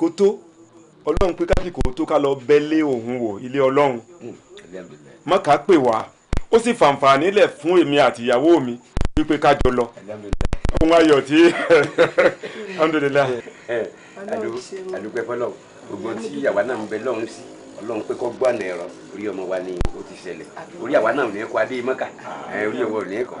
kó tó ọlọ́run pé kásìkò tó ká lọ bẹ́lé òun wò ilé ọlọ́run mọ́ká hmm, pè wá ó sì fàǹfààní lẹ̀ fún èmi àti ìyàwó mi wípé ká jọ lọ ohun ayọ̀ tí alhamdulilayi. àdúgbò fọlọ gbogbo tí àwa náà ń bẹ lọ́hùn sí ọlọ́run pé kọ́ gbọ́ àná ẹ̀rọ orí ọmọ wa ni ó ti ṣẹlẹ̀ orí àwa náà ò ní kọ́ adé mọ́kà eh, orí ọwọ́ ò ní kọ́.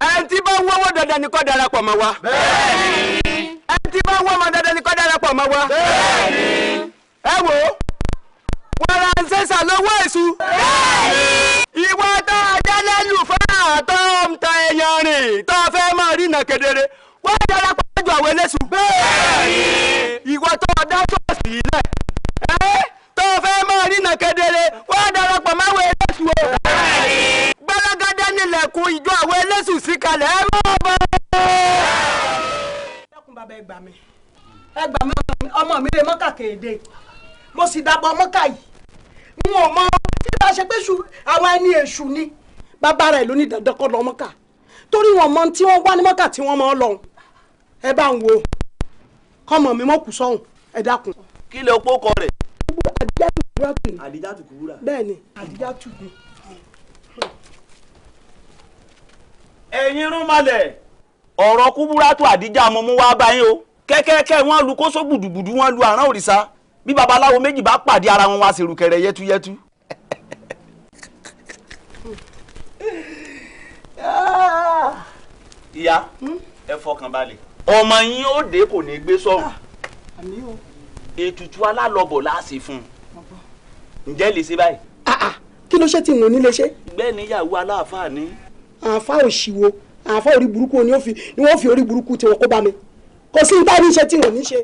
ẹn tí bá ń wọ́wọ́ dandan ni kó darapọ̀ mọ́ wa. bẹ́ẹ̀ni. ẹn tí bá ń wọ́mọ dandan ni kó darapọ̀ mọ́ wa. bẹ́ẹ̀ni. ẹ wò ó wọ́n ra ń ṣẹ̀ṣà lọ́wọ́ èṣù. bẹ́ẹ̀ni. ìwọ tó ajálẹ́lùfẹ́ àtọ́ ń ta ẹyàn rìn tó fẹ́ máa rí nà kedere wọ́n darapọ̀ mọ́jú àwọn eléṣù. bẹ́ẹ̀ni. ìwọ tó dá ṣọ́ọ̀ṣì yìí lẹ̀ tó fẹ́ máa rí nà kedere wọ́n darapọ̀ máwọ̀ eléṣù o ilẹ̀kùn ìjọ àwọn ẹlẹ́sùn sí kalẹ̀ ẹ mọ̀ ọ́ bọ̀. ẹkùn bàbá ẹ gbà mí ẹ gbà mí ọmọ mi lè mọ́kà kéde mo sì dàbọ̀ mọ́kà yìí n ò mọ tí bá ṣe pé àwọn ẹni èṣù ni bàbá rẹ̀ ló ní dandan kọ́ lọ mọ́kà torí wọn mọ tí wọ́n wá ní mọ́kà tí wọ́n mọ́ lọ́hùn ẹ bá ń wo kọ́mọ mi mọ́ kù sọ́hùn ẹ dákun. kí lè opó kọ rẹ̀. àdìjátù kúrúrà. bẹ́ẹ̀ ni àdìjátù ni. ẹ̀yin rúnmalẹ̀ ọ̀rọ̀ kúbúrátù àdíjà mo mú wá báyìí o kẹ́kẹ́kẹ́ wọ́n lu kóso gbùdùgbùdù wọ́n lu àrán òrìṣà bí babaláwo méjì bá pàdé ara wọn wá sí rùkẹ̀rẹ̀ yẹtúyẹtú. ìyá hmm? ọmọ yín ó kò ní gbé sọ̀rùn ah, ètùtù alálọ́bọ̀ fún un ǹjẹ́ lè ṣe báyìí. Ah, ah, kí ló ṣe tí n ò ní lè ṣe. àáfà òṣìwò àáfà orí burúkú ni wọ́n fi orí burúkú tiwọn kó bá mi kò sí níta níṣe tí wọ́n níṣe.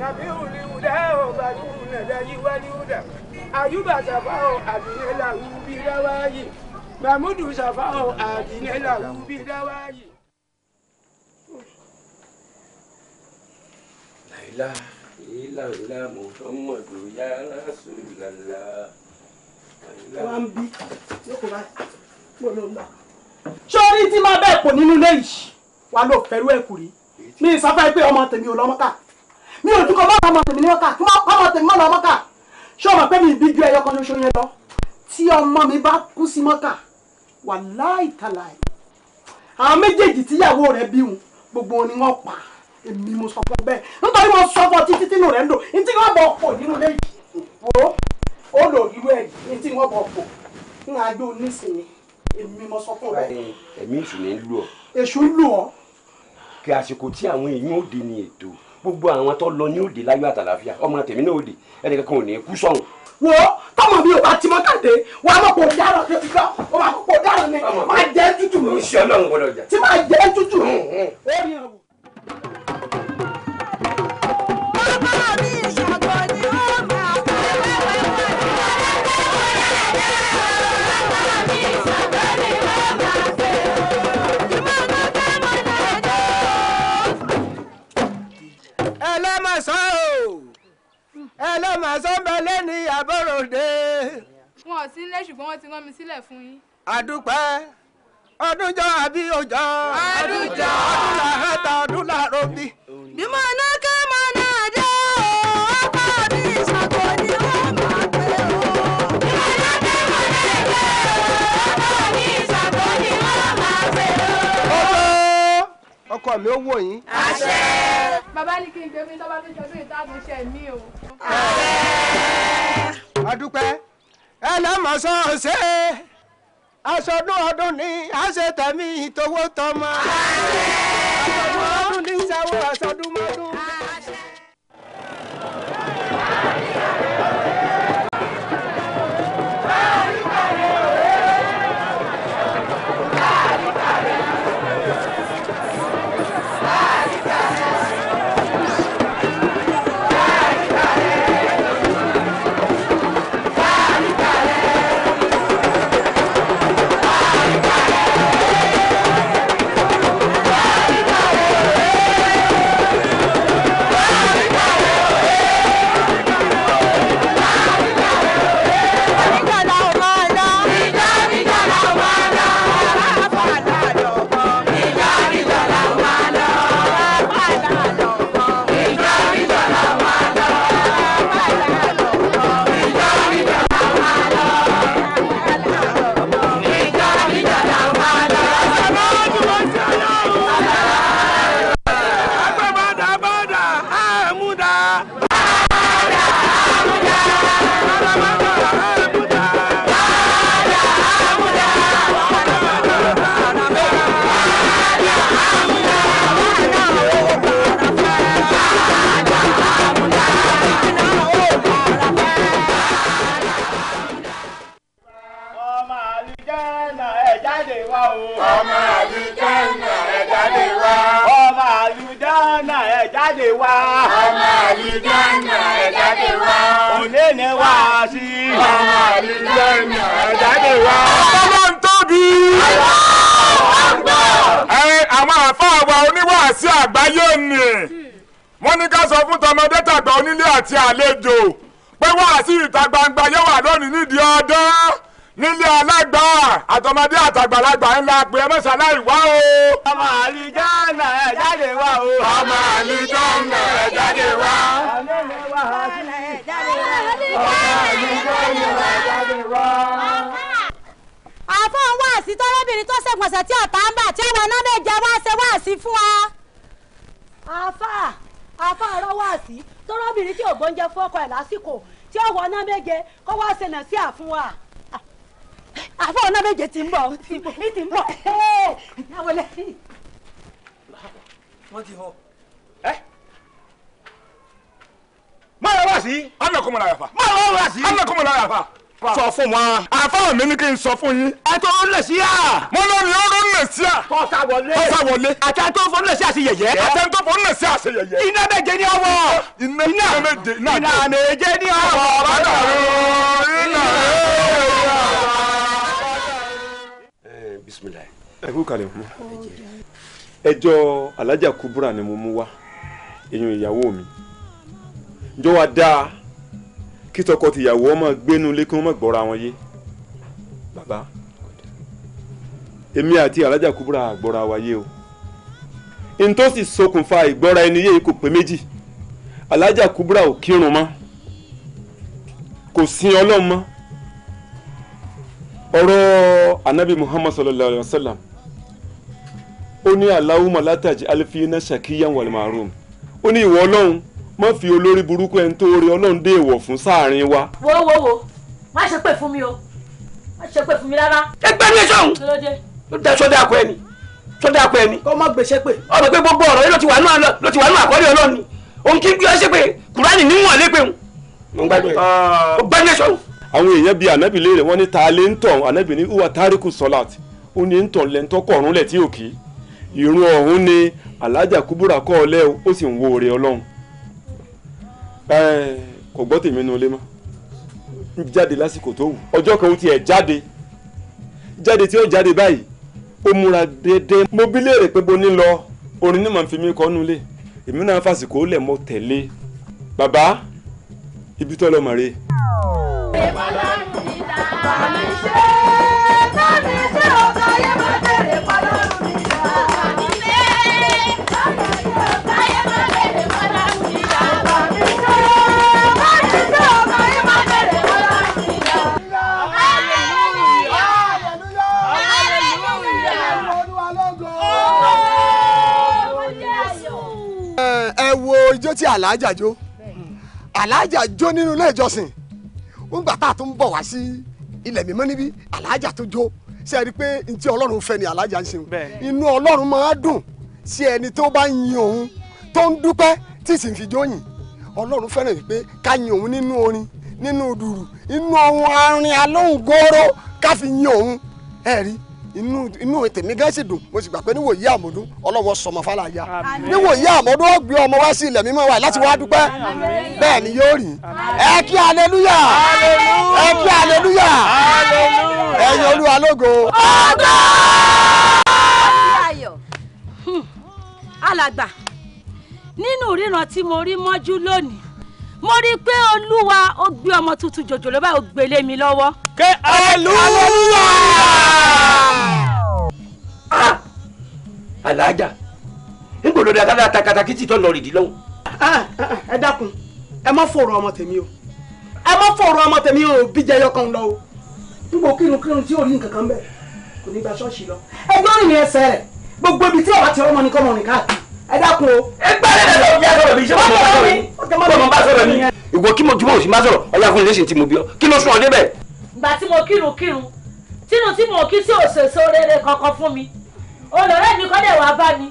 nàbíhù ni wùdá ọ̀ bàdúù nàdá yíwá ní wùdá àyùbá sàfà ọ̀ àbíyẹ́ làwù bí dáwáyé mahmudu sàfà ọ̀ àbíyẹ́ làwù bí dáwáyé. láìláà ìlànà wọn ń bí lókun báyìí mo ló ń lọ. sọ́ọ́rí tí máa bẹ́ẹ̀ pò nínú ilé yìí wà ló fẹ́rú ẹ̀kú rí mi ìsáfẹ́ pé ọmọ tèmi ò lọ́mọ́ká mi ò dúkọ̀ báwọn ọmọ tèmi ní wọ́n kà kí wọ́n ọmọ tèmi mọ́ lọ́mọ́ká ṣé ọmọ pé mi ìbí ju ẹyọ kan ṣoṣo yẹn lọ tí ọmọ mi bá kú sí mọ́kà wà láìtàláì àwọn méjèèjì tíyàwó rẹ̀ bí wọn gbogbo ni wọ́n pa èmi mo sọ fún bẹ́ẹ̀ nítorí mo sọ fún ọ ó lò irú ẹ̀ tí wọ́n bọ̀ pọ̀ ń ajó nísìnyí èmi mo sọ fún rẹ. ẹ̀mí èṣù ni ń lù ọ́. èṣù ń lù ọ́. kí àsìkò tí àwọn èèyàn òde ni ètò gbogbo àwọn tó lọ ní òde láyọ̀ àtàlàfíà ọmọ tèmi náà òde ẹnì kankan ò ní kú sọ̀hún. wo tọmọ mi ò bá ti mọ káde wà á mọ kó dára tó fi kọ ó máa kó dára ni máa jẹ tútù. o ṣe Ọlọ́run gbọ́dọ̀ jà. tí máa jẹ tútù. ó rí ọ̀gbìn. ẹ lọ mà sọ́nbẹ́ lẹ́ni àbọ̀ròde. wọn ò sí nílé ṣùgbọ́n wọ́n ti rán mi sílẹ̀ fún yín. àdúpẹ́ ọdúnjọ́ àbí òjò. ọdúnjọ́ ọdún làárẹ̀ ọdún làárọ̀ bí. bí mo ọkọ mi ó wò yín. àṣẹ. bàbá ní kí n gbé mi tó bá fi ṣọdún ìtàgùn iṣẹ́ mi o. àṣẹ. adúpẹ́ ẹ lọ́mọ sọ́ọ̀ṣẹ́ aṣọdún ọdún ni a ṣe tẹ̀mí ìtòwó tọmọ. àṣẹ. aṣọdún ọdún ní sáwọ́ aṣọdún mọ́dún. má ṣàláì wá o. ọmọ àlìjáná ẹ jáde wá o. ọmọ àlìjáná ẹ jáde wá. ọmọ àlìjáná ẹ jáde wá. àfọ wáàsí tọ́lọ́bìnrin tó ṣègbọ̀nsẹ̀ tí ọ̀tá ń bà tí àwọn náà méje wá ṣe wáàsí fún wa. àfà àfà ọ̀rọ̀ wáàsí tọ́lọ́bìnrin tí ògbóúnjẹ fọ́kọ ẹ̀ lásìkò tí ọ̀wọ́ náà méje kó wá ṣe nà sí àfún wa àfọ ọ̀nà méje ti ń bọ̀ ti ń bọ̀ wọlé yìí. wọ́n ti họ. ẹ má yà wá sí. àná kò mọ̀ láyà fà. má yà wá sí. àná kò sọ fún wa. àfáà mi ni kí n sọ fún yín. ẹ̀tọ́ ó lè sí à. mo lọ ní ọdún lè sí à. tọ́sà wọlé. tọ́sà wọlé. àtẹ̀tọ́ fún lè sí àṣẹ yẹ̀yẹ́. àtẹ̀tọ́ fún lè sí àṣẹ yẹ̀yẹ́. iná méje ní ọwọ́. iná méje ní ọwọ́. iná méje ní ọwọ́. iná méje ní ọwọ́. ẹ kú kalẹ̀ fún mi ẹjọ́ alájà kubura ni mo mú wá èèyàn ìyàwó mi ǹjọ́ wa dáa kí tọkọ tìyàwó ọmọ gbénu lé kí wọ́n má gbọ́ra wọn yé bàbá èmi àti alájà kubura àgbọ́ra wa yé o n tó sì ṣokùnfà ìgbọ́ra ẹni yé kò pé méjì alájà kubura ò kírun mọ́ kò sin ọlọ́run ọ̀rọ̀ anabi muhammad sallallahu alayhi wa sallam ó ní aláwùmọ̀ látàjì alifiyena ṣàkíyàn wàlmàrún ó ní ìwọ ọlọ́run má fi olórí burúkú ẹni tó rí ọlọ́run dé ìwọ̀ fún sáàrin wa. wo wo wo má ṣe pè fún mi o má ṣe pè fún mi rárá. ẹgbẹ́ mi sọ̀hún ló dé sọ́dọ̀ àpò ẹni sọ́dọ̀ àpò ẹni. kọ́ má gbèsè pé. ọ̀rọ̀ pé gbogbo ọ̀rọ̀ yìí ló ti wà nù àkọ́lé ọlọ́run ni òun kí n bí ọ ṣe pé kùránì níwọ̀n lé pé òun. mo gbàgbé ọ gbàgbé sọ̀hún àwọn èèyàn bíi ànábì wọn ní ta lé ń tàn ànábì ìrun ọ̀hún ni alájà kúbúrà kọ́ ọ lẹ́ ó sì ń wo oore ọlọ́run kò gbọ́ tèmi nu ilé mọ́ jáde lásìkò tó wù ọjọ́ kan ó tiẹ̀ jáde jáde tí ó jáde báyìí ó múra déédéé mo bí léèrè pé bo ní lọ orin ní màá fi mí kọ́ nulẹ̀ èmi náà fàsìkò lẹ̀ mọ́ tẹ̀lé bàbá ibi tó lọ́mọ rè. ìwọ ló ta àmì ṣe tí aláàjà jó aláàjà jó nínú ilé ìjọsìn ń gbà tá a tún bọ̀ wá sí ilẹ̀ mímọ́ níbí aláàjà tó jó ṣe é rí i pé ntí ọlọ́run fẹ́ ni aláàjà ń ṣeun inú ọlọ́run máa dùn sí ẹni tó bá yin òun tó ń dúpẹ́ tí sì ń fi jóyìn ọlọ́run fẹ́ràn yìí pé ká yin òun nínú orin nínú dùrù inú ohun arin alóhùn góóró ká fi yin òun ẹ̀rí inú inú tèmi gan sì dùn mo sì gbà pé níwòyí àmọ́dún ọlọ́wọ́ sọmọ fàlàyà níwòyí àmọ́dún ó gbé ọmọ wá sí ilẹ̀ mímọ́ wa láti wá dúpẹ́ bẹ́ẹ̀ ni yóò rí ẹ kí aleluya ẹ kí aleluya ẹyin olúwa lógo. ọgbà ayọ̀ alàgbà nínú ìríran tí mo rí mọ́jú lónìí mo rí i pé olúwa ó gbé ọmọ tuntun jòjòló báyìí ó gbélé mi lọ́wọ́. ké aleluya. alájà nígbòdo dada da takatakítì tó lọ rìdí lọ́hùn. Ah, ah, ah, ẹ dákun ẹ má fòrò ọmọ tèmi o ẹ má fòrò ọmọ tèmi o bíjẹ yọkan lọ o nígbò kírun kírun tí ò rí nǹkan kan bẹ kò ní gba ṣọ́ọ̀ṣì lọ ẹgbẹ́ rìn ní ẹsẹ̀ rẹ̀ gbogbo ibi tí ọba ti ọmọ nìkan mọ̀ nìkan ẹ dákun o. ẹ gbẹ́rẹ́ rẹ̀ lọ́wọ́ bí a sọ̀rọ̀ bí iṣẹ́ mọ̀ bá sọ̀rọ̀ ni. ìwọ kí mo kí mo sì má sọ̀rọ̀ ọ̀yà fún ilé-ìsìn tí mo bí ọ kí ló sún ọ débẹ̀. ìgbà tí mo kírun kírun tínú tí mo kí tí ò ṣèṣe kankan fún mi olùrẹ́ mi kọ́ dẹ̀ wá bá mi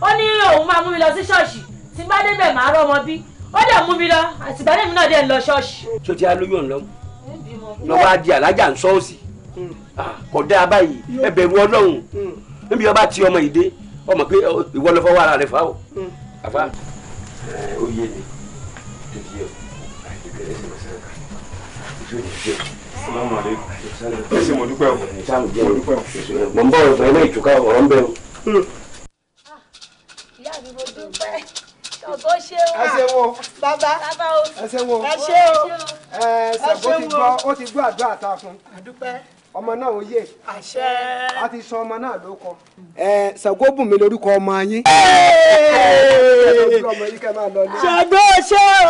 ó ní òun máa mú mi lọ sí ṣọ́ọ̀ṣì tí bá débẹ̀ máa rọ́mọ bí ó dẹ̀ mú mi lọ àtìbádé mi náà dẹ̀ ń lọ ṣọ́ọ̀ṣì. tó ti alóyún ọ̀nà lọ́wọ́ adi alájà ń ṣọ́ọ̀ṣì kọ̀dá abáyé ẹbẹ̀ wọ ọlọ́run níbi ọba ti ọmọ ìdè ọmọ pé ìwọ lọ fọwọ́ ara rẹ fà ó àfa ó yé mi tó yé ọ àti bẹ̀rẹ̀ sí ọ̀sán kan tó ẹ sì mo dúpẹ́ o mo dúpẹ́ o. mo ń bọ̀ ọ̀rọ̀ ilé ìtúká ọ̀rọ̀ ń bẹ o. ìyá mi mo dúpẹ́ ọ̀gọ́ ṣe wà. ẹ ṣe wo bàbá ẹ ṣe wo ẹ ṣe wo ẹ ṣe wo ẹ ṣe wo ó ti gbọ́ àdúrà tá a fún. àdúpẹ́ ọmọ náà ó yè. àṣẹ. a ti sọ ọmọ náà ló kọ. ẹ ṣàgóbùn mi lórúkọ ọmọ yín. ṣàgbó ṣe o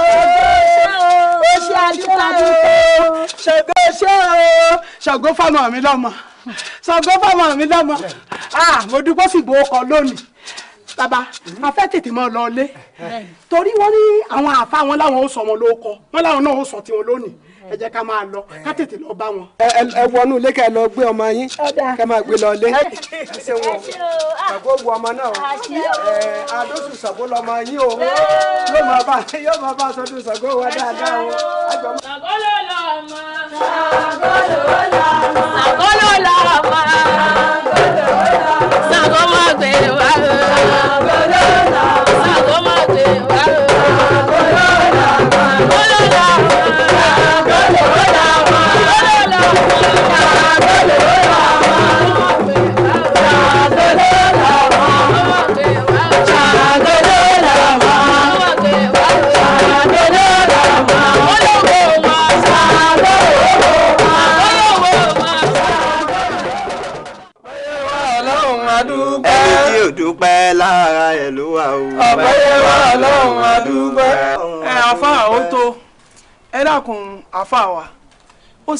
ó ṣe àṣàdúgbò ṣàgbó ṣe o ṣàgbó fáwọn mi lọ́mọ ṣàgbó fáwọn mi lọ́mọ mo dúpọ́ síbò ọkọ̀ lónìí bàbá a fẹ́ tètè máa lọ ilé torí wọ́n ní àwọn àfa wọn láwọn ó sọ wọn ló kọ wọn láwọn náà ó sọ tiwọn lónìí ẹ jẹ́ ká máa lọ ká tètè lọ bá wọn. ẹ wọnú ilé ká ẹ lọ gbé ọmọ yín ká máa gbé lọ lé ẹ ṣe wọ ṣàgbó ah. wu ọmọ náà ẹ adóṣù ṣàgbó lọmọ yín o yóò máa bá yóò máa bá aṣọ dùn ṣàgbó wa dáadáa o. ṣàgbó ló lọ ọmọ ṣàgbó ló lọ ọmọ ṣàgbó ló lọ ọmọ ṣàgbó máa gbé wa ṣàgbó ló lọ ọmọ ṣàgbó máa gbé wa.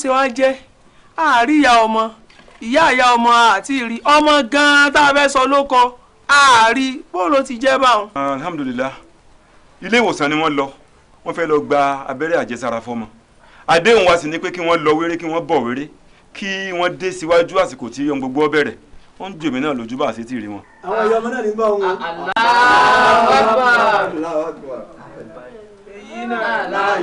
ṣe wá jẹ́ àárí ìyá ọmọ ìyá ìyá ọmọ àti ìrì ọmọ gan-an tá a fẹ́ sọ ló kọ àárí bóòlù ti jẹ́ báwọn. alhamdulilah ilé ìwòsàn ni wọ́n lọ wọ́n fẹ́ lọ gba abẹ́rẹ́ àjẹsára fọ́mọ àdéhùn wa sì ni pé kí wọ́n lọ wéré kí wọ́n bọ̀ wéré kí wọ́n dé síwájú àsìkò tí ohun gbogbo bẹ̀rẹ̀ ó ń jòmí lójú bá àṣetì rí wọn. àwọn ọmọ náà ní bá wọn. aláàbàbà náà là ẹ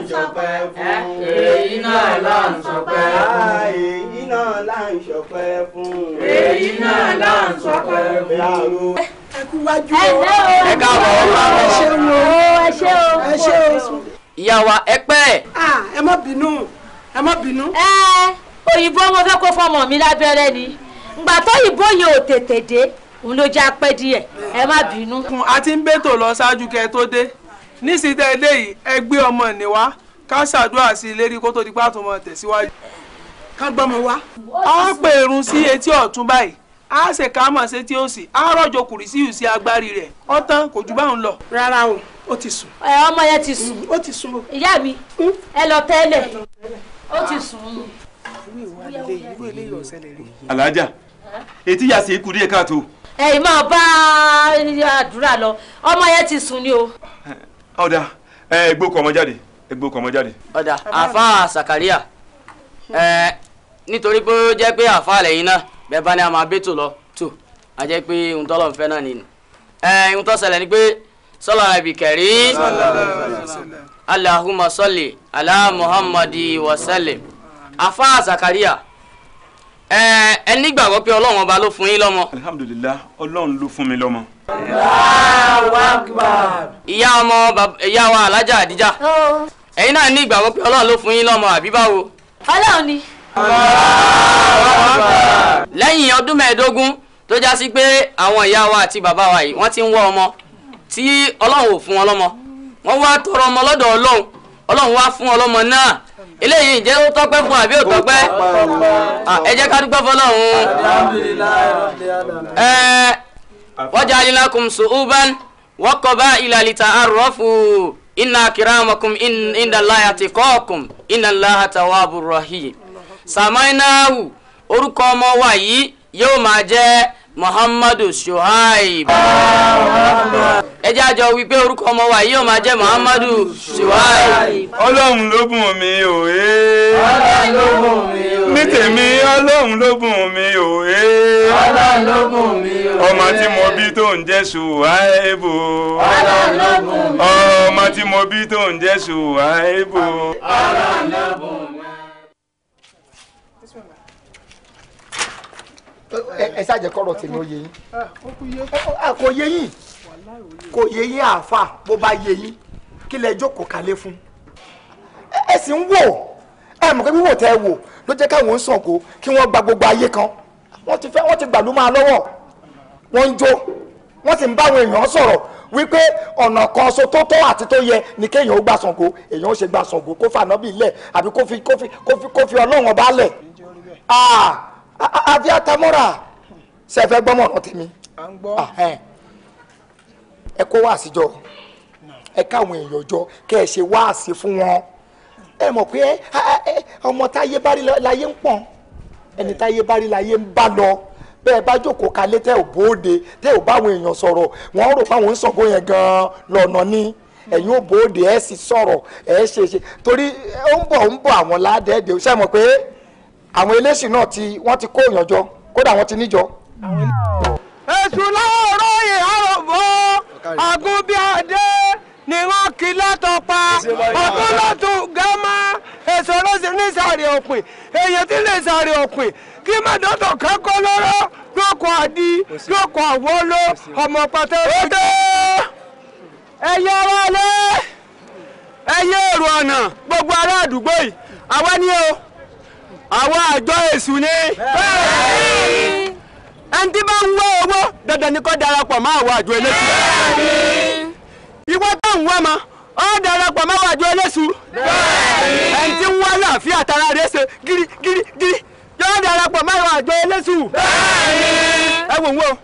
kú bínú ẹ má bínú. òyìnbó mo fẹ́ kó fọmọ mi lábẹ́rẹ́ ni ngbà tó òyìnbó yẹn ò tètè dé òun ló jẹ́ apẹ́ díẹ̀ ẹ má bínú. a ti ń bẹ́tò lọ ṣáájú kẹ́ tó dé nísìnyí tẹ́ ẹ dé yìí ẹ gbé ọmọ níwá ká ṣàdúrà sí i lérí kó tó di pàtó mọ tẹ̀síwájú. ká gbọ́ ọmọ wa. a pè irun sí etí ọ̀tún báyìí a ṣe ká mọ̀ sí etí òsì a rọ̀jò kùrì sí ìhùsí agbárí rẹ̀ ọ̀tán kò jù báwọn lọ. rárá o ó ti sùn. ẹ ọmọ yẹn ti sùn. ó ti sùn o. ìyá mi hmm? ẹ lọ tẹ́lẹ̀ ó ti sùn. alájà etí yà sí ikú díẹ̀ káàtó. ẹ̀yin máa bá àdúrà lọ ọmọ yẹn ti sùn ni o ọ̀dà ẹgbó kọ̀ ọmọ jáde ẹgbó kọ̀ ọmọ jáde. ọ̀dà àfa sàkàríà ẹ nítorí pé ó jẹ́ pé àfa lẹ́yìn náà bẹ́ẹ̀ bá ní a máa bẹ́tò lọ tó a jẹ́ pé ohun tó lọ́n fẹ́ náà nìyí. ẹ ohun tó ṣẹlẹ̀ ni pé sọlá ibi kẹrí Allahumma salli ala Muhammadi wa sallim àfa sàkàríà ẹ ẹ nígbàgbọ́ pé ọlọ́run ọba ló fún yín lọ́mọ. alhamdulilah ọlọ́run ló fún mi lọ́mọ. ìyá ọmọ ìyá wa alájà àdíjà ẹ̀yin náà ní ìgbàgbọ́ pé ọlọ́run ló fún yín lọ́mọ àbí báwo. ọlọ́run ni. lẹ́yìn ọdún mẹ́ẹ̀ẹ́dógún tó já sí pé àwọn ìyá wa àti bàbá wa yìí wọ́n ti ń wá ọmọ tí ọlọ́run ò fún wọn lọ́mọ wọ́n wá tọrọ ọmọ lọ́dọ̀ ọlọ́run ọlọ́run wá fún ọlọ́mọ náà eléyìí ǹjẹ́ ó tọ́pẹ́ fún àbí ò tọ́pẹ́ ah, ẹ jẹ́ ká dúpẹ́ fọlọ́run eh, waja'ala lakum su'uban wa qaba'ila lita'arafu inna akramakum inda Allahi atqakum inna Allaha tawwabur rahim sàmáìnáwù orúkọ ọmọ wa yìí yóò máa jẹ́ muhammadu shuaib. ẹ jẹ́ àjọ wípé orúkọ ọmọ wa yìí ó máa jẹ́ muhammadu shuaib. ọlọ́run ló bùn mi òye. ọlọ́run ló bùn mi òye. ní tèmi ọlọ́run ló bùn mi òye. ọlọ́run ló bùn mi òye. ọmọ tí mo bí tó ń jẹ́ shuaibu. ọlọ́run ló bùn mi òye. ọmọ tí mo bí tó ń jẹ́ shuaibu. ọlọ́run ló bùn mi òye ẹ ṣàjẹ kọrọ tèmi ó yé yín ah, kò yé yín kò yé yín àáfà bó bá yé yín kí lẹ jókòó kalẹ̀ fún ẹ sì ń wò ẹ mọ̀ pé wíwò tẹ́ ẹ wò ló jẹ́ káwọn ń sàn kó kí wọ́n gba gbogbo ayé kan wọ́n ti fẹ́ wọ́n ti gbàlú máa lọ́wọ́ wọ́n ń jó wọ́n sì ń bá àwọn èèyàn sọ̀rọ̀ wípé ọ̀nà kan so tó tọ́ àti tó yẹ ni kéèyàn ó gbà Ṣàngó èèyàn ó ṣe gbà Ṣàngó kó fànà bí lẹ̀ àbí kó fi kó fi kó fi ọlọ́run ọba lẹ̀ àfi àtàmọ́ra ṣẹ̀fẹ̀ gbọ́mọ̀ ọ̀nà tèmi ah, eh. ẹ kó wá àsìjọ ẹ káwọn èèyàn jọ kẹ́ ẹ ṣe wá àsì fún wọn ẹ mọ̀ pé eh, eh, ọmọ táyé bá rí láyé ń pọ̀n ẹni táyé bá rí láyé ń bá lọ bẹ́ẹ̀ bá jókòó kalẹ̀ tẹ́ ò bóde tẹ́ ò báwọn èèyàn sọ̀rọ̀ wọ́n rò báwọn ń sọ̀gbọ́n yẹn gan-an lọ́nà ni ẹ̀yin ò bóde ẹ̀ sì sọ̀rọ̀ ẹ̀ ṣe ṣe torí ó ń bọ̀ ń bọ̀ àwọn ládẹ́ẹ̀dẹ́ ṣe mọ̀ pé àwọn eléṣìn náà ti wọ́n ti kó ìyànjọ kódà wọ́n ti níjọ. èṣù láwòrán yìí àròbó àgùnbíàdé ni wọ́n kì látọpa ọdún lọ́tún gẹ́mà èso lọ́sìn ní sàárẹ̀ òpin èyí tí lè sàárẹ̀ òpin kí mẹ́dọ́tò kẹ́kọ̀ọ́ lọ́rọ́ lóko àdí lóko àwọ́lọ́ ọmọ pàtẹ́wé dé ẹ̀yẹ wọlé ẹ̀yẹ èrò ọ̀nà gbogbo ará àdúgbò yìí àwa ni o àwọn àjọ èṣù ni. ẹni tí bá ń wá owó dandan ni kó darapọ̀ mọ́ àwọn àjọ eléṣù. ìwọ tó ń wá ma ó darapọ̀ mọ́ àwọn àjọ eléṣù. ẹni tí ń wá láàfin àtàrà rẹ̀ ṣe gírí gírí gírí yóò darapọ̀ mọ́ àwọn àjọ eléṣù. ẹ wò wọ́n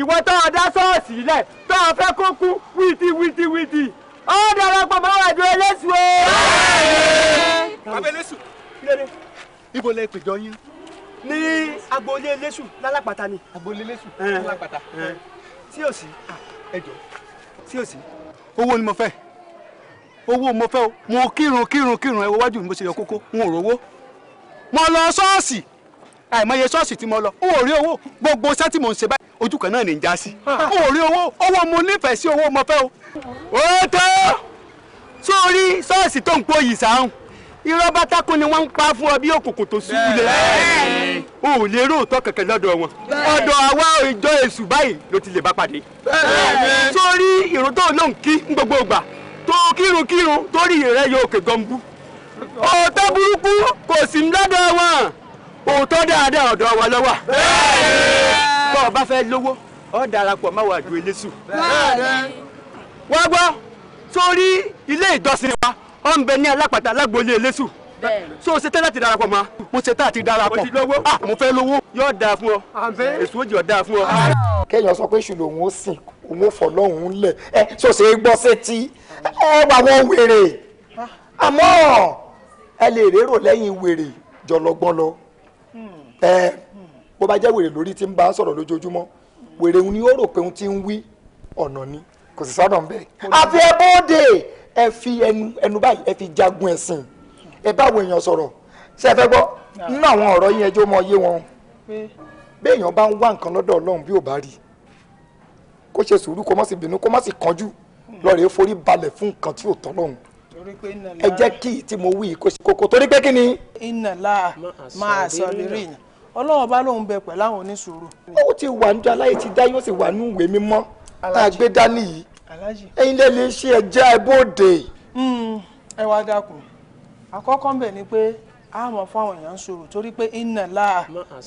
ìwọ tó o dá ṣọ́ọ̀ṣì lẹ̀ tó o fẹ́ kó kú wìtì wìtì wìtì ó darapọ̀ mọ́ àwọn àjọ eléṣù o. abẹ́lẹ́sù kí ló dé ibo lẹ pèjọ yín. ní agboolé lẹ́sù lálápàtà ni. agboolé lẹ́sù lálápàtà. tí o sì ẹjọ tí o sì. owó ni mo fẹ́ owó mo fẹ́ o mo kírun kírun kírun ẹ wo wájú mi bó ṣe yọ kókó n ò rówó mo lọ ṣọ́ọ̀ṣì àìmọye ṣọ́ọ̀ṣì tí mo lọ n ò rí owó gbogbo iṣẹ́ tí mo ń ṣe báyìí ojú kan náà ní í já sí n ò rí owó owó mo nífẹ̀ẹ́ sí owó mo fẹ́ o. ó tó sórí ṣọ́ọ̀ṣì tó ń pò yìí sáà ń irọ́ bátákùn ni wọ́n ń pa fún ọ bí òkùnkùn tó ṣubú lẹ̀ o ò lè róòtọ́ kankan lọ́dọ̀ wọn ọ̀dọ̀ àwa ìjọ èṣù báyìí ló ti lè bá pàdé sórí ìrun tó lóun kí ń gbogbo ìgbà tó kírunkírun torí rẹ yóò kè gọ́ǹbù òótọ́ burúkú kò sí lọ́dọ̀ wọn òótọ́ dáadáa ọ̀dọ̀ wọn lọ́wọ́ bọ́ ọ bá fẹ́ lówó ọ darapọ̀ máwàá ju eléṣù wọ́n gbọ́ sórí ilé ìjọsìn wa ó ń bẹ ní alápàtà alágbòye eléṣù so ṣe tẹ́ láti darapọ̀ mọ́ mo ṣe tẹ́ àti darapọ̀ ah, mo fẹ́ lówó yóò dáa fún ọ èso òjì ọ̀ dáa fún ọ. kéèyàn sọ pé èṣù lòun ó sìn òun ó fọ lọ́hùn-ún lẹ̀ ẹ ṣò ṣe é gbọ́ sétí ẹ wà wọ́n wèrè àmọ́ ẹ lè rérò lẹ́yìn wèrè jọlọgbọ́n lọ hmm. ẹ bó bá jẹ́ wèrè lórí tí ń bá sọ̀rọ̀ lójoojúmọ́ wèrè ni ó rò pé òun ti ń wí ọ̀nà ni kò sì sọ́dọ̀ ń bẹ̀. àfi ẹ bóde ẹ fi ẹnu ẹnu báyìí ẹ fi jagun ẹ̀sìn ẹ bá àwọn èèyàn sọ̀rọ̀ ṣé ẹ fẹ́ gbọ́ nínú àwọn ọ̀rọ̀ yín ẹjọ́ mọ yé wọn béèyàn bá ń wá nǹkan lọ́dọ̀ Ọlọ́run bí ò bá rí kó ṣe sùúrù kó má sì bínú kó má sì kánjú lọ́ọ̀rẹ́ forí balẹ̀ fún nǹkan tí ò tọ́ lọ́hùn ẹ jẹ́ kí tí mo wí kó ṣe kókó torí pé kí ni. iná la máa sọ lérí yẹn Ọlọ́run bá lóun bẹ pẹ̀lú àwọn oníṣòro. ó ti wà níjọ aláyé ti dá yóò sì wà ní ìwé mímọ́ tá a gbé dání yìí aláàjì. ẹ̀yin lè lè ṣe ẹja ìbòde. Hmm, ẹ wá dákun àkọ́kọ́ ń bẹ̀ ni pé a mọ̀ fún àwọn èèyàn sùúrù torí pé iná láà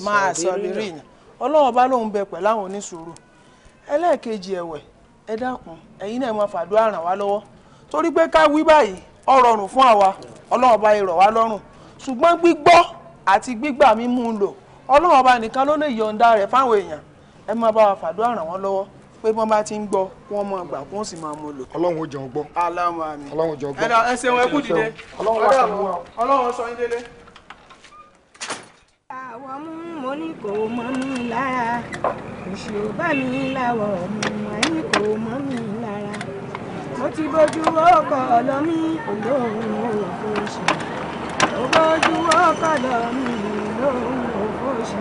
máa sọ rírí ni ọlọ́wọ́ bá lóun bẹ pẹ̀lú àwọn onísùúrù ẹlẹ́ẹ̀kejì ẹ̀wẹ̀ ẹ dákun ẹ̀yin náà máa fàdúrà ràn wá lọ́wọ́ torí pé ká wí báyìí ó rọrùn fún àwa ọlọ́wọ́ bá rọ̀ wá lọ́rùn ṣùgbọ́n gbígbọ́ àti gbígbà mímú un lò ọlọ́wọ́ bá nìkan ló lè yọ̀ǹda rẹ̀ fáwọn èèyàn ẹ máa bá wa fàdúrà ràn wọ́n lọ́wọ́ pé bí wọ́n bá ti ń gbọ́ wọ́n mọ̀ gbà kó sì máa mú lò. ọlọ́run ó jẹun gbọ́. aláwọ̀ àmì ọlọ́run jẹun gbọ́. ẹ̀dá ẹsẹ̀ wọn ẹkú dìde. ọlọ́run wà sọ wọn. ọlọ́run sọ yín délé. àwọ̀ mú mo ní kò mọ́ mi lára òṣèlú bá mi láwọ̀ mo ní kò mọ́ mi lára mo ti bójú ọkọ̀ lọ́mí olóhùn òfò ṣe mo bójú ọkọ̀ lọ́mí olóhùn òfò ṣe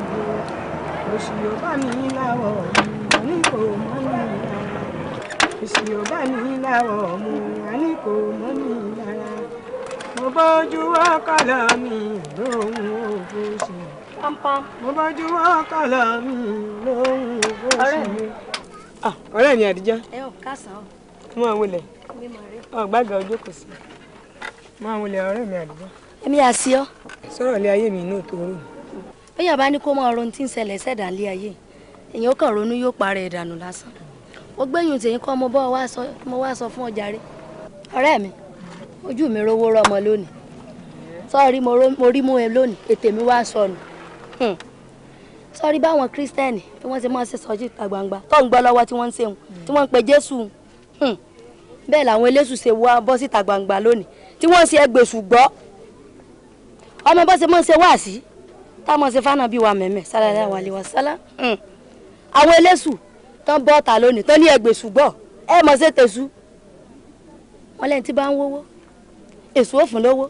oṣù bá mi láwọ̀ mi àní kò mọ́ ní ìlara èsì ò bá ní láwọ̀ mu àní kò mọ́ ní ìlara mo bójú ọkọ lọ mi lóhun òfòsì mo bójú ọkọ lọ mi lóhun òfòsì. ọ̀rẹ́ mi àdìjá ẹ ò kásán o máa wọlé ọ̀gbága ojú kò sí máa wọlé ọ̀rẹ́ mi àdìjá. èmi àṣìọ́. sọ̀rọ̀ lé ayé mi inú òtò rò. bẹ́ẹ̀ bá ní kó máa ronú tí ń ṣẹlẹ̀ ṣẹ̀dá lé ayé yìí èyàn ó kàn ronú yóò parẹ́ ìdànù lásán ó gbẹ̀yìn tèyí kọ́ mo bọ́ mo wá sọ fún ọjà rẹ ọ̀rẹ́ mi ojú mi rówó rọmọ lónìí sọ́ọ̀rí mo rí mú ẹ lónìí ètè mi wá sọnù hmm. sọ́ọ̀rí báwọn kírísítẹ́nì bí wọ́n ṣe máa ṣe sọ́jú ìta gbangba tó ń gbọ́ lọ́wọ́ tí wọ́n ń ṣe wọn tí wọ́n ń pe jésù hmm. bẹ́ẹ̀ làwọn eléṣù ṣe wá bọ́ síta gbangba lónìí tí wọ́n ń ṣe ẹgbẹ̀sù gbọ́ ọmọ bá ṣe máa ń ṣe wáàsí táwọn ṣe fánà bí wa mẹ̀mẹ́ sálálẹ́ wàlẹ́ wa sálá. Hmm àwọn eléṣù tán bọ́ ta lónìí tán ní ẹgbẹ́ ṣùgbọ́n ẹ mọ̀ ṣe tẹ̀sù wọn lẹ́yìn tí bá ń wówó èso òfin lówó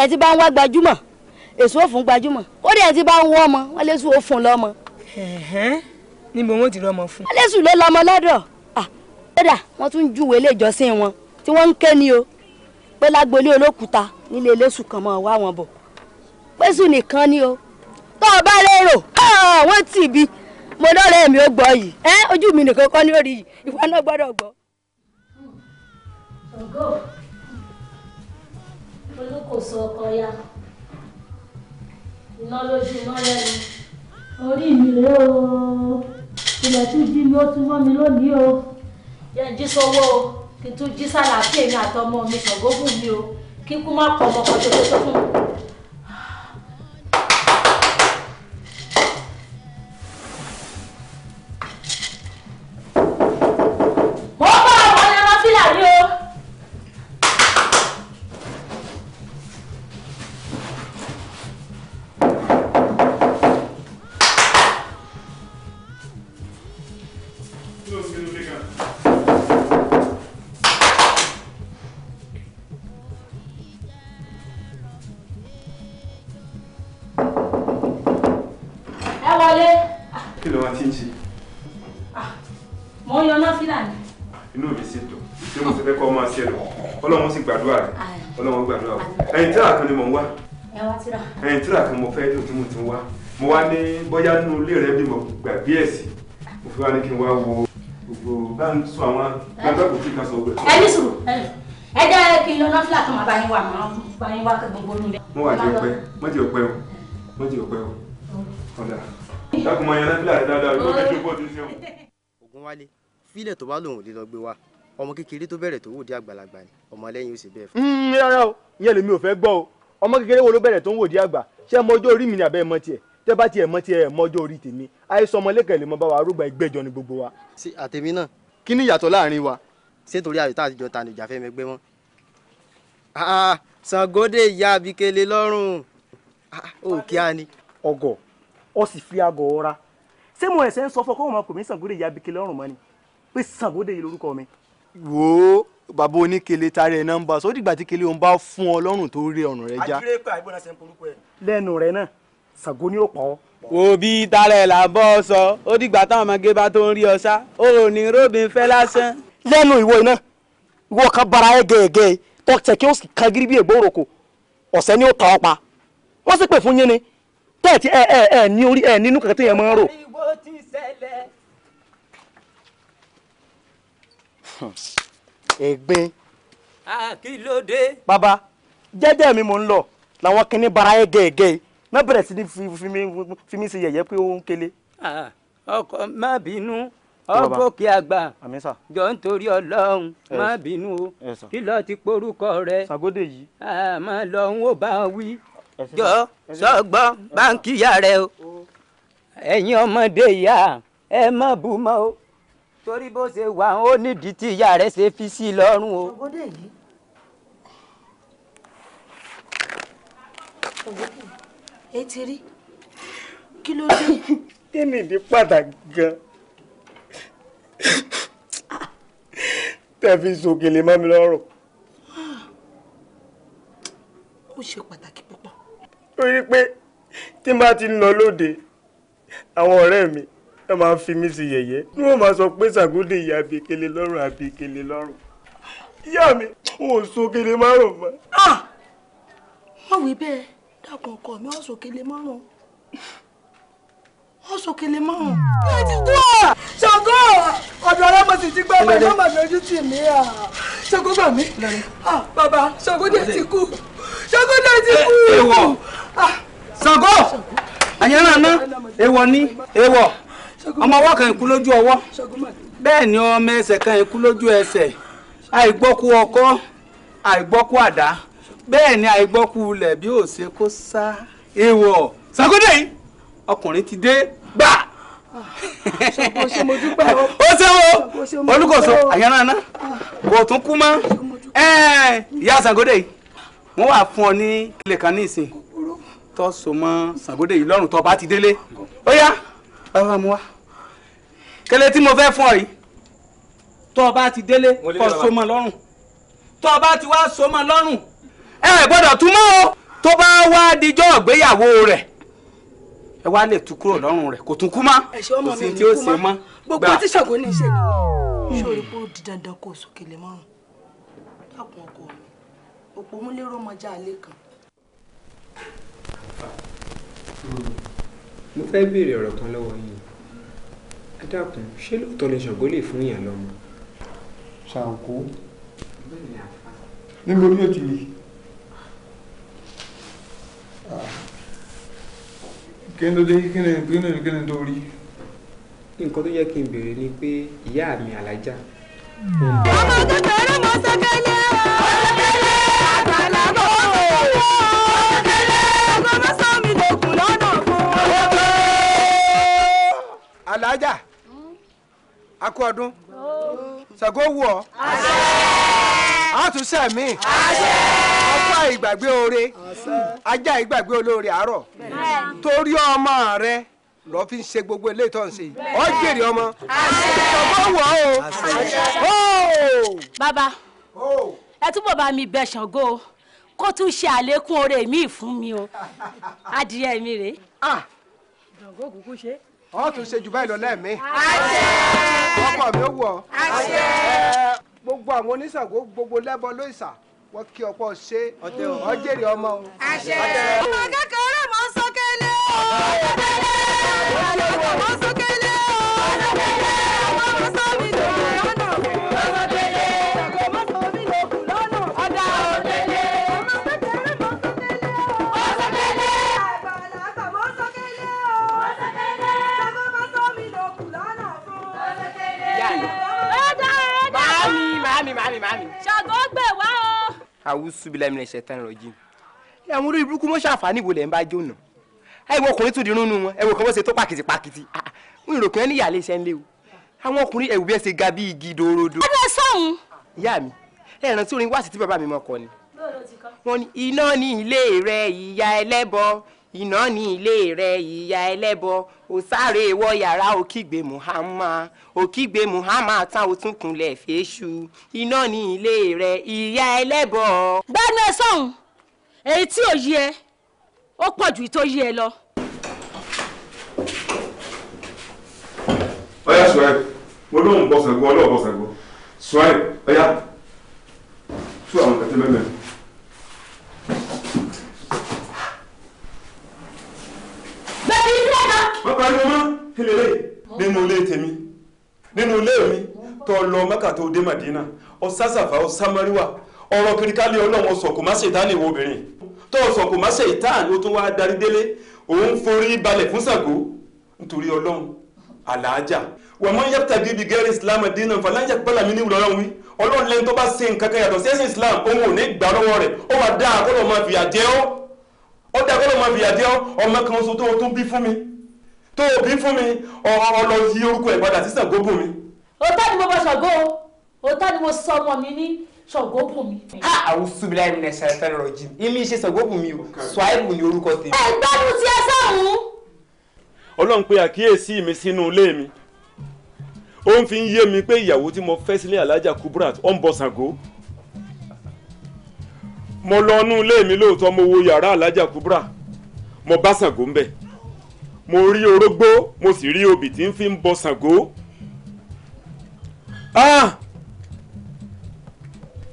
ẹ ti bá ń wá gbajúmọ̀ èso òfin gbajúmọ̀ ó dẹ̀ ti bá ń wọ́ ọmọ wọn léṣù òfin lọ́mọ. níbo wọn ti rọmọ fún. wọn léṣù ló lọmọ lọ́dọ̀ kódà wọn tún júwèé ilé ìjọsìn wọn tí wọn ń ké ni o pé lágbolé olókùúta nílé eléṣù kan mọ wá wọn bọ̀ pésù nìkan ni o tó o bá lérò wọn tì bí mo lọ́rẹ́ mi ó gbọ́ yìí ẹ́ ojú mi nìkan kọ́ ní orí yìí ìwọ náà gbọ́dọ̀ gbọ́. ọgọ olókòso ọkọ ya iná lójú iná lẹ́nu orí mi rèé o ilẹ̀ tún jí mi ó tún mọ́ mi lónìí o yẹn jí sówó o kí n tún jí sálàáfíà mi àtọmọ mi ṣàngógùn mi o kí n kú má pọ̀ ọmọkàn tó tó fún mi. ló wá ti ń ṣe. Ah, mo ń yan nọ́fìlà ni. inú mi sì dùn tí mo ti fẹ́ kọ́ máa ṣe lọ ọlọ́run sì gbàdúrà rẹ̀ ọlọ́run gbàdúrà rẹ̀ ẹ̀yìn tíra kan ni mò ń wá ẹ̀yìn tíra kan mo fẹ́ lò tí mo ti ń wá mo wá ní bóyá nínú ilé rẹ bí mo gbàgbé ẹ̀ sí mo fi wá ní kí n wá wo gbogbo bá ń sọ àwọn gbàgbọ́ kò tí ì ká sọ gbẹ. ẹ ní sùúrù ẹ jẹ́ kí n lọ nọ́fìlà kan máa bá yín wà máa bá yín wá gbogbo nílẹ̀. mo wà jẹ́ ọpẹ́ mo jẹ́ ọpẹ́ o mo jẹ́ ọpẹ́ o ọ̀dà dákùnmọ̀ yẹn lẹ́fílà rẹ dáadáa ló fi jókòó tó ṣeun. Ògúnwálé fílẹ̀ tó bá lòun ò lè lọ gbé wa ọmọ kékeré tó bẹ̀rẹ̀ tó wòdì àgbàlagbà ni ọmọ lẹ́yìn ó sì bẹ́ẹ̀ fún. Hmm, rárá o ìyẹn lèmi ò fẹ́ gbọ́ o ọmọ kékeré wo ló bẹ̀rẹ̀ tó ń wòdì àgbà ṣé mọ ọjọ́ orí mi ni àbẹ́ mọ tiẹ̀ tẹ́ bá tiẹ̀ mọ tiẹ̀ mọ ọjọ́ orí tèmi àìsàn ọmọlẹ́kẹ̀ lè mọ bá wa arúgbó ẹgbẹ́jọ ni gbogbo wa. ṣé àtẹ̀mí náà kí ni ìyàtọ̀ láàrin wa. a ti jọ tani ìjà fẹ́ mẹgbẹ́ mọ́. Ah, ah, Ṣàngódé ọ sì fi àgọ̀ ọ̀ra ṣé mo ẹ̀sẹ̀ ń sọ fún ọ kó wọn máa pè mí Ṣàngódé abikele ọ̀rùn mọ́ ni pé Ṣàngódé yìí lórúkọ mi. wo bàbá oníkele tari ẹ̀ nọ́mbà sọ ó dìgbà tí kele òun bá fún ọ lọ́rùn tó rí ọ̀rùn rẹ já. àdìrẹ́ pé àìgbọ́n ẹsẹ̀ ni ó pa ọ́. wo bí tara ẹ̀ là ń bọ́ ọ sọ ó dìgbà táwọn ọmọge bá tó ń rí ọ sá ó ò ní róbin fẹ́ lásán. lẹ́nu ìwọ iná ìwọ kan bara ẹ gẹ̀ẹ́gẹ́ tọ́kítẹ̀ kí ó kagiri bí ègbó ọ̀sẹ̀ ni ó ta ọ pa wọ́n sì pè fún yín ni tẹ́ẹ̀tì ẹ ẹ ẹ ní orí ẹ nínú kankan téèyàn máa ń rò. ègbin. àkìlódé. bàbá jẹ́jẹ́ mi mò ń lọ làwọn kinní bara ẹ gẹ́gẹ́ náà bẹ̀rẹ̀ sí ni fi mi ṣe yẹ̀yẹ́ pé ó ń kele. ọkọ má bínú ọgọkẹ àgbà jọ nítorí Ọlọ́run má bínú o kí ló ti porúkọ rẹ. sàgódé yìí. àmọ́ lọ́hún ó bá wí jọ sọgbọ́n báńkì ìyá rẹ o ẹ̀yin ọmọdé ìyá ẹ má bú o torí bó ṣe wà ó nídìí tí ìyá rẹ ṣe fi sí i o. ẹ ti rí kí ló dé. kí ni ìdí pàtàkì gan tẹ́ fi sòkèlè mọ́ mi lọ́rùn. ó ṣe pàtàkì torí pé tí n bá ti ń lọ lóde àwọn ọ̀rẹ́ mi ẹ máa ń fi mí sí yẹ̀yẹ́ ni wọ́n máa sọ pé Ṣàgódé ìyá abikele lọ́rùn abikele lọ́rùn ìyá mi wọn ò sókèlè márùn mọ́. wọ́n ah! wí bẹ́ẹ̀ dákun ọkọ mi wọ́n sókèlè márùn wọ́n sọ̀kèlè mọ́ wọn. ẹ ti tó à ṣàgó ọ̀dọ̀ ọ̀rẹ́ mo sì ti gbọ́ pé mọ́mọ́ mi ojú tì mí à ṣàgó bà mí bàbá ṣàgó dé ti kú ṣàgó dé ti kú. Eh, èèwọ̀ ṣàgó àyẹ̀ náà ná èèwọ̀ ni èèwọ̀ ọmọ ọwọ́ kan ikú lójú ọwọ́ bẹ́ẹ̀ ni ọmọ ẹsẹ̀ kan ikú lójú ẹsẹ̀ àìgbọ́kú ọkọ àìgbọ́kú àdá bẹ́ẹ̀ ni àìgbọ́kú ilẹ̀ bí ó ṣe kó sá èèwọ̀ ṣàgó dé yìí ọkùnrin ti dé gbà. ó ṣe wo olùkóso àyànnà kò tún kú mọ́ ìyá Sàngódé wọ́n wà fún ọ ní kílẹ̀ kan ní ìsìn tó so mọ́ Sàngódé yìí lọ́rùn tó bá ti délé ó yá bàbá mu wá kẹlẹ tí mo fẹ́ fún ọ yìí tó bá ti délé kó so mọ́ lọ́rùn tó bá ti wá so mọ́ lọ́rùn ẹ gbọ́dọ̀ túmọ̀ o tó bá wá dijọ́ ìgbéyàwó rẹ̀ ẹ wá lè tú kúrò lọ́rùn rẹ̀ kò tún kú mọ́ kò sí tí ó ṣe mọ́. gbogbo tí ṣàgó ní ìṣe ni ṣòro pé ó di dandan kó o sókèlè márùn lápò ọkọ mi òpó mú lérò ọmọjà alẹ́ kan. mo fẹ́ béèrè ọ̀rọ̀ kan lọ́wọ́ yìí ẹ ṣé lóòótọ́ ni ṣàgó lè fún yàn lọ́mọ. ṣàǹkó níbo ni ó ti rí ah kí ló dé kí ni kí ni tó rí. nǹkan tó yẹ kí n béèrè ni pé ìyá mi alájà. ọmọ kékeré mo ṣe kẹlẹ o a kú ọdún ṣàgó wù ọ. àtúnṣe mi ọpá ìgbàgbé oore ajá ìgbàgbé olóore àárọ̀ torí ọmọ rẹ lọ fi ń ṣe gbogbo eléyìí tó ń ṣe ọ jèrè ọmọ ṣọgbọ́n wọ̀ o. bàbá ẹ túbọ̀ bá mi bẹ Ṣàngó kó tún ṣe àlékún oore mi fún mi o adìyẹ mi rèé. ọ gbogbo àwọn oníṣàngó gbogbo lẹ́bọ lóìṣà wọ́n kí ọ̀pọ̀ ṣe ọjẹ́rì ọmọ. àṣẹ ọmọ kékeré mọ́ sókè lé kékeré mọ́ sókè awusu bi lamina ṣẹtan rọjí àwọn olórí burúkú mọ ṣàǹfààní ìwò lẹ ń bá jóná ẹwọ ọkùnrin tún di rúnú wọn ẹwọ kan wọn ṣe tó pàkìtì pàkìtì n ìròkùn yẹn ní ìyàlẹ o àwọn ọkùnrin ẹwù bí ẹ ṣe ga bí igi dòrodò. ẹ bẹ sọhùn. ìyá mi ẹ rántí orin wáṣítì bàbá mi mọ kọ ni. wọn ní iná ní ilé rẹ ìyá iná ní ilé rẹ ìyá ẹlẹ́bọ ò sáré wọ yàrá òkígbe muhammad òkígbe muhammad tán ó tún kunlẹ̀ fèéṣu iná ní ilé rẹ ìyá ẹlẹ́bọ. gbẹ́nu ẹ sọ̀hún èyí tí ò yí ẹ ó pọ̀ ju ìtó yí ẹ lọ. ọyá ṣùgbọ́n mo lóun bọ̀ sẹ̀gbọ́ ọlọ́ọ̀ bọ̀ sẹ̀gbọ́ ṣùgbọ́n ọyá tú àwọn kẹtẹ mẹ́mẹ́rin. wọ́n pariwo mọ́ kí nínú ilé tèmi nínú ilé mi tó lọ mẹ́kà tó màdínà ọ̀sásàfà ọ̀sámáríwá ọ̀rọ̀ kirikálẹ̀ ọlọ́run má ṣe ṣe ìtàn ó tún wá darí délé òun forí balẹ̀ fún nítorí ọlọ́run wọ́n islam dínà ní wí ọlọ́run tó bá ṣe nǹkan kan yàtọ̀ sí islam òun ò ní gbà lọ́wọ́ rẹ̀ ó wà tó o bí fún mi ọ̀rọ̀ lọ yí orúkọ ẹ̀ padà sí Ṣàngóbù mi. òótọ́ ni mo bọ Ṣàngó òótọ́ ni mo sọ ọmọ mi ní Ṣàngóbù mi. ha àwọn subila ẹni ẹsẹ ẹfẹ rọ jí imi ṣe Ṣàngóbù mi o Ṣùáìbù ni orúkọ tèmi. ẹ gbádùn tí ẹ sọ̀hún. Ọlọ́run pe àkíyèsí mi sínú ilé mi ó ń fi ń yé mi pé ìyàwó tí mo fẹ́ sílé alájà Kubrat ó ń bọ Ṣàngó mo lọ inú ilé mi lóòótọ́ mo wo yàrá alájà Kubrat mo bá Ṣàngó ń bẹ̀ mo rí orógbó mo sì rí obì tí ń fi ń bọ Ṣàngó. Ah!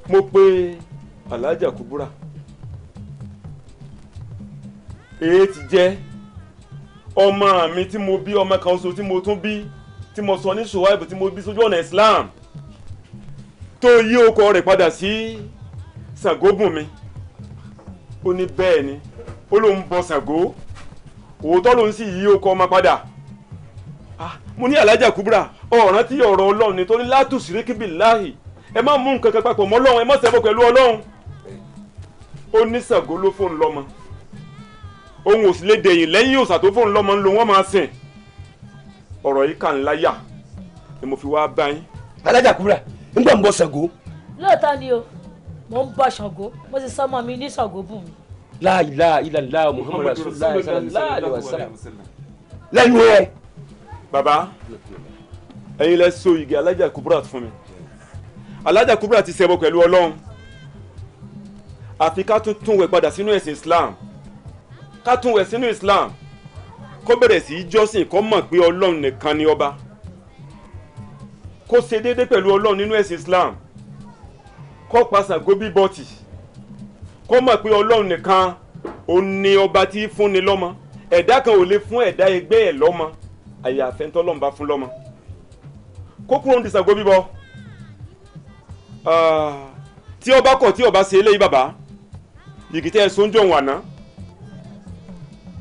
mo pe Alhaja Kubura èyí ti jẹ́ ọmọ mi tí mo bí ọmọ kan ṣoṣo tí mo tún bí tí mo sọ ní ṣòwáìbù tí mo bí sójú ọ̀nà Islam tó yí ọkọ rẹ̀ padà sí Ṣàngóbùnmi ó ní bẹ́ẹ̀ ni ó lóun bọ Ṣàngó. òótọ́ ló ń sì yí okọ ọmọ padà ah, mo ní alájà kúbúrà ọ̀ràn tí ọ̀rọ̀ ọlọ́run ni tó ní látùsíríkì bíláhì ẹ má mú nǹkan kan papọ̀ mọ́ ọlọ́run ẹ má ṣẹbọ pẹ̀lú ọlọ́run ó ní ló fóun lọ́mọ ò sì lè dẹ̀yìn lẹ́yìn tó fóun lo wọ́n máa sìn ọ̀rọ̀ yìí kà ń láyà ni mo fi wá bá yín. alájà kúbúrà nígbà ń bọ lóòótọ́ ni o mo ń bọ Ṣàngó mo sì mi ní la ilaha illallah muhammadu rasulullah sallallahu alaihi wasallam lẹ́nu ẹ̀. baba ẹ̀yin lẹ so igi alájà kubrat fún mi alájà kubrat ti ṣẹbọ pẹ̀lú ọlọ́run àfi ká tún tún wẹ̀ padà sínú ẹ̀sìn islam ká tún wẹ̀ sínú islam kó bẹ̀rẹ̀ sí í jọ́sìn kó mọ̀ pé ọlọ́run nìkan ni ọba kó ṣe déédéé pẹ̀lú ọlọ́run nínú ẹ̀sìn islam kó pa Ṣàngó bí bọ́tì kó mọ̀ pé ọlọ́run nìkan ó ní ọba tí fúnni lọ́mọ ẹ̀dá kan ò lè fún ẹ̀dá ẹgbẹ́ ẹ̀ lọ́mọ àyàfẹ́ tọ́lọ́run bá fún lọ́mọ kókó ń dìsàgó bíbọ ah, tí ọba kọ̀ tí ọba ṣe eléyìí bàbá ìgìtẹ́ sóúnjọ́ òun àná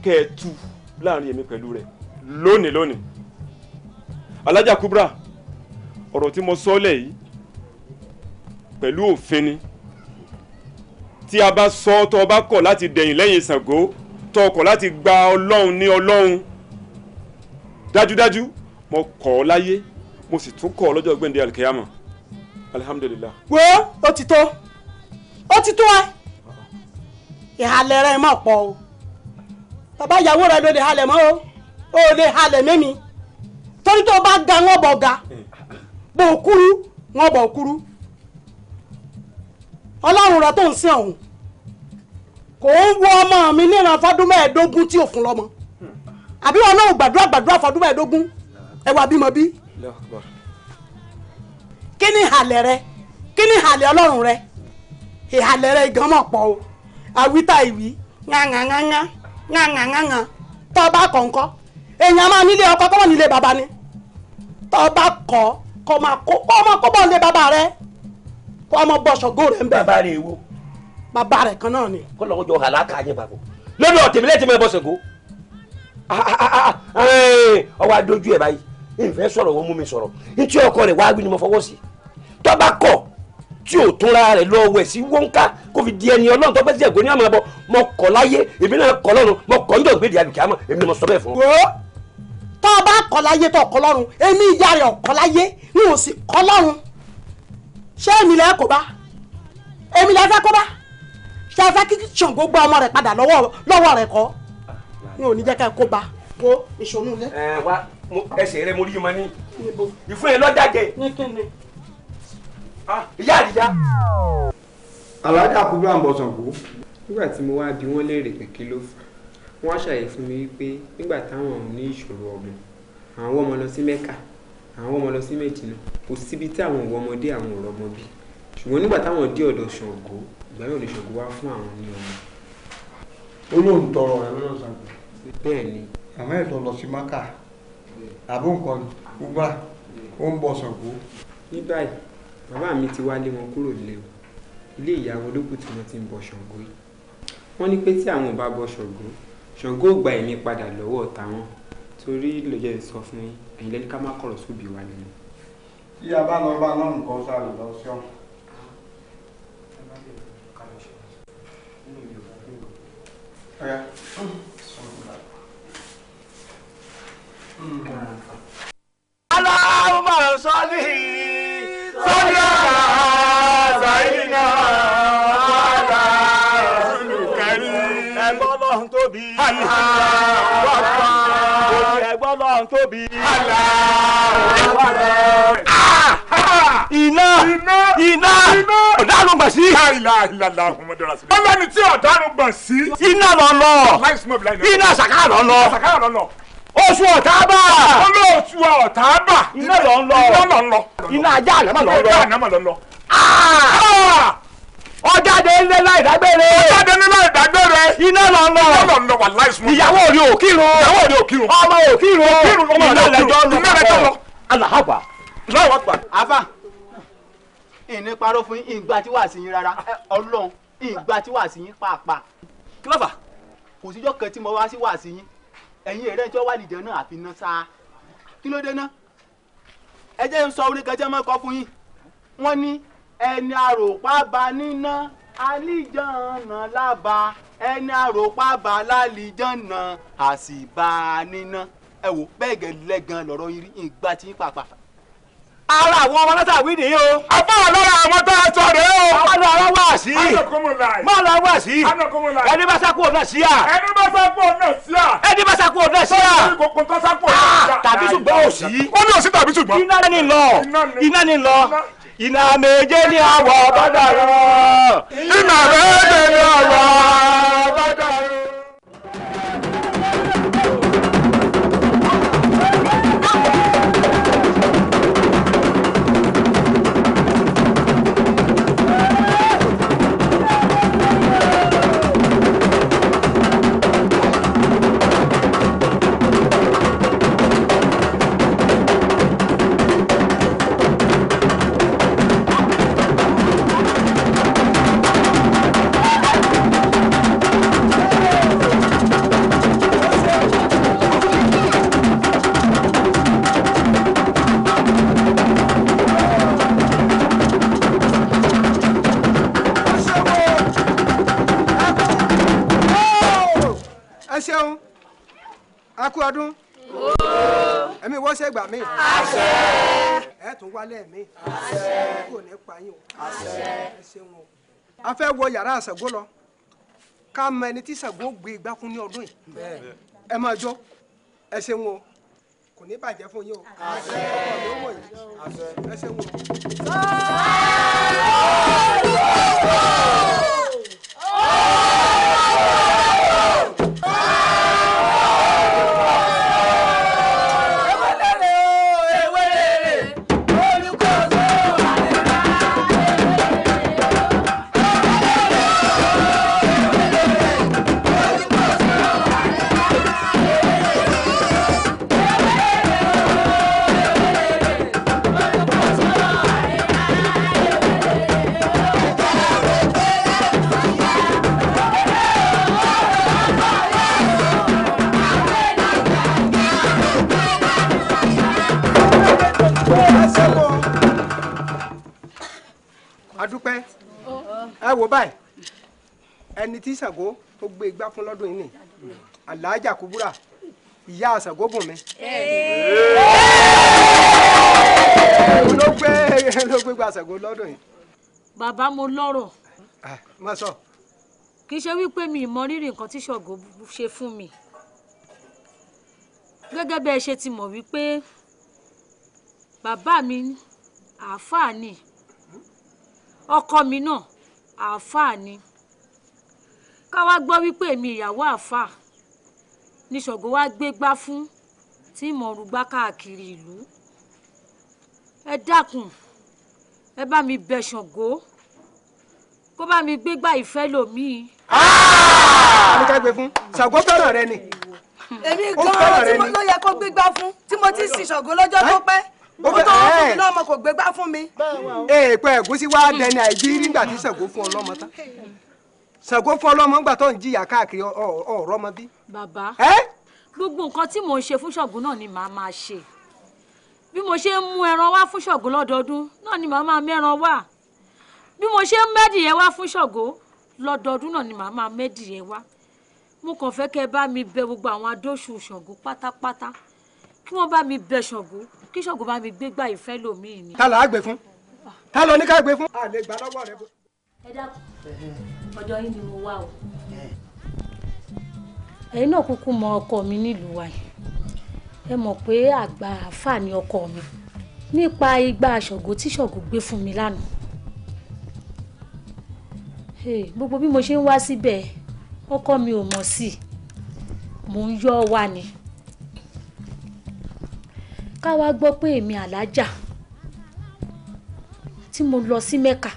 kẹ́ ẹ tú láàrin èmi pẹ̀lú rẹ̀ lónìí lónìí alájà kubra ọ̀rọ̀ tí mo sọ lẹ̀ yìí pẹ̀lú òfin ni tí a bá sọ ọ́ tó o bá kọ̀ láti dẹ̀yìn lẹ́yìn Ṣàngó tó o kọ̀ láti gba ọlọ́run ní ọlọ́run dájúdájú mo kọ̀ ọ́ láyé mo sì tún kọ̀ ọ́ lọ́jọ́ gbẹ̀ǹdẹ̀ alikiyama alihamudulila. wo ó ti tó ó ti tó ẹ ìhàlẹ̀ rẹ máa pọ̀ o bàbá ìyàwó rẹ ló lè halẹ̀ mọ́ o ó lè halẹ̀ mẹ́mi torí tó bá ga wọn bọ̀ ga hmm. bò kúrú wọn bọ̀ kúrú ọlọ́run rẹ tó ń sìn ọ̀hún kò ń wọ ọmọ mi níran fọdún mẹ́ẹ̀ẹ́dógún tí òfun lọ́mọ àbí wọn náà gbàdúrà gbàdúrà fọdún mẹ́ẹ̀ẹ́dógún ẹwà bímọ bí. kí ni ìhàlẹ̀ rẹ kí ni ìhàlẹ̀ ọlọ́run rẹ ìhàlẹ̀ rẹ gan mọ̀ pọ̀ o àwítà ìwí èèyàn máa nílé ọkọ rẹ kó ọmọ bọ́sọ̀gó rẹ̀ ń bẹ̀. bàbá rẹ̀ wo. bàbá rẹ̀ kan náà ni. kó lọ́wọ́ jọ hàlàkà yẹn papọ̀ lórí ọ̀tẹ̀mí lẹ́tẹ̀ mọ́ bọ́sọ̀gó. ọwọ́ ah, adójú ah, ah, ẹ̀ báyìí ìfẹ́ sọ̀rọ̀ wọn mú mi sọ̀rọ̀ ntí ọkọ rẹ̀ wáá gbé ni mo fọwọ́ sí tọ́ba kọ̀ tí ò túnra rẹ̀ lọ wẹ̀ sí wọ́nká kó fi di ẹni ọlọ́run tọ́pẹ́ sí ẹ̀gbọ́n ní àmọ́ ẹ̀bọ mo kọ̀ láyé èmi náà kọ̀ lọ́run mo kọ̀ ń dọ̀gbẹ́dì àdùkẹ́ àmọ́ èmi ni mo sọ bẹ́ẹ̀ fún ọ tọ́ ọ bá kọ́ láyé tọ́ ọkọ́ lọ́run èmi ìyá rẹ̀ ọkọ́ láyé ni ò sì kọ́ lọ́run ṣé èmi lẹ́ kó bá èmi lẹ́ fẹ́ kó bá ṣé ẹ fẹ́ kí Ṣàngó gba ọmọ rẹ̀ padà lọ́wọ́ rẹ̀ kọ́ n ò ní jẹ́ ká ẹ kó bá kó ìṣonú lẹ. ẹ wá ẹsẹ̀ rẹ mo rí yìí ma ní ìfún yẹn lọ́dàjẹ. ìyá àdìjá. alájà kú bí àǹbọ̀sàn kú. nígbà tí mo wá bí wọ́n léèrè pé kí ló fà wọ́n ṣàyẹ̀ fún mi wípé nígbà táwọn ò ní ìṣòro ọ̀gbìn àwọn ọmọ lọ sí mẹ́ka àwọn ọmọ lọ sí mẹ̀jìnà kò síbi tí àwọn òwò ọmọdé àwọn ọ̀rọ̀ ọmọ bí ṣùgbọ́n nígbà táwọn dé ọ̀dọ̀ Ṣàngó ìgbà yóò lè Ṣàngó wá fún àwọn ní ọmọ. ó lóun tọrọ ẹ lọ́dọ̀ Ṣàngó. bẹ́ẹ̀ ni. màmá ẹ̀ lọ sí maka àbó nǹkan uba ó ń bọ̀ Ṣàngó. ní báyìí bàbá mi ti wá lé wọn kúrò lé o ilé ìyàwó olókùn tí wọ́n ti ń bọ Ṣàngó yìí wọ́n ní pé tí àwọn ò bá bọ Ṣàngó Ṣàngó ò ẹ̀yin lẹ́ni ká má kọ̀rọ̀ sóbì wa nínú. tí a bá lọ bá náà nǹkan sáré lọ sí ọ. aláwọ̀ sọ́ọ́lì sọ́ọ́lì ọ̀gá sàyìn náà. tóbi. Ah! iná iná ọ̀daràn gbọ̀n sí. ọlọ́ni tí ọ̀daràn gbọ̀n sí. iná lọ lọ iná sàkà lọ lọ oṣù ọ̀tá bá. olóòtú ọ̀tá bá. iná lọ ń lọ iná lọ ń lọ. iná ajá àlámà lọ ń lọ. iná ajá àlámà lọ ń lọ. Ah! ọjàde ńlẹ láì dágbére. ọjàde ńlẹ láì dágbére. iná lọ lọ. ìyàwó rí òkìrun. ọmọ òkìrun. òkìrun ọmọ lọ alahaba láwọn àgbà. àfà ìní parọ́ fún ìgbà tí wàá sí yín rárá ọlọ́run ìgbà tí wàá sí yín pàápàá. kílọ̀fà. kò síjọ́ kan tí mo wá sí wàá sí yín ẹ̀yin ẹ̀rẹ́ ìjọ wà nìjẹ́ náà àfi ná sáá kí ló dé náà. ẹ jẹ́ ń sọ orí kan jẹ́ mọ́ kọ́ fún yín wọ́n ní ẹni àròpá bá níná alìjọ́nà lába ẹni àròpá bá lálìjọ́nà àsìbá níná ẹ wò bẹ́ẹ̀ gẹ̀ lẹ́gàn lọ́rọ́ yín rí ìgbà tí ń pàpà. ara àwọn ọmọ látàwí nìyí o. àbá lọ́la àwọn tá a sọ rẹ̀ o. àwọn lọ àwọn wá sí i. má lọ wá sí i. ẹni bá sákò náà sí à. ẹni bá sákò náà sí à. ẹni bá sákò náà sí à. Ah, tàbí ṣùgbọ́n ò sí. ó ní òsì tàbí ṣùgbọ́n. iná ni lọ iná ni lọ iná méje ní àwọ̀ bàdàrọ̀. iná méje ní àwọ̀ bàdàrọ̀. fẹ́ wọ yàrá àṣàgó lọ ká mọ ẹni tí ṣàgó gbé igbákun ní ọdún yìí ẹ máa jó ẹ ṣeun o kò ní bàjẹ́ fún yín o ẹ ṣeun o. dúpẹ́ ẹ wò báyìí ẹni tí Ṣàngó tó gbé igbá fún lọ́dún yìí ni Aláàjà Kúbúrà ìyá Ṣàngó Bùnmi. ló gbé ló gbé gba Ṣàngó lọ́dún yìí. bàbá mo lọ́rọ̀. Ah, má sọ. kì í ṣe wípé mi ìmọ rírì nǹkan tí Ṣàngó ṣe fún mi gẹ́gẹ́ bẹ́ẹ̀ ṣe ti mọ̀ wípé bàbá mi àáfàá ni ọkọ mi náà àáfàá ni ká wá gbọ́ wípé èmi ìyàwó àáfàá ni Ṣàngó wá gbégbá fún tí mò ń rúgbá káàkiri ìlú ẹ dákun ẹ bá mi bẹ Ṣàngó kó bá mi gbégbá ìfẹ́ lòmíì. àmì ká gbé fún Ṣàngó fẹ́ràn rẹ ni. èmi gan-an tí mo ló yẹ kó gbégbá fún tí mo ti sin Ṣàngó lọ́jọ́ tó pẹ́ ó fẹ́ ẹ́ lọ́mọ kò gbégbá fún mi. èèpẹ̀ ẹ̀gúsí wá dẹni àìjí nígbà tí Ṣàngó fún ọlọ́mọ tán Ṣàngó fún ọlọ́mọ ńgbà tó ń jìyà káàkiri ọ̀rọ̀ ọmọ bí. bàbá gbogbo nǹkan tí mò ń ṣe fún Ṣàngó náà ni màá máa ṣe bí mo ṣe ń mú ẹran wá fún Ṣàngó lọ́dọọdún náà ni màá máa mẹ́ran wá bí mo ṣe ń mẹ́dì wá fún Ṣàngó lọ́dọọdún náà ni màá máa mẹ́dì yẹn wá mo kàn fẹ́ kẹ́ bá mi bẹ gbogbo àwọn adóṣù Ṣàngó pátápátá kí wọ́n bá mi bẹ Ṣàngó kí ṣògùn bá mi gbégbá ìfẹ́ lòmíì ni. ta là á gbé fún ta ló ní ká gbé fún. a lè gbà lọ́wọ́ rẹ. ẹ dákun ọjọ́ yín ni mo wá o ẹ̀yin náà kúkú mọ ọkọ mi nílùú wa yìí ẹ mọ̀ pé àgbà àfà ni ọkọ mi nípa igba ṣọ̀gó tí ṣọ̀gó gbé fún mi lánàá gbogbo bí mo ṣe ń wá síbẹ̀ ọkọ mi ò mọ̀ sí i mò ń yọ́ wa ni ká wá gbọ́ pé èmi alájà tí mo lọ sí mẹ́ka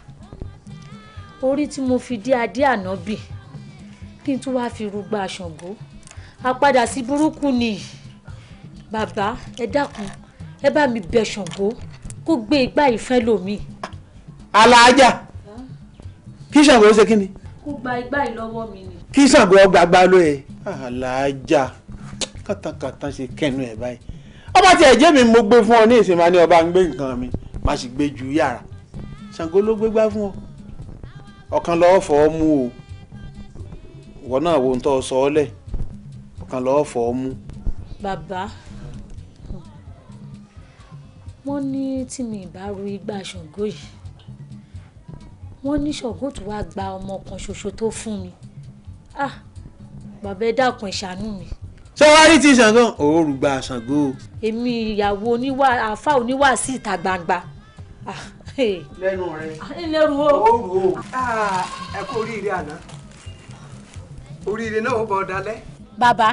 orí tí mo fi dé adé ànábì kí n tún wáá fi rúgba àṣàǹbó àpadà sí burúkú ni bàbá ẹ dákun ẹ bá mi bẹ ṣàǹbó kó gbé igbá ìfẹ́ lómi. alájà kí ṣàǹbó ṣe kí ni. kó gba igbá ìlọ́wọ́ mi ni. kí ṣàǹbó ọgbà gbá ló alájà kàtàkàtà ṣe kẹnu ẹ báyìí ọba tí ẹ̀jẹ̀ mi mo gbé fún ọ ní ìsinmi ní ọba ń gbé nǹkan mi má sì gbé ju yàrá Ṣàngó ló gbé gbá fún ọ ọ̀kan lọ́ọ́ fọ́ ọ mú o ìwọ náà wo ń tọ́ sọ ọ lẹ̀ ọ̀kan lọ́ọ́ fọ́ ọ mú. bàbá wọ́n ní tí mi ìbá ru igbá Ṣàngó yìí wọ́n ní Ṣàngó tó wá gba ọmọ kan ṣoṣo tó fún mi ah bàbá ẹ dákun ẹ mi ṣé wàá rí ti ṣàngó òórùn gba ṣàngó. èmi ìyàwó oníwà àfa oníwà sí ìta gbangba. Ah, lẹ́nu rẹ̀ ah, lẹ́rù o. òórùn o ah, ẹ kú oríire àná oríire náà ó bọ̀ dalẹ̀. bàbá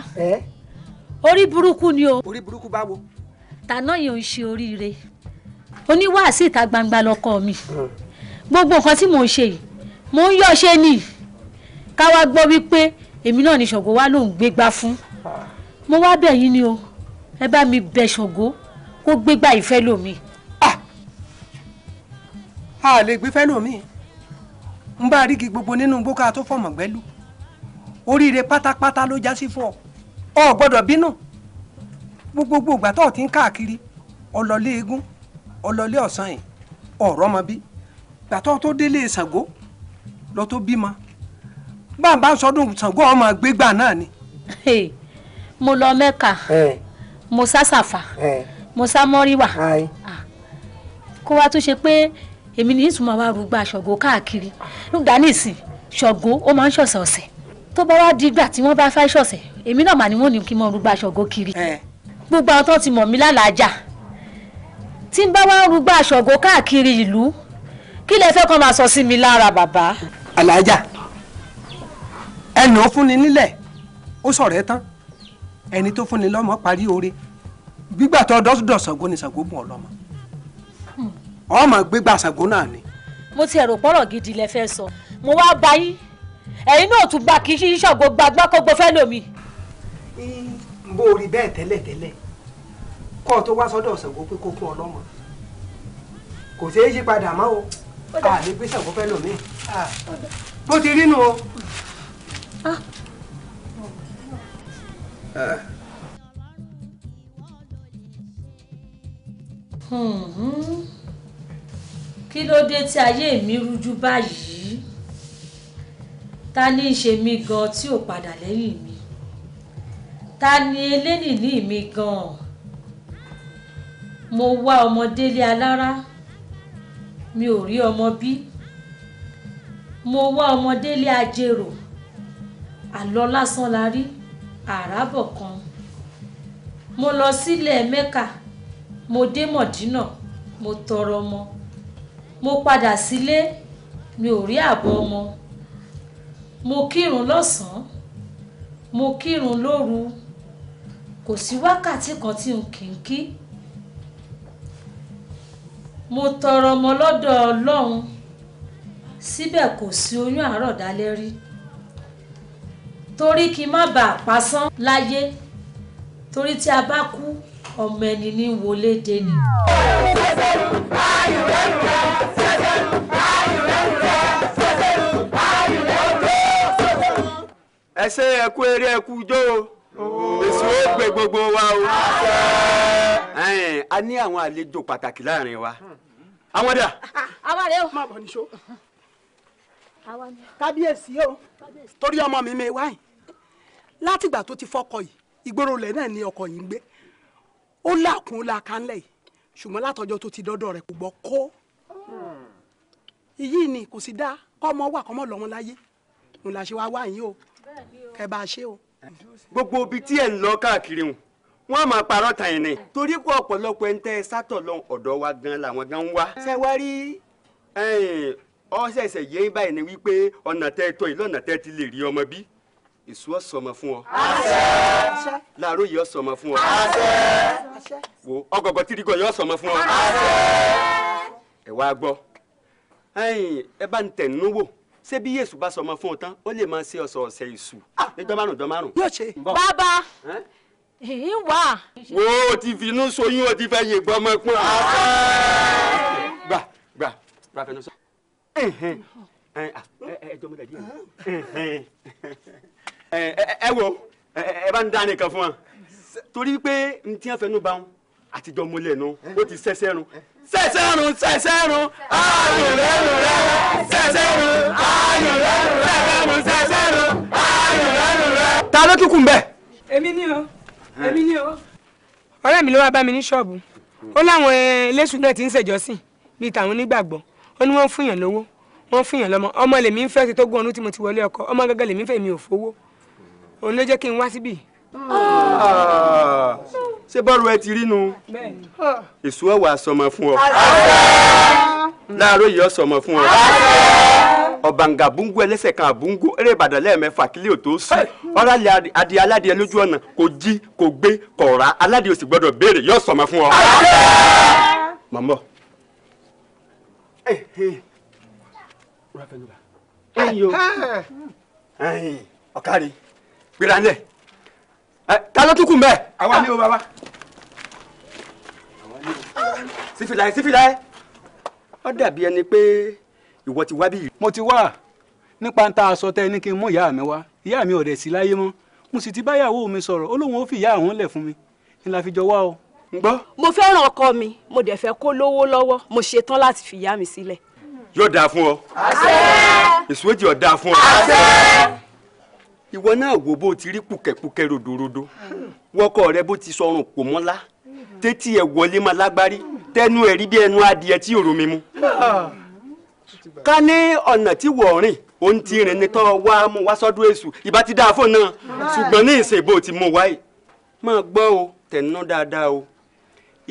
orí burúkú ni o. orí burúkú báwo. tànà yìí ò ń ṣe oríire oníwà sí ìta gbangba lọkọ mi gbogbo nǹkan tí mò ń ṣe yìí mò ń yọ̀ ṣe ni ká wá gbọ́ wípé èmi náà ni ṣògo wa ló ń gbégbá fún. mo wá bẹ̀ yín ni o ẹ bá mi bẹ̀ ṣògo kó gbégbá ìfẹ́ lómi. Ah! a lè gbé fẹ́ lómi n bá rígi gbogbo nínú gbóká tó fọmọ gbẹ́lú oríire pátápátá ló já sí fún ọ ọ gbọ́dọ̀ bínú gbogbo ìgbà tó ti ń káàkiri ọlọlé eégún ọlọlé ọ̀sán yìí ọ̀rọ̀ ọmọ bí ìgbà tó tó délé sango lọ tó bímọ bá a bá sọdún Ṣàngó ọmọ gbégbà náà ni. Hey. mo lọ mẹ́ka mo sásàfà mo sá mọ́ríwà ah. kó wá tún ṣe pé èmi ní ìtumọ̀ wa rúgbà ṣọ̀gbọ́ káàkiri nígbà nísìn ṣọ̀gbọ́ ó máa ń ṣọ̀sẹ̀ ọ̀sẹ̀ tó bá wá dìgbà tí wọ́n bá fẹ́ ṣọ̀sẹ̀ èmi náà mà ní wọ́n ní kí n mọ rúgbà ṣọ̀gbọ́ kiri gbogbo àwọn tó ti mọ̀ mí lálàájà tí n bá wá rúgbà ṣọ̀gbọ́ káàkiri ìlú kí lè fẹ́ kọ́ máa sọ sí mi lára bàbá. àlàájà ẹnà fún ni nílẹ̀ ó sọ̀rọ̀ ẹ tán ẹni tó fúnni lọ́mọ parí oore gbígbà tó dọ́sọ̀dọ̀ Ṣàngó ni Ṣàngó bùn ọ lọ́mọ hmm. ọmọ gbígbà Ṣàngó náà ni. mo ti ẹ̀rọ pọ́rọ̀ gidi lẹ fẹ́ sọ mo wá bá yín ẹ̀yin náà tún gba kí Ṣàngó gbàgbọ́ kó gbọ́ fẹ́ lómi. n bó rí bẹ́ẹ̀ tẹ́lẹ̀ tẹ́lẹ̀ kọ́ ọ tó wá sọ́dọ̀ Ṣàngó pé kó fún ọ lọ́mọ kò ṣeé yí padà mọ́ o àní gbé Ṣàngó fẹ́ lómi bó ti rí nu o. Ah. Hmm. kí ló dé tí ayé mi rújú báyìí ta ní í ṣe mí gan tí ò padà lẹ́yìn mi ta ni elénìní mi gan mo wá ọmọ délé alára mi ò rí ọmọ bí mo wá ọmọ délé ajérò àlọ lásán la rí àràbọ̀ kan mo lọ sílẹ̀ mẹ́kà mo dé mọ̀dínà mo tọrọ ọmọ mo padà sílé mi ò rí àbọ̀ ọmọ mo kírun lọ́sàn-án mo kírun lóru kò sí wákàtí kan tí n kì í kí mo tọrọ ọmọ lọ́dọ̀ ọlọ́run síbẹ̀ kò sí oyún àárọ̀ dálẹ́ rí torí kí n má bàa pasán láyé torí tí a bá kú ọmọ ẹni ní wọlé dé ni. ẹ ṣe ẹ eré ẹ jó o èsì ó gbé gbogbo wa o. a ní àwọn àlejò pàtàkì láàrin wa àwọn dà. àwa rẹ o. bọ̀ níṣó. kábíyèsí o torí ọmọ mi mi wáyìn látìgbà tó ti fọkọ yìí ìgboro lẹ̀ náà ni ọkọ yìí ń gbé ó làkún ó làkà ńlẹ̀ yìí ṣùgbọ́n látọjọ́ tó ti dọ́dọ̀ rẹ̀ kò gbọ́ kó iyì ni kò sí dáa kọ́mọ wà kọ́mọ lọ́mọ láyé ń la ṣe wá wá yín o kẹ bá a ṣe o. gbogbo ibi tí ẹ̀ ń lọ káàkiri hùn wọ́n máa parọ́ tàn yín ni. torí kó ọ̀pọ̀lọpọ̀ ẹni tẹ́ ẹ sátọ̀ lọ ọ̀dọ̀ wa gan làwọn gan ń wá. ṣé wàá rí ọ̀sẹ̀sẹ̀ yẹn báyìí ni wípé ọ̀nà tẹ́ ẹ tọ́ yìí lọ́nà tẹ́ ẹ ti lè rí ọmọ bí. Èṣù ọ̀sọ̀mọ̀ fún ọ. Àṣẹ. Láàárọ̀ yìí ọ̀sọ̀mọ̀ fún ọ. Àṣẹ. Wò ọgọ̀gọ̀ tìrìgọ̀ yìí ọ̀sọ̀mọ̀ fún ọ. Àṣẹ. Ẹ wá gbọ́. Ẹ bá ń tẹ̀ nínú wò ṣé bí yéésù bá sọmọ fún ọ tán ó lè máa ṣe ọ̀sọ̀ọ̀sẹ̀ èṣù níjọ́ ah. márùn jọ́ márùn. yóò ṣe bàbá èyí wà. wo o ti finú soyún o ti fẹ́ yè gbọ́ ọmọ ẹ̀kún. gbà gbà gbà fẹnu sọ. ẹjọ́ mọ́tàdí ẹ̀ ẹ wo ẹ bá ń dá nìkan fún wa torí pé n tí wọn fẹnu bá wọn àtijọ́ mo lẹ́nu ó ti ṣẹ̀ṣẹ̀ run ṣẹ̀ṣẹ̀ run ṣẹ̀ṣẹ̀ run ayùn lẹ́nu rẹ ṣẹ̀ṣẹ̀ run ayùn lẹ́nu rẹ fẹ́mu ṣẹ̀ṣẹ̀ run ayùn lẹ́nu rẹ. ta ló kíkùn bẹ́ẹ̀. èmi ni o èmi ni o. ọ̀rẹ́ mi ló wá bá mi ní ṣọ́ọ̀bù ó láwọn eh, eléṣùn náà ti ń ṣèjọ́sìn bíi tàwọn onígbàgbọ́ ó ní wọ́n fún yàn lówó wọ́n fún yàn lọ́mọ ọmọ lèmi ń fẹ́ ti tó gún ọdún tí mo ti wọlé ọkọ ọmọ gẹ́gẹ́ lèmi ń fẹ́ mi ò fowó òun ló jẹ́ kí n wá síbí. ṣé bọ́ọ̀lù ẹ ti rí nu èso ọ̀wà sọmọ fún ọ láàárọ̀ yìí ọ̀sọ̀mọ fún ọ ọ̀bàǹgà búngú ẹlẹ́sẹ̀ kan àbúngú eré ìbàdàn lẹ́ẹ̀mẹ́fà kílẹ̀ òtó sí ọ̀rálẹ̀ adìẹ aládìẹ lójú ọ̀nà kò jí kò gbé kò rà aládìẹ òsì gbọ́dọ̀ béèrè yóò sọmọ fún ọ. mọ̀mọ́ eh, eh. ọ̀kárí gbéra ńlẹ̀ ẹ ta ló tún kù mbẹ. àwa ni o baba. sífìlà ẹ sífìlà ẹ ó dàbí ẹni pé ìwọ ti wá bí. mo ti wá nípa ta aṣọ tẹ ní kí n mú ìyá mi wá ìyá mi ò rẹ̀ sí láyé mọ́ mo sì ti báyàwó mi sọ̀rọ̀ ó lóun ó fi ìyá àwọn lẹ̀ fún mi ni la fi jọ wá o. gbọ́. mo fẹ́ràn ọkọ mi mo dẹ̀ fẹ́ kó lówó lọ́wọ́ mo ṣetán láti fi ìyá mi sílẹ̀. yóò dáa fún ọ. àṣẹ. èso èjì ọ̀ dáa fún ọ. àṣẹ ìwọ náà wò bó ti rí pùkẹ́pùkẹ́ rodorodo wọ́kọ̀ rẹ bó ti sọrùn kò mọ́lá tètè ẹ̀ wọlé máa lágbárí tẹnu ẹ̀ rí bí ẹnu adìẹ tí òrò mi mu. ká ní ọ̀nà tí wọ́n rìn òun ti rìn ní tọ́ wá mú wá sọ́dún èṣù ìbá ti dáa fóun náà ṣùgbọ́n ní ìsìn ìbò ti mú wáyé máa gbọ́ o tẹ̀nú dáadáa o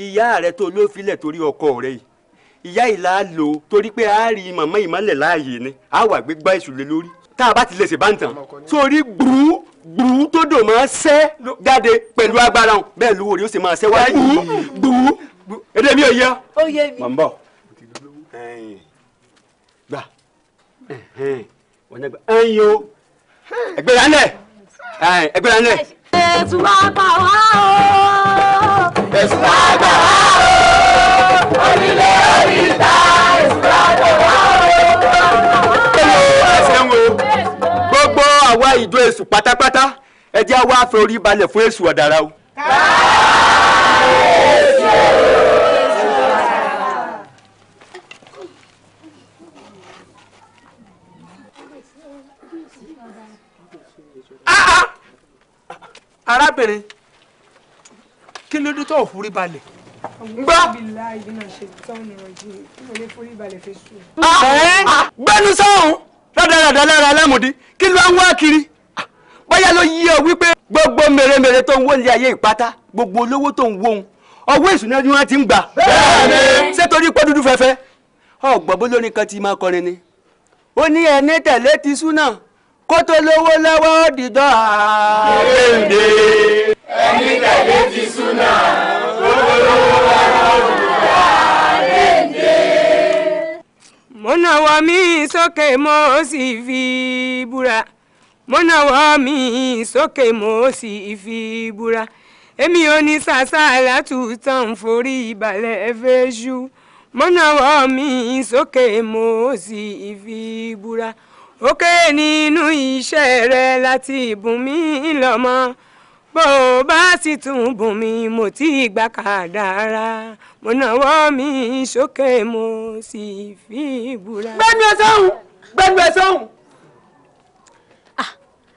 ìyá rẹ tó ló filẹ̀ torí ọkọ rẹ yìí ìyá ìlà lò torí pé a rí màmá ìmọ̀lẹ̀ láàyè ni a wà gbégbá èṣù lórí tá a bá ti lè ṣe bántàn sórí gbùrú gbùrú tó dò máa ṣẹ́ jáde pẹ̀lú agbára hàn bẹ́ẹ̀ lówó rí ó sì máa ṣẹ́ wá gbùrú gbùrú èdè mi ò yẹ. ó yé mi. mọ̀ ń bọ̀ gbà wọ́n yẹn gbà ẹ̀yin o ẹgbẹ́ ńlẹ̀ ẹgbẹ́ ńlẹ̀. ẹ̀sùn wa gbà wá o ẹ̀sùn wa gbà wá o orílẹ̀ oríta ẹ̀sùn wa gbà wá. wá ìjọ èṣù pátápátá ẹ jẹ́ wá forí balẹ̀ fún èṣù ọ̀dàrà o. Ah, ah. arábìnrin kí ló dé tó forí balẹ̀ gbọ́. Ah, gbẹ́nu rádaràdà lára alámùdí kí ló ń wá kiri ah, bóyá ló yí ọ wípé gbogbo mèremère tó ń wó ilé ayé ìpátá gbogbo olówó tó ń wó ohun ọwọ́ ìṣúná ni wọ́n ti ń gbà. ṣé torí pé dúdú fẹ́fẹ́ ọgbọ́n bó lórin kan ti máa kọrin ni. ó ní ẹni tẹ̀lé ti súnà kó tó lówó lọ́wọ́ dìdọ́ àgbèǹde. ẹni tẹ̀lé ti súnà kó tó lówó lọ́wọ́. mo nawọ́ mi sókè mo sì fi búra mo nawọ́ mi sókè mo sì fi búra èmi ò ní sàṣà látúntàn forí balẹ̀ fẹ́ṣú mo nawọ́ mi sókè mo sì fi búra òkè nínú iṣẹ́ rẹ láti bùn mí lọ́mọ bó o bá sì tún bùn mí mo ti gbà kádàrá mo náwó mi sókè mo sì fi búra. gbẹ́nu ẹ sọ́hùn gbẹ́nu ẹ sọ́hùn. Ah,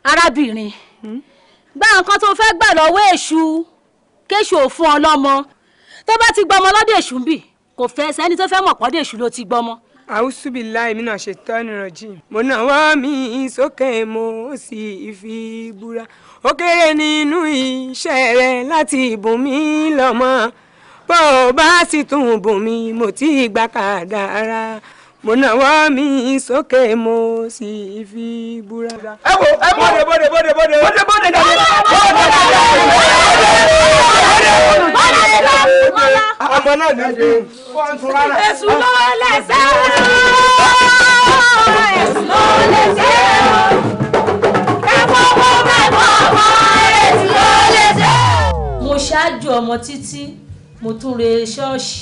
arábìnrin gbá nǹkan tó fẹ́ gbà lọ́wọ́ èṣù kéṣù ò fún ọ lọ́mọ tó bá ti gbọmọ lọ́dọ̀ èṣù ń bì kò fẹ́ sẹ́ni tó fẹ́ mọ̀ pọ́dọ̀ èṣù ló ti gbọmọ. àwùsùbìláì mi náà ṣe tọ́nu rọ̀jì mo náwó mi sókè mo sì fi búra ó kéré nínú iṣẹ́ rẹ̀ láti ibùn lọ́mọ bó o bá sì tún bùn mí mo ti gbà kádàrá mo náwó mi sókè mo sì fi búra. ẹ wo ẹ bóde bóde bóde bóde bóde bóde dàdé bóde dàdé bóde bóde ọmọ náà ní bí èṣù ló lẹ́sẹ̀ èṣù ló lẹ́sẹ̀ kẹfọwọ kẹfọwọ èṣù ló lẹ́sẹ̀. mo ṣáájú ọmọ títí mo tún re ṣọ́ọ̀ṣì.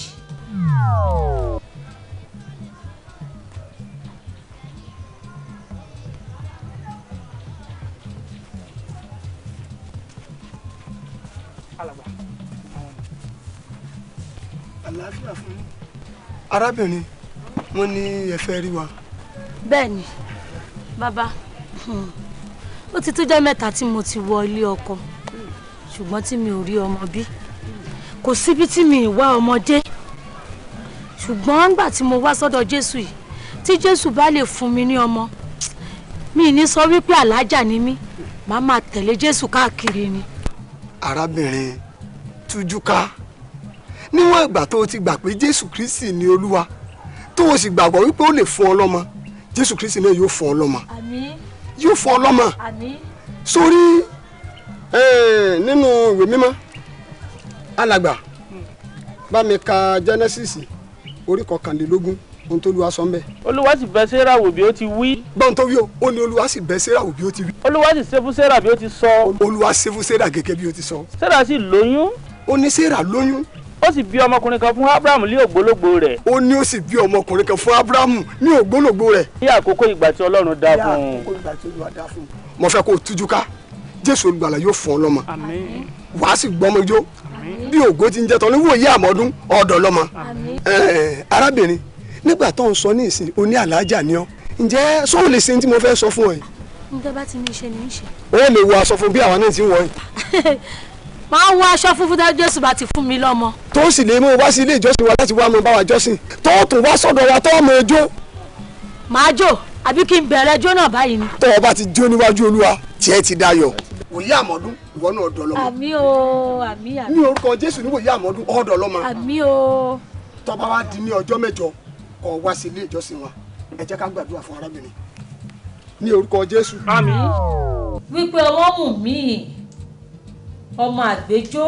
àlàáfíà fún mi. arábìnrin wọn ní ẹ fẹ́ rí wa. bẹ́ẹ̀ni bàbá ó ti tó jẹ́ mẹ́ta tí mo ti wọ ilé ọkọ ṣùgbọ́n tí mi ò rí ọmọ bí kò síbi tí mi ìwá ọmọdé ṣùgbọ́n nígbà tí mo wá sọ́dọ̀ Jésù yìí tí Jésù bá lè fún mi ní ọmọ mi ní sọ wípé alájà ni mí màá máa tẹ̀lé Jésù káàkiri ni. arábìnrin tújúká níwọ̀n ìgbà tó o ti gbà pé Jésù Kristi ni Olúwa tó o sì gbàgbọ́ wípé ó lè fún ọ lọ́mọ Jésù Kristi náà yóò fún ọ lọ́mọ yóò fún ọ lọ́mọ sórí eh, nínú ìwé mímọ́ alàgbà bá mi ka Genesis orí kọkànlélógún ohun tó Olúwa sọ ń bẹ. Olúwa sì bẹ Sẹ́rà wò bí ó ti wí. gbọ́n tó wí o ó ní Olúwa sì bẹ Sẹ́rà wò bí ó ti wí. Olúwa sì ṣe fún Sẹ́rà bí ó ti sọ. Olúwa ṣe fún Sẹ́rà gẹ́gẹ́ bí ó ti sọ. Sẹ́rà sì lóyún. ó ní Sẹ́rà lóyún ó sì bí ọmọkùnrin kan fún abrahamu ní ògbólógbò rẹ̀. ó ní ó sì bí ọmọkùnrin kan fún abrahamu ní ògbólógbò rẹ̀. ní àkókò ìgbà tí ọlọ́run dá fún un. mo fẹ́ kó o tújú ká jésù olùgbàlà yóò bí ògo ti ń jẹ tán níwòye àmọ́dún ọ̀dọ̀ lọ́mọ. arábìnrin nígbà tó ń sọ ní ìsìn oní àlàájá ni ọ ǹjẹ́ sọ́ọ́ lè ṣe ní tí mo fẹ́ sọ fún ọ yìí. ǹjẹ́ bá ti ní iṣẹ́ ní í ṣe. ó lè wọ aṣọ fún bí àwọn náà ti ń wọ yìí. máa wọ aṣọ funfun tá jésù bá ti fún mi lọ́mọ. tó sì lè mú wá sí ilé ìjọsìn wa láti wá mọ bá jọ́sìn tó tún wá sọ́dọ̀ wa tó mọ ejó. màá jò àbí kí n bẹ̀rẹ̀ jó náà báyìí ni. tọ́wọ́ bá ti jó níwájú olúwa tiẹ̀ ti dayọ̀ wòye àmọ́dún ìwọ náà ọ̀dọ̀ lọ́mọ. àmì o àmì àmì. ní orúkọ jésù ní wòye àmọ́dún ọ̀dọ̀ lọ́mọ. àmì o. tó bá wá di ní ọjọ́ mẹ́jọ kó wá sí ilé ìjọsìn wa ẹ jẹ́ ká gbàdúrà fún arábìnrin ní orúkọ jésù. àmì. wípé ọlọ́mù mi ọmọ àgbéjó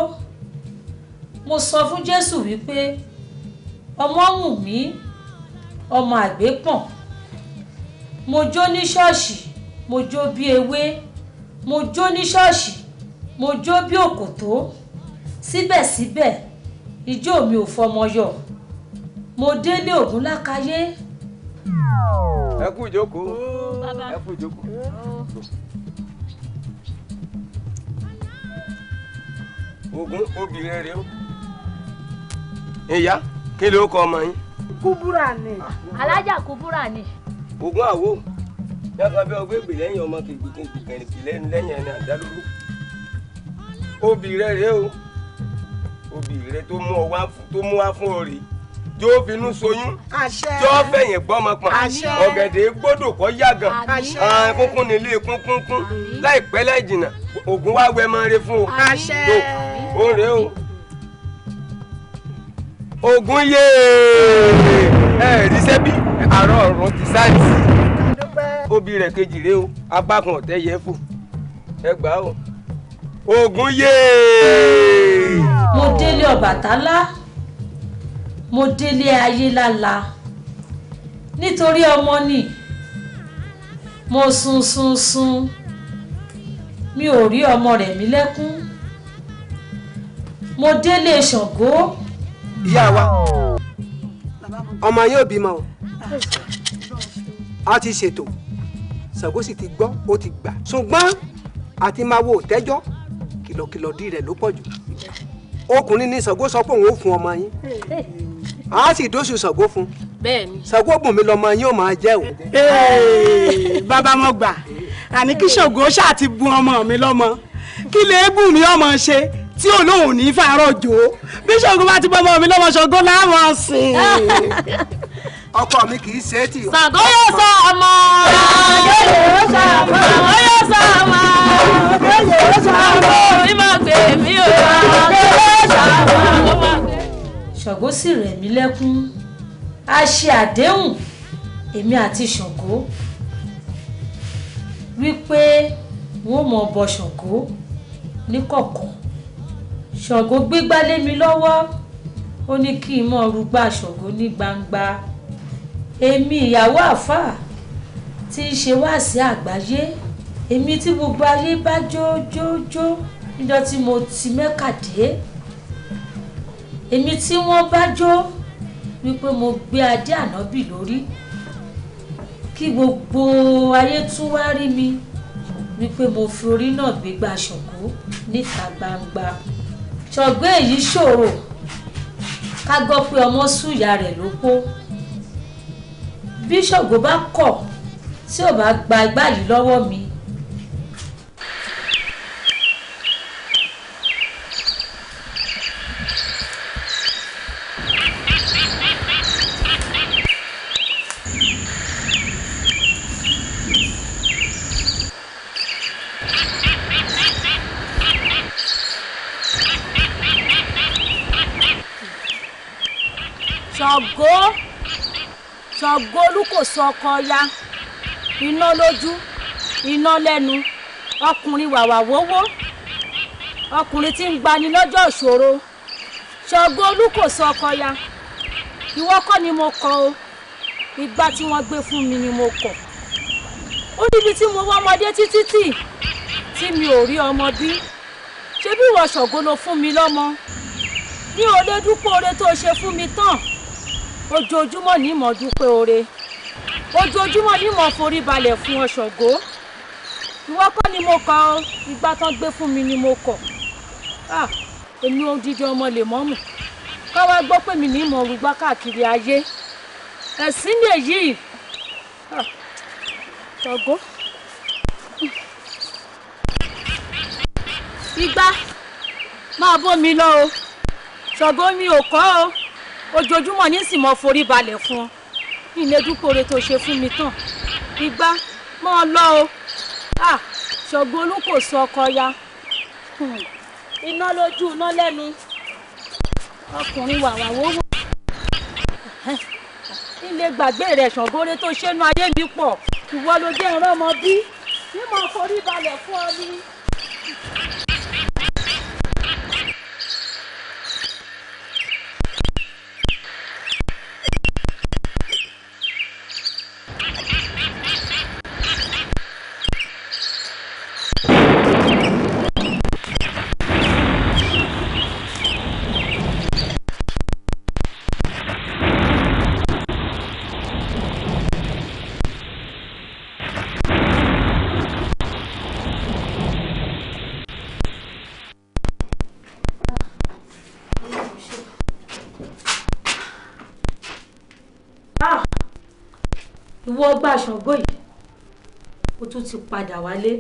mo sọ fún jésù wípé ọmọ wù mí ọmọ àgbépọ̀n mo jó ní ṣọ́ọ̀ṣì mo jó bí ewé mo jó ní ṣọ́ọ̀ṣì mo jó bí òkòtó síbẹ̀síbẹ̀ ijó mi ò fọmọ yọ mo dé ní ògún lákàyé. ẹ kú ìjókòó ẹ kú ìjókòó. ogun obìnrin rẹ o. ìyá kí ló kọ ọmọ yín. kúbúrà ni. Ah. alájà kúbúrà ni. ogun àwo dábàá ọgbẹ́ gbè lẹ́yìn ọmọ kìgbìkìn lẹ́nu lẹ́yìn ẹni àdálóró obì rẹ rèé o obì rẹ tó mú ọ wá tó mú wá fún ọ rèé tí ó finú soyún tí ó fẹ̀yìn gbọ́mọpọ̀n ọ̀gẹ̀dẹ̀ gbọ́dọ̀ kọ́ yàgàn kúnkún nílé kúnkún láìpẹ́ láì ògùn wá wẹ́ máa re fún o o rè o. ògùn yéé ẹ̀ẹ́dì sẹ́bi àárọ̀ ọ̀run ti sáyẹ̀nsì obì rẹ̀ kejì rèé o abákan ọ̀tẹ́ yẹ fò ẹ gbà o ogun yéé. mo délé Ọbàtálá mo délé ayé lála nítorí ọmọ ni mo sun sun sun mi ò rí ọmọ rẹ̀ mi lẹ́kún mo délé Ṣàngó. ìyá wa ọmọ yóò bímọ o a ti ṣètò. Ṣàngó sì ti gbọ́ ó ti gbà ṣùgbọ́n àti máa wo òtẹ́jọ́ kìlọ̀kìlọ̀ dí rẹ̀ ló pọ̀ jù ọkùnrin ní Ṣàngó sọ pé òun ó fún ọmọ yín a sì dóṣù Ṣàngó fún Ṣàngó bùn mi lọmọ yín ó máa jẹ́ o. bàbá mo gbà àní kí Ṣàngó ṣáà ti bùn ọmọ mi lọmọ kí lè bùn mi ọmọ ṣe tí olóhùn ní fàárọ̀ jò bí Ṣàngó bá ti bọ́ ọmọ mi lọ́mọ Ṣàngó láwọn sìn ọkọ mi kì í ṣe é tì. Ṣàngó yóò sọ ọmọ. Ṣàngó yóò sọ ọmọ. Ṣàngó yóò sọ ọmọ. Ṣàngó yóò sọ mi máa gbé mi ò lọ. Ṣàngó yóò sọ ọmọ. sì rẹ̀ mí lẹ́kún a ṣe àdéhùn èmi àti Ṣàngó wípé wọ́n mọ̀ bọ Ṣàngó níkọ̀kọ̀ Ṣàngó gbégbá mi lọ́wọ́ ó ní kí n mọ̀ rúgbà Ṣàngó ní gbangba èmi ìyàwó àfáà tí í ṣe wáàsí àgbáyé èmi tí gbogbo ayé bá jójójó níjọ́ tí mo ti mẹ́kà dé èmi tí wọ́n bá jó wípé mo gbé adé ànábì lórí kí gbogbo ayé tún wá rí mi wípé mo fi orí náà gbégbá ṣògo níta gbangba ṣọ̀gbẹ́ èyí ṣòro ká gbọ́ pé ọmọ sùn ìyá rẹ̀ lóko bí ṣògo bá kọ̀ tí ò bá gba igbá yìí lọ́wọ́ mi. Ṣògo. Ṣàngó Olúkòso ọkọ ya iná lójú iná lẹ́nu ọkùnrin wàwà wówó ọkùnrin tí ń gbani lọ́jọ́ ìṣòro Ṣàngó Olúkòso ọkọ ya ìwọ kọ́ ni mo kọ o ìgbà tí wọ́n gbé fún mi ni mo kọ ó níbi tí mo wá ọmọdé títí tì tí mi ò rí ọmọ bí ṣé bí ìwọ Ṣàngó ló fún mi lọ́mọ mi ò lè tó ṣe fún mi tán ojoojúmọ́ ní mọ̀ dúpẹ́ oore ojoojúmọ́ ní mọ̀ forí balẹ̀ fún ọ̀ṣọ̀gbó ìwọ kọ́ ni mo kọ ìgbà tán gbé fún mi ni mo kọ̀ ah, èmi odidi ọmọ lè mọ́ mọ̀ káwá gbọ́ pé mi ní mọ̀ wígbá káàkiri ayé ẹ̀sìn lèyí ah, ṣọ̀gbó igbá máa bómi lọ o ṣọ̀gbó mi ò kọ́ o ojoojúmọ́ ní sì mọ́ forí balẹ̀ fún ọ ilé dúpọ̀re tó ṣe fún mi tán igbá mọ́ ọ lọ o ah, ṣọ̀gbọ́n olú kò sọ ọkọ ya hmm, iná lójú iná lẹ́nu ọkùnrin wàwà wówó ilé gbàgbé rẹ̀ ṣọ̀gbọ́n tó ṣe nu ayé mi pọ̀ ìwọ ló jẹ́ ìran ọmọ bí mímọ́ forí balẹ̀ fún ọ ni. wọ ọgbà ṣàngó yìí ó tún ti padà wálé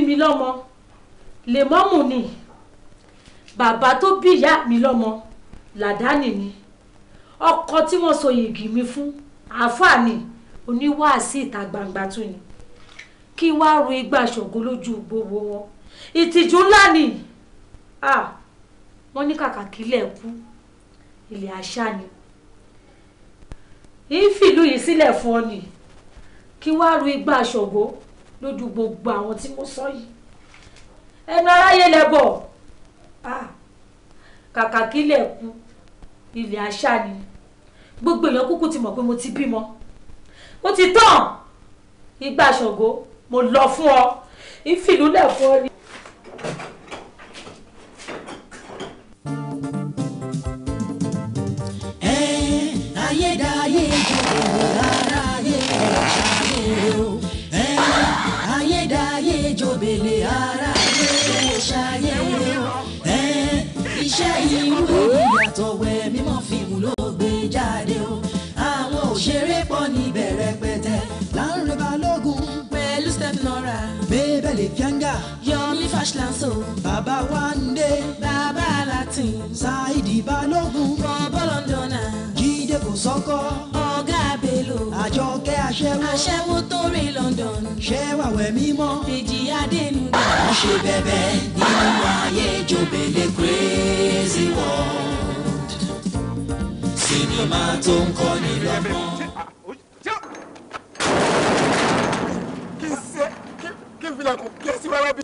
bí mi lọ́mọ lèmọ́mù ni bàbá tó bí ìyá mi lọ́mọ làdáni ni ọkọ tí wọ́n so yìgì mi fún àáfàá ni oníwàásí ìta gbangba tún ni kí wá ru igbá ṣògo lójú gbogbo wọn ìtìjú ńlá ni wọ́n ní kàkà kílẹ̀ kú ilẹ̀ àṣà ni ìfìlú yìí sílẹ̀ fún ọ ni kí wá ru igbá ṣògo lójú gbogbo àwọn tí mo sọ yìí ẹnu aráyé lẹbọ ah, kàkà kí ilẹ̀ kú ilẹ̀ aṣá ni gbogbo èèyàn kúkú ti mọ̀ pé mo ti bímọ mo ti tàn ìgbà ṣògo mo lọ fún ọ ìfìlúlẹ̀ fún ọ rí. Ashlanso bàbá Wande bàbá Latin Saidi Balógun bọ̀bọ̀ Londona Jíde Kòsọ́kọ́ ọ̀gá Bello Àjọkẹ́ aṣẹ́wó aṣẹ́wó tó rìn London ṣẹ́wà wẹ̀ mímọ́ fèjì Adénúgà. ó ṣe bẹ́bẹ́ nínú ayé jòbélé crazy world sinimá tó ń kọ́ni lọ́gbọ́n. kí n fi làkùn kí ẹ sí rárá bí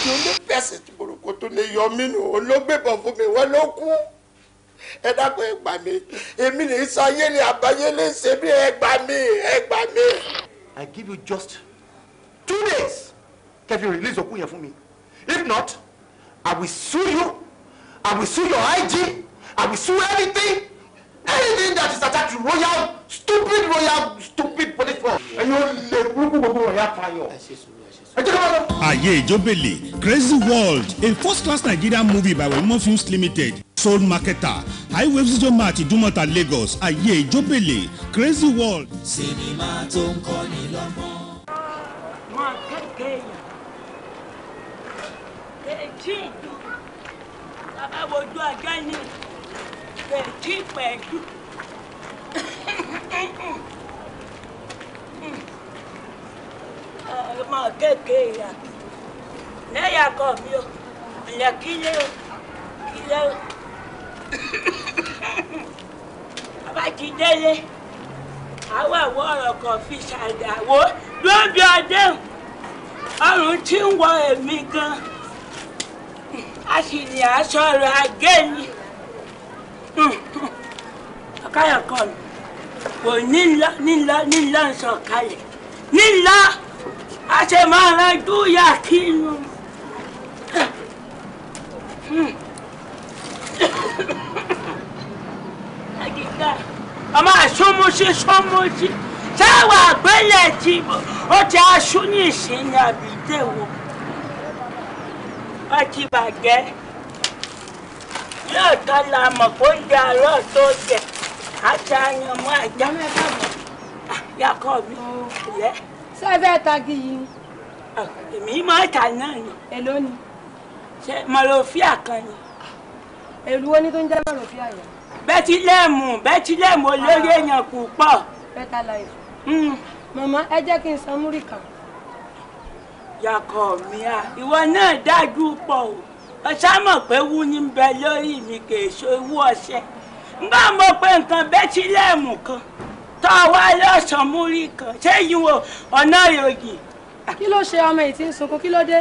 àti onífẹsẹ̀ tí borúkú tó lè yọ mí nù olóògbébọn fún mi wọ́n ló kú ẹ dákun ẹ gbà mí èmi lè sọ ayé ni àbáyé lè ṣe mí ẹ gbà mí ẹ gbà mí. I give you just two days kẹfì release òkú yẹn fún mi if not I will sue you I will sue your IG I will sue anything anything that is attached to royal stupid royal stupid police force. ẹ̀yin ó lè burúkú gbogbo ọ̀yà fayọ. Aye Jobele, Crazy World, a first-class Nigerian movie by Wemo Films Limited, Sold Marketer, Highway Sinjoma àti Dumota Lagos, Aye Jobele, Crazy World. Sinimá tó ń kọ́ ni lọ́gbọ́n. Máa kẹ́kẹ́ èèyàn, kèéjì ìdùn, bàbá wojú pẹ̀lú. ọmọ kéèkéè yà lẹ́yà kọ̀ mí o ilẹ̀ kílé o kílé o bàbá ti délé àwọn àwọn ọ̀rọ̀ kan fi ṣàdàwó lóbi ọdún ọrùn tí ń a sì ní aṣọ ọ̀rọ̀ agé ni ọ̀kadà kan kò ní lọ ní lọ ní lọ sọ̀kalẹ̀ ní lọ a ṣe máa rẹjú ìyá kínú. ọmọ àṣọmọṣe ṣọmọṣe táwa àgbélẹ̀ ti bọ̀ ó ti aṣọ ní ìṣẹ́yìn àbídẹ́wò wọ́n ti bàjẹ́ yóò tọ́ la mọ̀ kó jẹ àárọ̀ tó jẹ àti àyànmọ́ àjámẹ́fà mọ̀ yàkọ̀ mi lẹ́ sẹ́fẹ́ tagi yìí. Ah, èmi máa tà náà ni. èló ni. ṣe mọ̀lòfíà kan ni. èlú wo ni tó ń jẹ́ mọ̀lòfíà yẹn. bẹ́tílẹ̀mù bẹ́tílẹ̀mù olórí ah. èèyàn kò pọ̀. better life. Hmm. màmá ẹ jẹ́ kí n san múrì kan. yàkọ̀ mi à ìwọ náà dájú pọ̀ o ọ̀sá mọ̀ pé wú ní bẹ lórí mi kì í ṣe owó ọṣẹ. ń bá mọ̀ pé nǹkan bẹ́tílẹ̀mù kan. tọ́ wá lọ́sàn-án rí kan wo ọ̀nà ìròyìn. kí ló ṣe ọmọ yìí tí ń sunkún kí ló dé.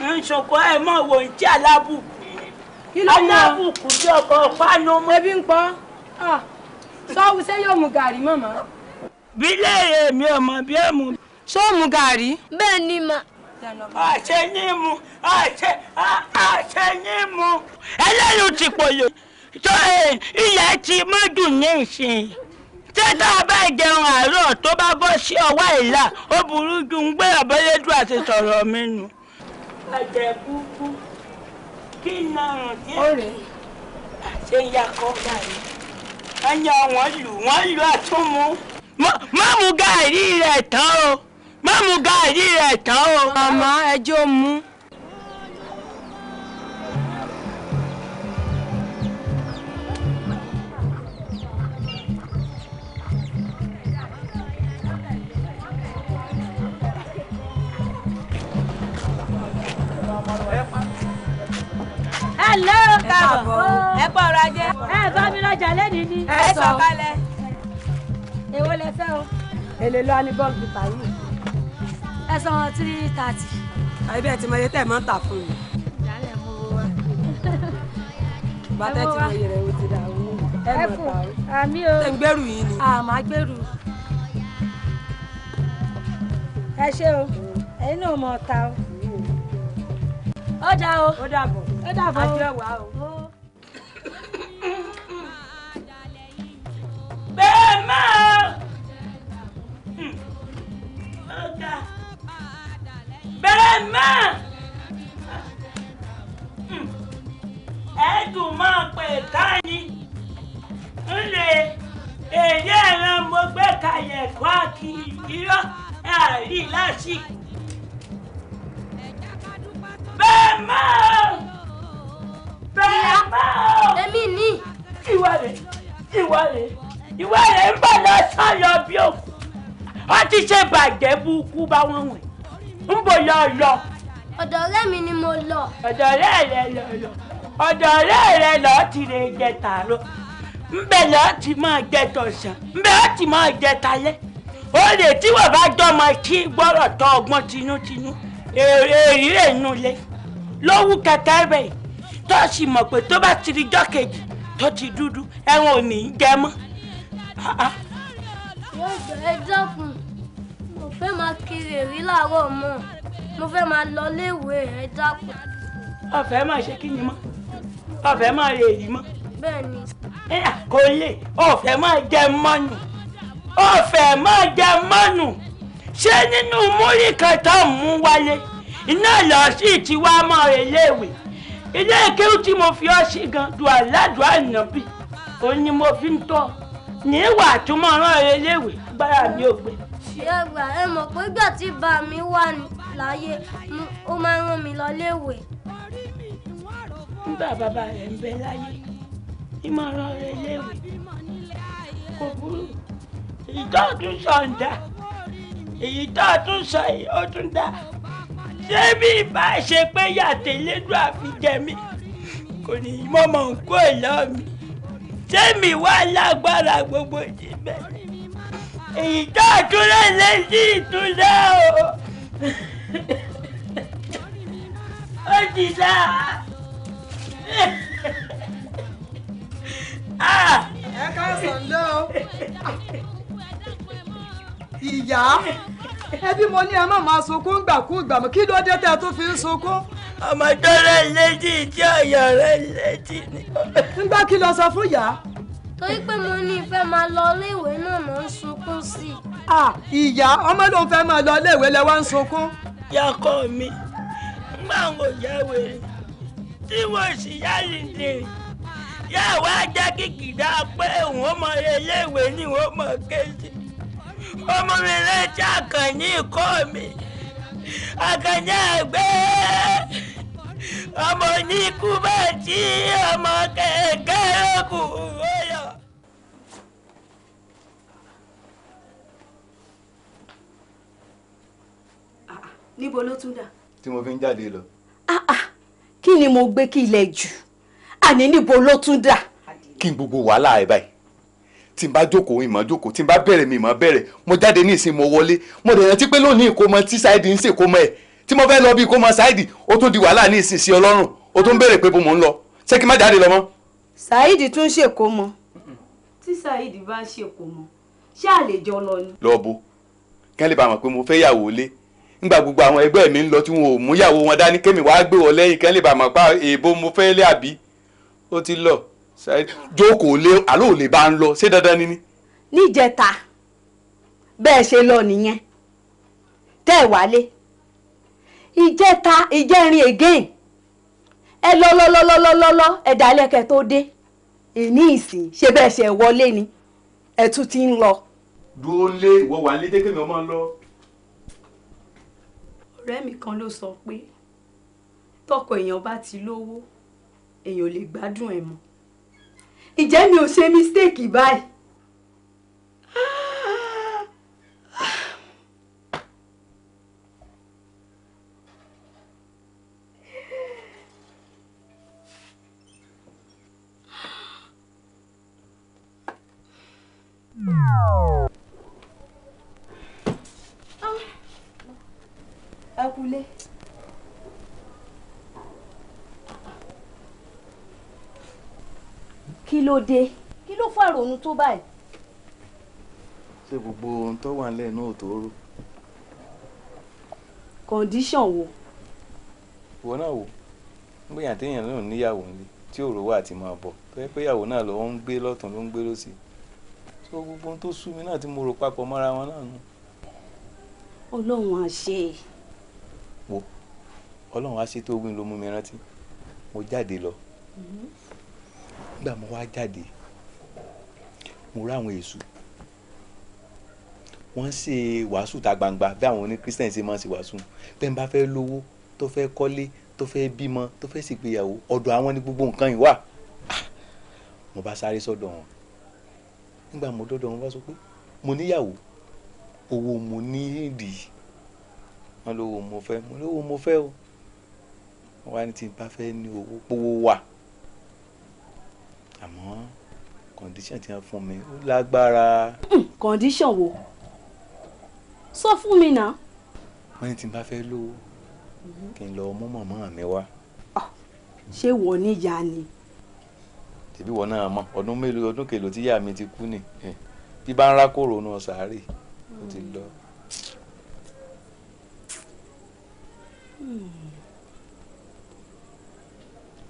ń sunkún ẹ mọ wo ń alábùkù alábùkù ọkọ pánú ebi ń pọ sọ́wọ́ ah, ṣé yóò mu gàrí mọ̀mọ́. bí léèrè mi ò mọ bí mu. ṣó bẹ́ẹ̀ ni mà. àṣẹ mu àṣẹ àṣẹ mu. ti pòyò tó ilẹ̀ ti mọ́dún ní ìsìn. tẹ́tà bá jẹun àárọ̀ tó bá bọ́ sí ọwọ́ ìlà ó burú ju ń gbé àti sọ̀rọ̀ mi nù. àjẹ́ kí n nàrùn tí ọ̀rẹ́ ṣe ya kọ́ gàrí. lù wọn lù àtúmú. má gàrí o má gàrí ẹ lé o káàbọ̀ ẹ pọ̀ ọ̀rọ̀ ajé. ẹ bá mi lọ́jà lẹ́nìí ni. ẹ sọ kalẹ̀. èwo lẹ fẹ́ o. èlé ló á ní bọ́ọ̀lù bípa yìí. ẹ sọ wọn three thirty. àbí ẹ ti mọ iye tẹ́ ẹ máa ń tà fún mi. ìyálẹ̀ mo wá. bàtẹ́ ti mọ iye rẹ̀ o ti dà o. ẹ fún àmì o. tẹ̀ ń gbẹ́rù yín ni. àmà gbẹ́rù. ẹ ṣé o ẹ̀yin náà mọ̀ ọ́ ta o ó dà o ó o, ó dàbọ̀ àjọ wà o. Be hmm. máa ọ̀gá bẹ́ẹ̀ máa hmm. ẹ̀ẹ́dùn máa pè káyí ń lè èyí ẹ̀ràn mo gbé kalẹ̀ kó àkì irọ́ àrí lásìkò bẹ́ẹ̀ mọ́ bẹ́ẹ̀ mọ́. èmi ni. ìwà rẹ̀ ìwà rẹ̀ ìwà rẹ̀ ń bọ̀ lọ sọ́yọ̀ bí òkú wọ́n ti ṣe bàjẹ́ burúkú bá wọn wẹ̀ ń bọ̀ lọ lọ. ọ̀dọ̀ ọ̀rẹ́ mi ni mo lọ. ọ̀dọ̀ ọ̀rẹ́ rẹ lọ lọ ọ̀dọ̀ ọ̀rẹ́ rẹ lọ ti lè jẹ tààrọ̀ ńbẹ̀ lọ ti máa jẹ tọ̀sán ńbẹ̀ ó ti máa jẹ talẹ́ ó lè tí wọ́n bá dọ́mọ kí gbọ́rọ̀ tọ́ ọgbọ́n tinútinú èrè èrè nulẹ̀ lówú kẹ̀kẹ́ rẹ̀ tó sì mọ̀ pé tó bá ti di jọ́ kejì tó ti dúdú ẹ̀wọ̀n ò ní í jẹ mọ́. yóò jọ ẹ dákun mo fẹ́ máa kiri èrí làárọ̀ mọ́ mo fẹ́ máa lọ léèwé ẹ dákun. ọ̀fẹ́ máa ṣe kí ni mọ́ ọ̀fẹ́ máa rè èyí mọ́. bẹ́ẹ̀ni. kò lè ọ̀fẹ́ máa jẹ mọ́nù ọ̀fẹ́ máa jẹ mọ́nù ṣé nínú múrí kan mú wálé iná lọ sí ìtiwá mọ iléèwé ilé kéwù tí mo fi ọ sí gan du aládùá ìnàbì òun ni mo fi ń tọ́ ní ìwà àtúmọ̀ràn iléèwé agbára mi ò gbé. ṣé ẹgbà ẹ mọ̀ pé ìgbà tí bá mi wà láyé ó máa ń rán mi lọ léèwé. nígbà bàbá rẹ̀ ń bẹ láyé ìmọ̀ràn rẹ̀ léèwé kò burú èyí tó ń dà èyí tó tún sọ yìí ó tún dà ṣé bí ìbá ṣe pé yàtẹ̀ lédùn àfijẹ́ mi kò ní mọ̀mọ́ kó ìlọ mi tẹ́mi wá lágbára gbogbo ìbẹ̀ èyí tó àtúnrẹ́ létí ìtúnṣe o ó ti dá ah. ẹ ká sàn lé o ah. ìyá ẹbí mo ní ẹ má máa sunkún gbàkúgbà mọ́ kí ló dé tẹ́ ẹ tó fi ń sunkún. ọmọ tó rẹ létí tí ọyọ rẹ létí ni. ńgbà kí ló sọ fún yá. torí pé mo ní ìfẹ́ máa lọ iléèwé náà mò ń sunkún sí i. ìyá ọmọ ló ń fẹ́ máa lọ iléèwé lẹ wá ń sunkún. yakọ mi ngbà ń wò yá wèrè tí mo sì yá lìndìrì yá wá jẹ́ kìkìdá pé òun ó mọ iléèwé ni òun mọ kéjì. ọmọ mi rántí àkànní ikọ́ mi àkànní ọmọ oníkú bá tí ọmọ kẹ̀kẹ́ lókù fọyọ. níbo ló tún dà. tí mo fi ń jáde lọ. Ah, ah, kí ni mo gbé kí ilẹ̀ jù àní níbo ló tún dà. kí n tí n bá jókòó ìmọ̀ jókòó tí n bá bẹ̀rẹ̀ mi ìmọ̀ bẹ̀rẹ̀ mo jáde ní ìsìn mo wọlé mo dẹ̀ rántí pé lónìí ìkómọ tí sáìdì ń ṣèkómọ ẹ̀ tí mo fẹ́ lọ bí ìkómọ sáìdì ó tún di wàhálà ní ìsìn sí ọlọ́run ó tún béèrè pé bó mo ń lọ ṣé kí n má jáde lọ mọ́. sáìdì tún ṣèkómọ. tí sáìdì bá ṣèkómọ ṣé àlejò lọ ni. lọ bo kí wọ́n lè bá mọ̀ pé mo fẹ́ yàwó lé ngba gbogbo àwọn ẹgbẹ́ mi ń lọ tí wọn ò mú wọn dání kémi wàá gbé wọn lẹ́yìn kí wọ́n lè bá mọ̀ pé èèbó mo fẹ́ lé àbí ó ti lọ jókòó lé àlọ́ òlè bá ń lọ ṣé dandan ni ni. níjẹta bẹ́ẹ̀ ṣe lọ nìyẹn tẹ́ ẹ̀ wálé ìjẹta ìjẹrin again ẹ lọ lọ lọ lọ lọ lọ ẹ dalẹ́ kẹ́ tó dé ìní ìsìn ṣe bẹ́ẹ̀ ṣe wọlé ni ẹ tún ti ń lọ. dúró lé ìwọ wà lédè kémi ọmọ lọ. ọ̀rẹ́ mi kan ló sọ pé tọkọ èèyàn bá ti lówó èèyàn lè gbádùn ẹ̀ mọ́ ìjẹ́ mi ò ṣe mistake báyìí. ló dé kí ló fà ronú tó báyìí. ṣé gbogbo ohun tó wà nílẹ̀ náà tó rú. kọ̀ǹdíṣàn wo. ìwọ náà wò ó gbìyànjú téèyàn náà níyàwó nílé tí òrò wà àti máa bọ̀ tó yẹ pé ìyàwó náà ló ń gbé lọ́tún ló ń gbé lọ́sì tó gbogbo ohun tó sú mi náà tí mo rò papọ̀ mọ́ra wọn náà nù. ọlọ́run á ṣe. wo ọlọ́run á ṣe tó gbin ló mú mi rántí mo jáde lọ. Mm-hmm gbà mo wá jáde mo rí àwọn èṣù wọ́n ń ṣe wàásù ta gbangba bí àwọn oní christian ṣe máa ń ṣe wàásù bẹ́ẹ̀ bá fẹ́ lówó tó fẹ́ kọ́lé tó fẹ́ bímọ tó fẹ́ ṣègbéyàwó ọ̀dọ̀ àwọn ní gbogbo nǹkan yìí wà ah! mo bá sáré sọ́dọ̀ wọn nígbà mo dọ́dọ̀ wọn bá sọ pé mo níyàwó owó mo ní ìdí wọn lówó mo fẹ́ mo lówó mo fẹ́ o wọn wá ní tí n bá fẹ́ ní owó pówó wà àmọ́ condition tí wọ́n fún mi ó lágbára. Hmm, condition wo sọ fún mi náà. wọ́n ní tí n bá fẹ́ lówó kí n lọ mú màmá mi wá. Ah, ṣé wọ́n ní ìyá ni. tèbí wọ́n náà mọ̀ ọdún mélòó ọdún kélòó tí ìyá mi ti kú ni eh, bí bá ń rákòrò nu ọ̀sàárè ó ti lọ. Hmm.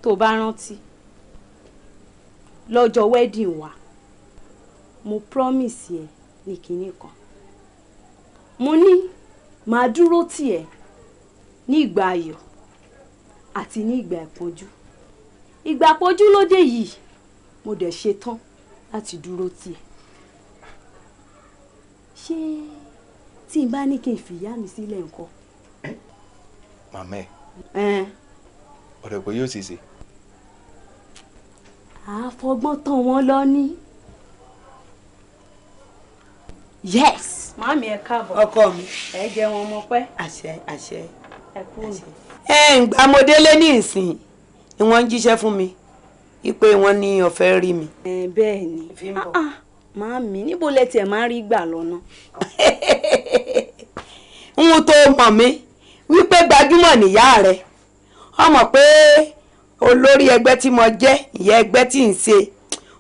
tó bá rántí lọ́jọ́ wedding wa mo promise ẹ ní kinní kan mo ní màá dúró tì ẹ́ ní ìgbà ayọ̀ àti ní ìgbà ìpọ́njú ìgbà ìpọ́njú ló dé yìí mo dẹ̀ ṣetán láti dúró tì ẹ́ ṣé tí n bá ní kí n fìyà mi sílẹ̀ ńkọ́. màmá ẹ ọ̀rẹ́ pé yóò ṣèṣe àfọgbọ́n tán wọn lọ ní. yes. màámi ẹ káàbọ̀. ọkọ mi. ẹ jẹ wọn ọmọ pẹ́. àṣẹ àṣẹ. ẹ kú mi. ẹ ǹgbà mo délé ní ìsìn ni wọ́n ń jíṣẹ́ fún mi ipe wọ́n ní ó fẹ́ rí mi. ẹ bẹ́ẹ̀ ni ah, ah. màámi níbo lẹ tiẹ̀ máa ń rí gbà lọ́nà. n tó mọ̀ mi wípé gbajúmọ̀ nìyá rẹ̀ ọmọ pé. Pe olórí ẹgbẹ́ tí mo jẹ́ ìyẹn ẹgbẹ́ tí ń ṣe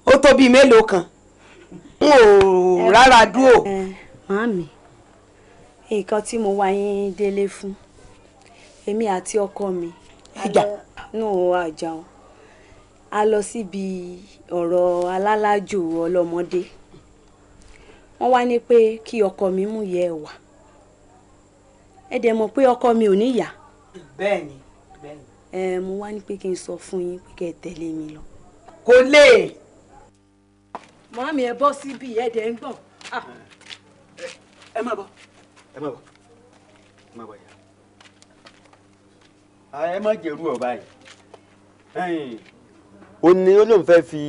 ó tó bíi mélòó kan n ò rárá dúró. màámi nǹkan tí mo wá yín délé fún èmi àti ọkọ mi. ìjà. nù àjà o a lọ síbi ọ̀rọ̀ alálàjò ọlọ́mọdé wọ́n wá ní pé kí ọkọ mi mú yẹ ẹ wà ẹ dẹ̀ mọ̀ pé ọkọ mi ò níyà. bẹ́ẹ̀ni mo wá ní pé kí n sọ fún yín pé kẹ́ ẹ tẹ̀lé mi lọ. kò lè. màámi ẹ bọ́ síbi ẹ̀dẹ̀ ń gbọ̀n. ẹ má bọ̀ ẹ má bọ̀ ẹ má bọ̀ yà. ẹ má jẹ̀rú ọ̀bá yìí. ó ní ó lóun fẹ́ fi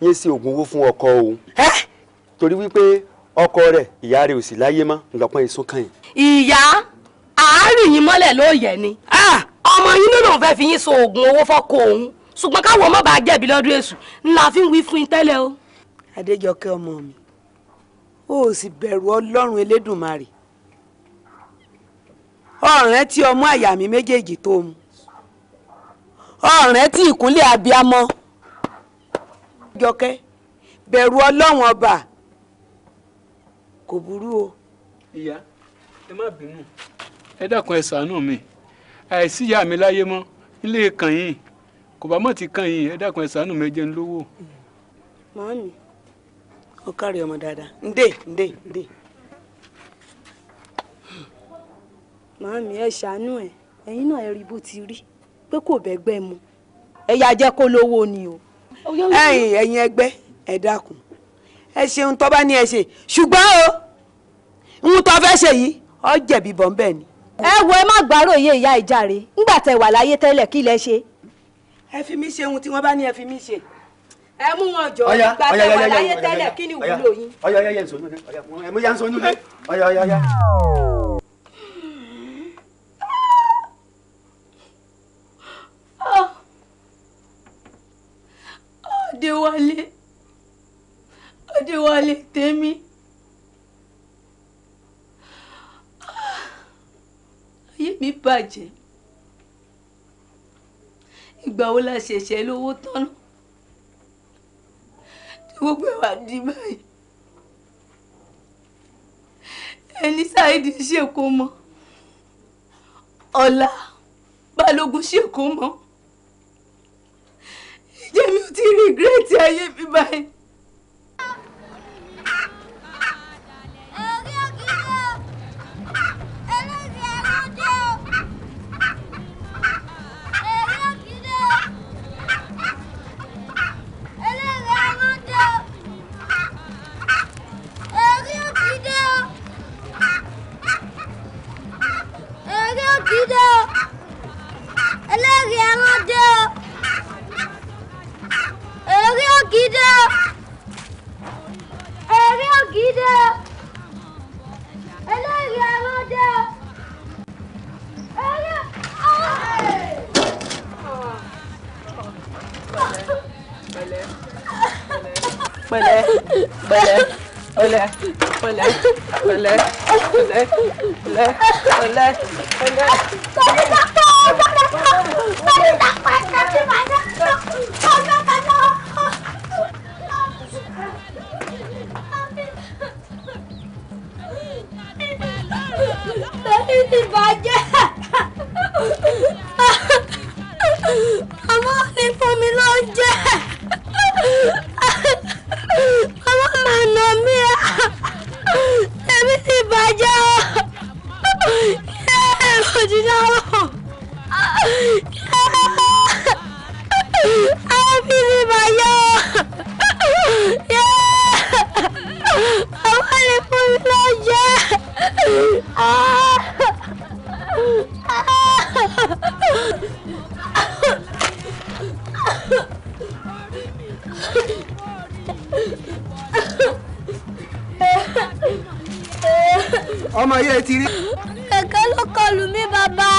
yín sí oògùn owó fún ọkọ òun torí wípé ọkọ rẹ ìyá rẹ ò sì láyé mọ́ ńlọpọ̀ èso yìí. ìyá àárín yín mọ́lẹ̀ ló yẹ ni. Ah! ọmọ yín ló lòun fẹ́ fi yín so oògùn owó fọ́kọ òun ṣùgbọ́n káwọn ọmọ bá jẹ̀bi lọ́dún èṣù ńlá fi ń wí fún yín tẹ́lẹ̀ o. adéjọkẹ́ ọmọ mi o ò sì bẹ̀rù ọlọ́run elédùnmarè ọ̀rẹ́ tí ọmọ àyà mi méjèèjì tó mu ọ̀rẹ́ tí ìkúnlẹ̀ abiyamọ adéjọkẹ́ bẹ̀rù ọlọ́run ọba kò burú o. ìyá ẹ má bínú ẹ dákun ẹ ṣàánú mi àìsí ìyá mi láyé mọ́ nílé kàn yín kò bá mọ̀ ti kàn yín ẹ dákun ẹ ṣàánú mi jẹ́ ń lówó. mọ́mí ó kárí ọmọ dáadáa ǹdè ǹdè ǹdè mọ́mí ẹ ṣàánú ẹ ẹ̀yin náà ẹ rí bó ti rí pé kò bẹ́gbẹ́ mu ẹ̀yà jẹ́ kó lówó ni o ẹ̀yin ẹ̀yin ẹgbẹ́ ẹ ẹ ṣeun tó bá ní ẹ ṣe ṣùgbọ́n o ń tó fẹ́ ṣe yìí ọ jẹ̀bi bọ̀ ni ẹ wo ẹ má gbàròyé ìyá ìjàre ńgbà tẹ wà láyé tẹ́lẹ̀ kí lẹ ṣe. ẹ fi mí ṣe ohun tí wọ́n bá ní ẹ fi mí ṣe ẹ mú wọn jọ ìgbà tẹ wà láyé tẹ́lẹ̀ kí ni wúlò yín. ọyá ọyá yẹn sọnù dé ọyá mo yá ń sọnù dé ọyá ọyá ọyá. Adéwálé Adéwálé tèmi. ayé mi bàjẹ́ ìgbà wo la ṣẹ̀ṣẹ̀ lówó tọ́nà tí gbogbo ẹ̀wà di báyìí ẹni Sáìdì ṣèkó mọ́ ọ̀la Balógun ṣèkó mọ́ ìjẹ́ mi ò ti rìgírẹ́tì ayé mi báyìí. olé, olé, olé, olé, olé, olé, olé. Tadi tiba aja. ọmọ yẹn ti rí. kẹ̀kẹ́ ló kọlù mí bàbá.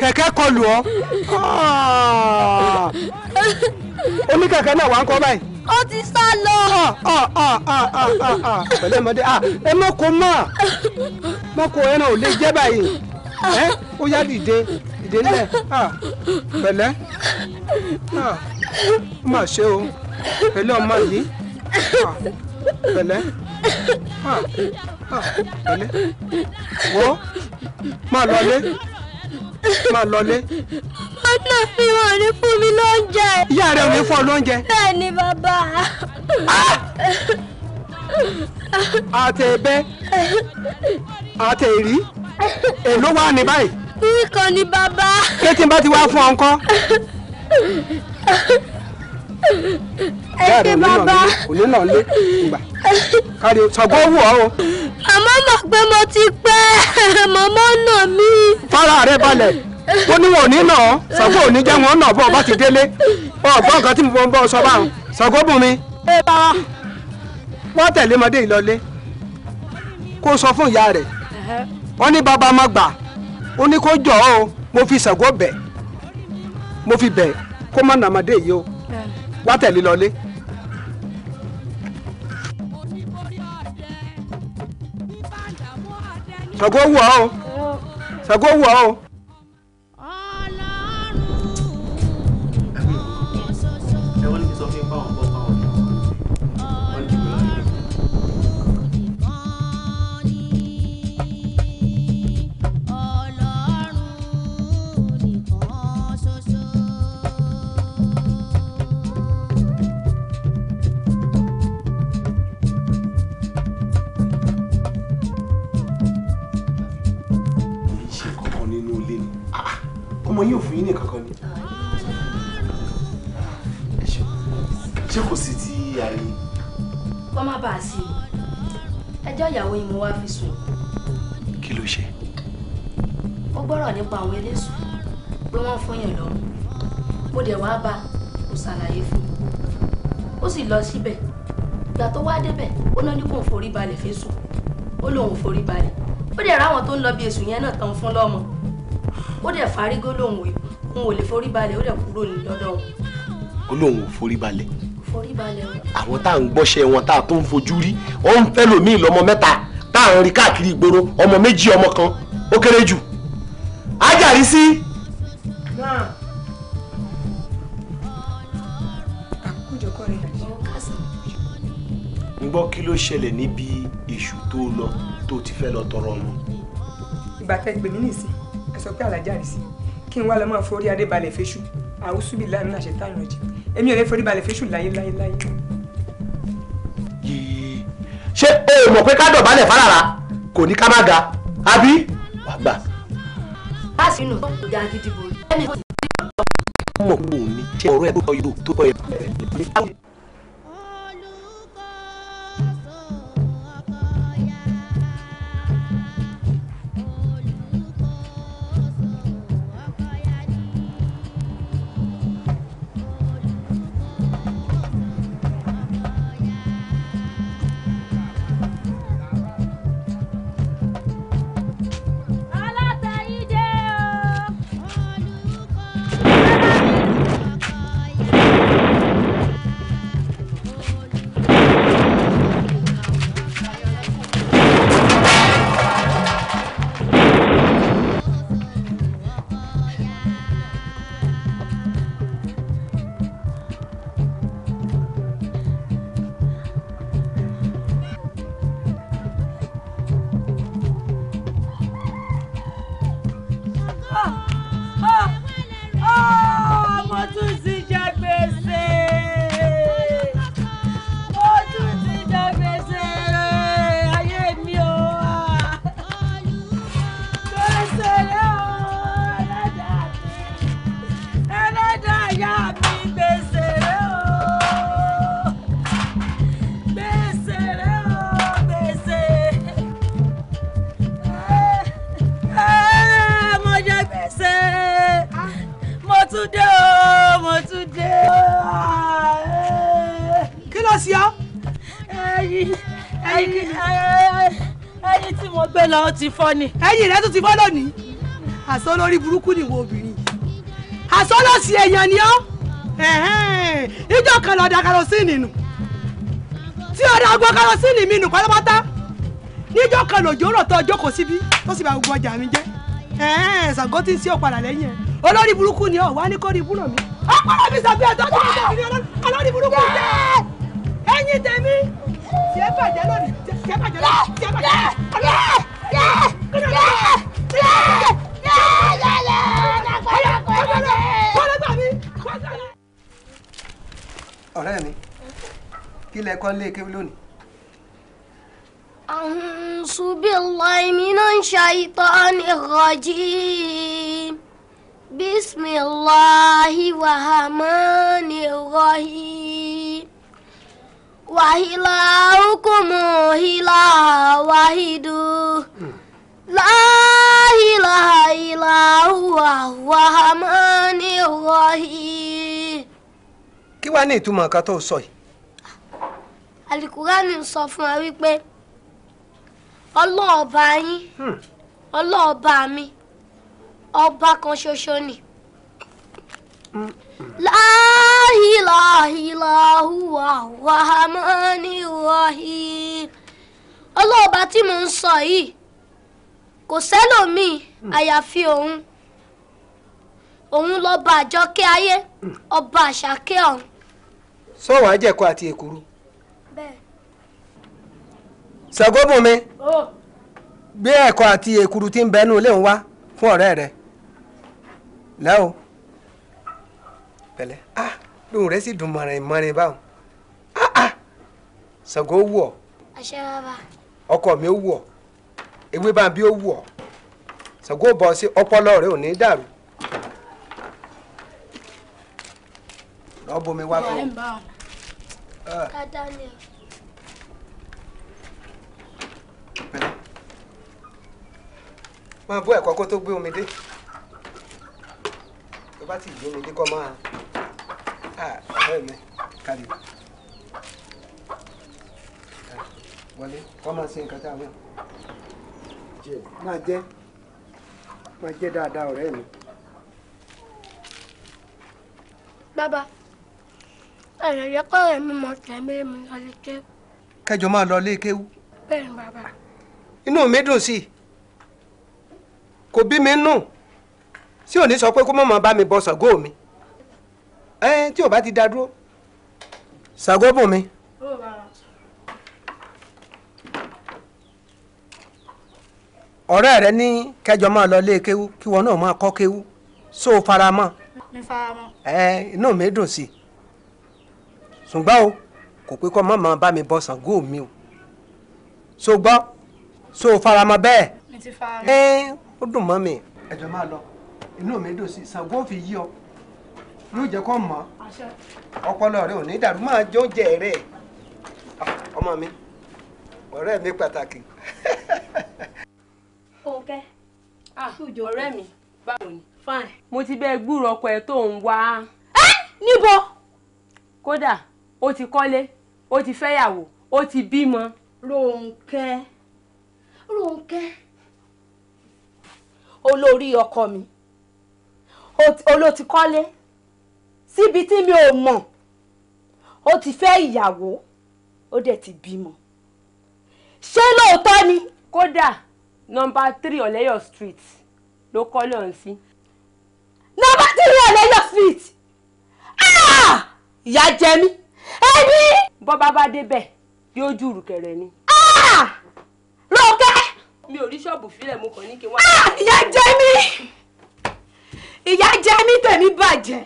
kẹ̀kẹ́ kọlù ọ. omi kẹ̀kẹ́ náà wà ń kọ́ báyìí. ó ti sá lọ. Ah, ah, ah, pẹ̀lú ẹ̀mọ́dé ẹ mọ̀ kó mọ̀ mọ́kò ẹran ò lè jẹ́ báyìí ẹ ó yá dìde dìde nílẹ̀ pẹ̀lẹ́ ó mà ṣe o pẹ̀lẹ́ ọmọ yìí pẹ̀lẹ́ pẹ̀lẹ́ wo máa lọlé máa lọlé. bàtà fi wọn ò ní fún mi lóúnjẹ. ìyá rẹ ò ní fún ọ lóúnjẹ. bẹ́ẹ̀ ni bàbá àtẹ̀bẹ́ àtẹ̀rí èló wà ní báyìí. kíkọ ni bàbá. ṣé tí n bá ti wá fún ọ ńkọ́. ẹ̀kẹ́ bàbá. òní náà lé ìgbà kárí sọ̀gbọ́n wù ọ́ o. àmọ́ mọ̀ pé mo ti pẹ́ màmá nà mí. fara rẹ balẹ̀ tó níwọ̀n òní náà sọ̀gbọ́n òní jẹ́ wọn náà bọ̀ ọ bá ti délé ọ̀gbọ́n nǹkan tí mo bọ́ ọ sọ báwọn sọ̀gbọ́n bùn mi. ẹ bá wọ́n tẹ̀lé ọmọdé ìlọlé kó sọ fún ìyá rẹ̀ wọ́n ní bàbá má gbà ó ní kó jọ ọ́ mo fi Ṣàngó bẹ̀ mo fi bẹ̀ kó má nàmọ́dé yìí o wá tẹ̀lé lọlé. Ṣàngó wù ọ́ o wù ọ́ ọmọ yóò fún yín ní kankan ni. ṣé kò sí ti ààrẹ. kọ́ má bàa sí i ẹjọ́ ìyàwó yìí mo wá fi sùn. kí ló ṣe. ó gbọ́rọ̀ nípa àwọn eléṣù pé wọ́n fún yàn lọ́rùn mo dẹ̀ wá bá kó ṣàlàyé fún un ó sì lọ síbẹ̀ ìgbà tó wá débẹ̀ ó náà ní kò forí balẹ̀ fésù ó lóun forí balẹ̀ ó dẹ̀ ráwọn tó ń lọ bí èṣù yẹn náà tán fún lọ́mọ ó dẹ̀ farígó lòun wí òun ò lè forí balẹ̀ ó dẹ̀ kúrò ní lọ́dọ̀ òun. ó lóun ò forí balẹ̀. forí balẹ̀ o. àwọn tá à ń gbọ́ṣẹ́ wọn tá a tó ń fojú rí ó ń fẹ́ lòmíì lọ́mọ mẹ́ta tá à ń rí káàkiri ìgboro ọmọ méjì ọmọ kan ó kéré jù. ajárí sí. náà. àkójọkọ ah, rẹ̀ ọ̀hún kásán. ń gbọ́ kí ló ṣẹlẹ̀ níbi èṣù tó lọ tó ti fẹ́ lọ tọrọ ọmọ. ìgbà tẹ́ gbèmí nìsín ẹ sọ pé alájà rí sí kí n wá lọ máa forí adé balẹ̀ fésù àwùsùbí láàrin àṣẹ táwọn ọjì èmi ò lè forí balẹ̀ fésù láyé láyé láyé. ṣé o mọ̀ pé ká dọ̀bálẹ̀ fárára kò ní ká má ga àbí wà gbà. báàsì nù tó ga gidi bò ó. mo mọ̀ pé òun ní jẹ́ ọ̀rọ̀ ẹ̀ tó tọ́ yìí tó tọ́ yìí. ti fọ́ ni. ẹyin rẹ tún ti fọ́ lónìí àṣọ lórí burúkú nìwọ obìnrin àṣọ lọ́sì èèyàn ni ọ́ ìjọ kan lọ́ọ́ da karosíìnì nù tí o da gbọ́ karosíìnì mi nù pátápátá níjọ kan lòjò rọ̀ tó ọjọ́ kò síbí tó sì bá gbogbo ọjà mi jẹ́ ṣàgó tí ń sí ọ̀padà lẹ́yìn ẹ̀ olórí burúkú ni ọ̀ wá ní kórìí búrọ̀ mi ọpọlọ mi sàbíyàn tó ti ní tẹ̀mí olórí burúkú jẹ́ ẹ̀yìn tẹ̀mí tiẹ́ bàjẹ́ lónìí tiẹ́ bàjẹ́ lónìí tiẹ́ bàjẹ́ lónìí. kọ́ lé kéwì lónìí. أعوذ بالله من الشيطان الرجيم بسم الله الرحمن الرحيم وإلهكم إله واحد لا إله إلا هو الرحمن الرحيم kí wàá ní ìtumọ̀ nǹkan tó sọ yìí alukurani sọ fún wa wípé ọlọ́ọ̀ba yín hmm. ọlọ́ọ̀ba mi ọba kan ṣoṣo ni láhìláhìláhùwà wàhámánìwáhì ọlọ́ọ̀ba tí mò ń sọ yìí kò sẹ́lòmíì hmm. àyàfi òun òun lọ́ba àjọkẹ́ ayé hmm. ọba àṣàkẹ́ ọ̀run. sọ wàá jẹ̀kọ àti èkuru. ṣàgóbùnmi gbé ẹ̀kọ́ àti èkuru tí ń bẹnu ilé ń wá fún ọrẹ rẹ lẹ́wọ̀ pẹ̀lẹ́ ah lóhùn rẹ sì dùn mọ̀rìn ah ah sago wù ọkọ mi wù bi ewé bá bí ó wù ọpọlọ rẹ ò ní máa bú ẹ̀kọ́ kó tó gbé omi dé tó bá ti gbé omi dé kọ́ máa ọ̀rẹ́ mi kàlẹ́ wọlé kọ́ máa ṣe nǹkan tá a mọ̀ máa jẹ́ máa jẹ́ dáadáa ọ̀rẹ́ mi. bàbá ẹ̀rọ yẹ kọ́ ọ̀rẹ́ mi mọ̀ tẹ̀lé mi lọ lé kéwú. kẹjọ máa lọ lé kéwú. bẹ́ẹ̀ ni bàbá. inú mi dùn sí i kò bí mi nù tí ò ní sọ pé kó mọ̀ mọ́ bá mi bọ ṣàgó mi ẹ tí ò bá ti dá dúró ṣàgó bùn mi. ọ̀rẹ́ rẹ ní kẹjọ máa lọ lé kéwú kí wọn náà máa kọ́ kéwú so fara mọ́. mi fara mọ́. ẹ inú mi dùn sí i ṣùgbọ́n o kò pé kọ́ mọ̀mọ́ bá mi bọ́ Ṣàngó mi o so gbọ́ so fara mọ́ bẹ́ẹ̀. mi o dùn mọ́ mi. ẹjọ máa lọ inú mi dùn sí Ṣàngó fi yí ọ ló jẹ mọ ọpọlọ rẹ ò ní dàrú máa jẹ oúnjẹ ah, ọmọ mi ọ̀rẹ́ mi pàtàkì. Fúnkẹ́ ah, ọ̀rẹ́ mi báwo ni. fine mo ti bẹ gbúrò ọkọ ẹ tó ń wá. níbo. kódà o ti kọ́lé o ti fẹ́yàwó o ti bímọ. ronke ronke. olórí ọkọ mi ó ti kọ́lé síbi tí mi ò mọ̀ ó ti fẹ́ ìyàwó ó dẹ̀ ti bímọ ṣé lóòótọ́ ni. kódà nọmba three ọ̀lẹ́yọ̀ street ló kọ́lé ọ̀hún sí. nọmba three ọ̀lẹ́yọ̀ street ah! ìyá jẹ mí ẹbí. bọ́ bá bá débẹ̀ yóò jù rùkẹ̀rẹ̀ ni mi ò rí ṣọ́ọ̀bù fílẹ̀ mo kàn ní kí wọ́n. Ah! ìyá jẹ mí ìyá jẹ mí tèmi bàjẹ́.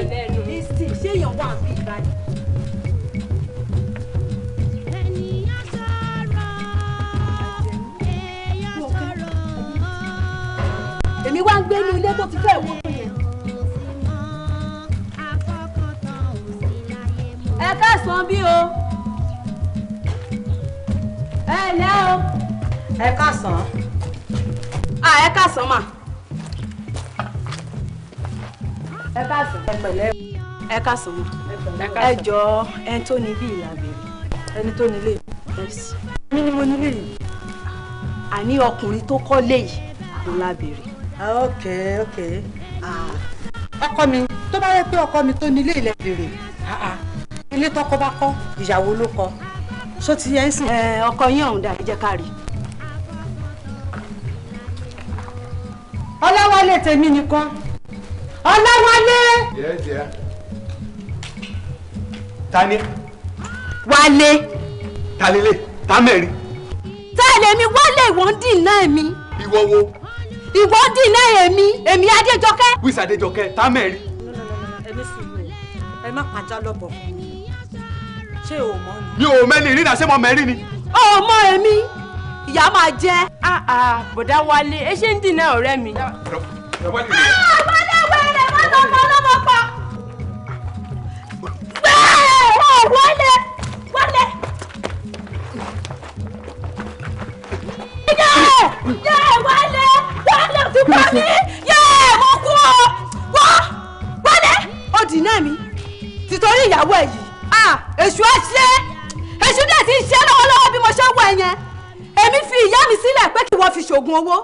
ọ̀rọ̀ lẹ́nu ní steve ṣé èèyàn wà bí ìbàdàn. èmi wá ń gbé inú ilé tó ti fẹ́ wó ẹ káàsán bí o ẹ lẹ́ o ẹ káàsán ẹ káàsán mà. ẹ káàsán ẹ pẹ̀lẹ́ ẹ káàsán mọ́ ẹ jọ ẹni tó ní bí ìlàbẹ̀rẹ̀ ẹni tó nílé ẹ̀sì mi ni mo nílé yìí àní ọkùnrin tó kọ́ léyìí kò lábẹ̀rẹ̀. Ah, ok ok ah, ọkọ mi tó bá yẹ pé ọkọ mi tó nílé ilẹ̀ bèrè ah, ilé tọkọ bá kọ́ ìyàwó ló kọ́ so ti yẹ ń sìn. ọkọ yín ọ̀hún dà jẹ́ ká rí i. tèmi nìkan Ọláwálé. Yes, dear. Tani. Wálé. Talele, Tamẹ́rí. Tẹ́lẹ̀ mi Wálé ìwọ ń dì náà mi. Ìwọ wo? Ìwọ ń dì náà èmi, èmi Adéjọkẹ́. Wíṣà Adéjọkẹ́, Tamẹ́rí. Ẹni sùn mi, ẹ má pàjá lọ́bọ̀. Ṣé o mọ̀ ni? Mi ò mẹ́ni rí ìdásẹ́mọ̀ mẹ́rin ni. Ọmọ èmi, ìyá máa jẹ́. Ah, ah, bọ̀dá Wálé, ẹ ṣe ń dì náà ọ̀rẹ́ mi. Ah, Wálé lọ́mọ lọ́mọ pa. bẹ́ẹ̀ ọ̀ wọlé wọlé. yẹ yẹ wọlé wọlé ti pa mí yẹ mo kú ọ wọ wọlé. ó dì náà mi títorí ìyàwó ẹ yìí èṣù ẹ fi ìyá mi sílẹ̀ pé kí wọ́n owó.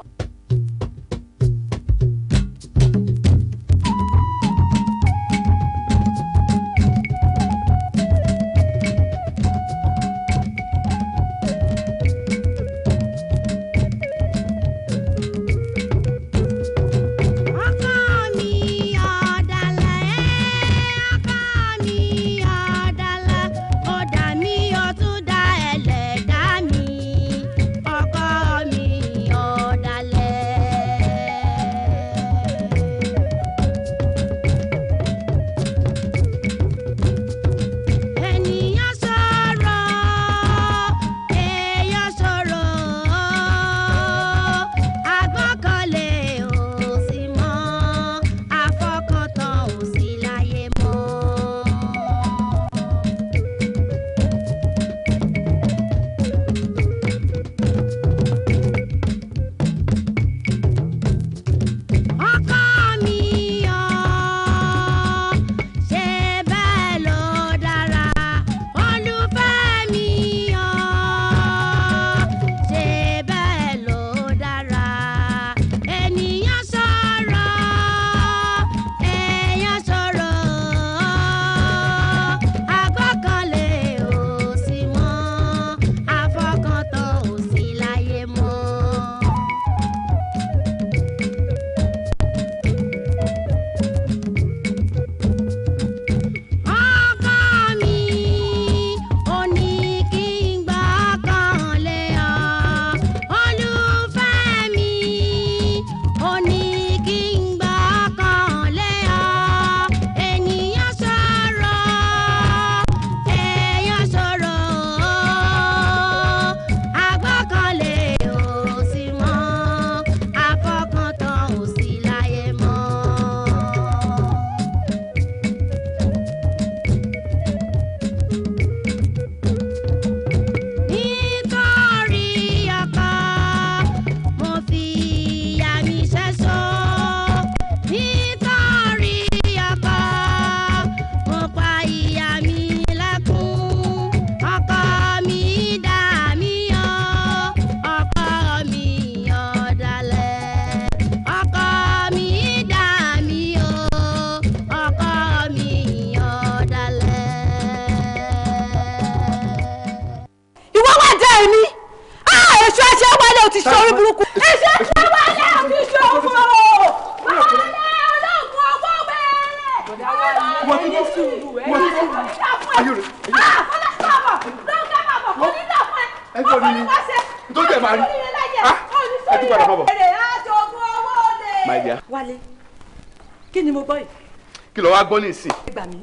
gbọ́ nísìn. ẹ gbà mí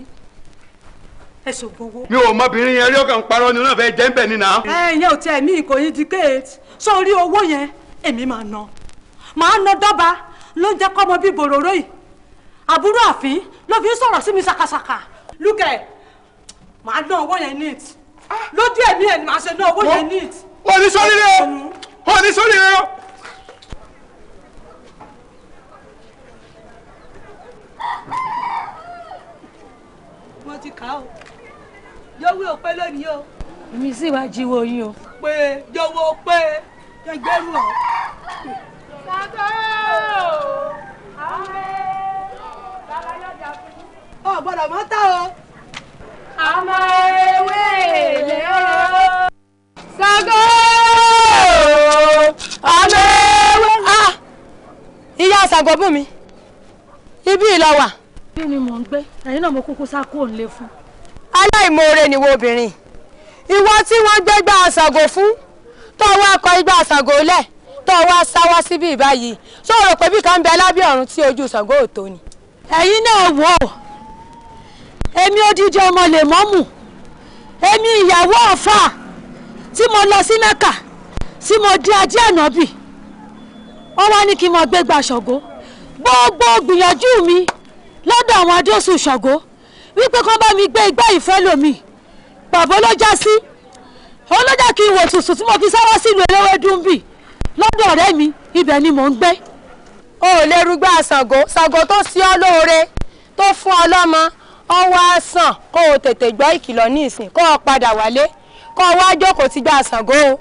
ẹ ṣògbówó. mi ò mọbìnrin yẹn rí ọkàn parọ́ ni náà fẹ́ jẹ́ ń bẹ̀ nínà. ẹ ìyẹn ò tiẹ̀ mí kò yín di kéètì sórí owó yẹn èmi máa ná máa ná dọ́ba ló ń jẹ́ kọ́mọ bíi bòròró yìí àbúrò àfin ló fi ń sọ̀rọ̀ sí mi ṣàkàṣàkà lúkẹ̀ máa ná owó yẹn nít ah! lójú ẹ̀mí ẹ̀ ni ṣe ná owó yẹn nít. oníṣòrí rẹ o oníṣòrí rẹ o ti kà ó yóò wí òpé lónìí o. èmi sì wá jíwó yín o. pé yọwọ́ pé ẹgbẹ́rú ọ. sàtọ́ àmì babalọ́jà fún. ọ gbọ́dọ̀ mọ́ tá o. àmọ́ ewé èlé o. sago àmọ́ ewé. Ah! ìyá sago bùnmi ibi ìlọ wà kí ni mò ń gbé ẹ̀yin náà mo kúkú sá kúrò nílé fún. aláìmoore ni wo obìnrin ìwọ tí wọ́n gbé gbá àṣàgò fún tó wá kọ igbá àṣàgò lẹ̀ tó wá sá wá síbí ìbáyìí sọ̀rọ̀ pé bí kan bẹ lábẹ́ ọ̀run tí ojú Ṣàngó ò tó ni. ẹ̀yin náà wò ó èmi odidi ọmọ lè mọ́mù èmi ìyàwó ọ̀fà tí mo lọ sí Mẹ́kà tí mo di ajé ànábì wọ́n wá ní kí n mọ gbégbá Ṣàngó gbogbo gbìyànjú mi lọ́dọ̀ àwọn adóòsùn ṣàgó wípé kán bá mi gbé igbá ìfẹ́ lómi pàbó ló já sí òun ló jẹ́ kí n wò tùsùn tí mo fi sáwọ́ sílùú eléwédùn bì lọ́dọ̀ ọ̀rẹ́ mi ibẹ̀ ni mò ń gbé. o ò lè rúgbà ṣàgó ṣàgó tó sí ọ lóore tó fún ọ lọ́mọ ọwọ́ àsàn kó o tètè gbọ́ ìkìlọ̀ ní ìsìn kó o padà wálé kó o wá jókòó ti gba ṣàgó o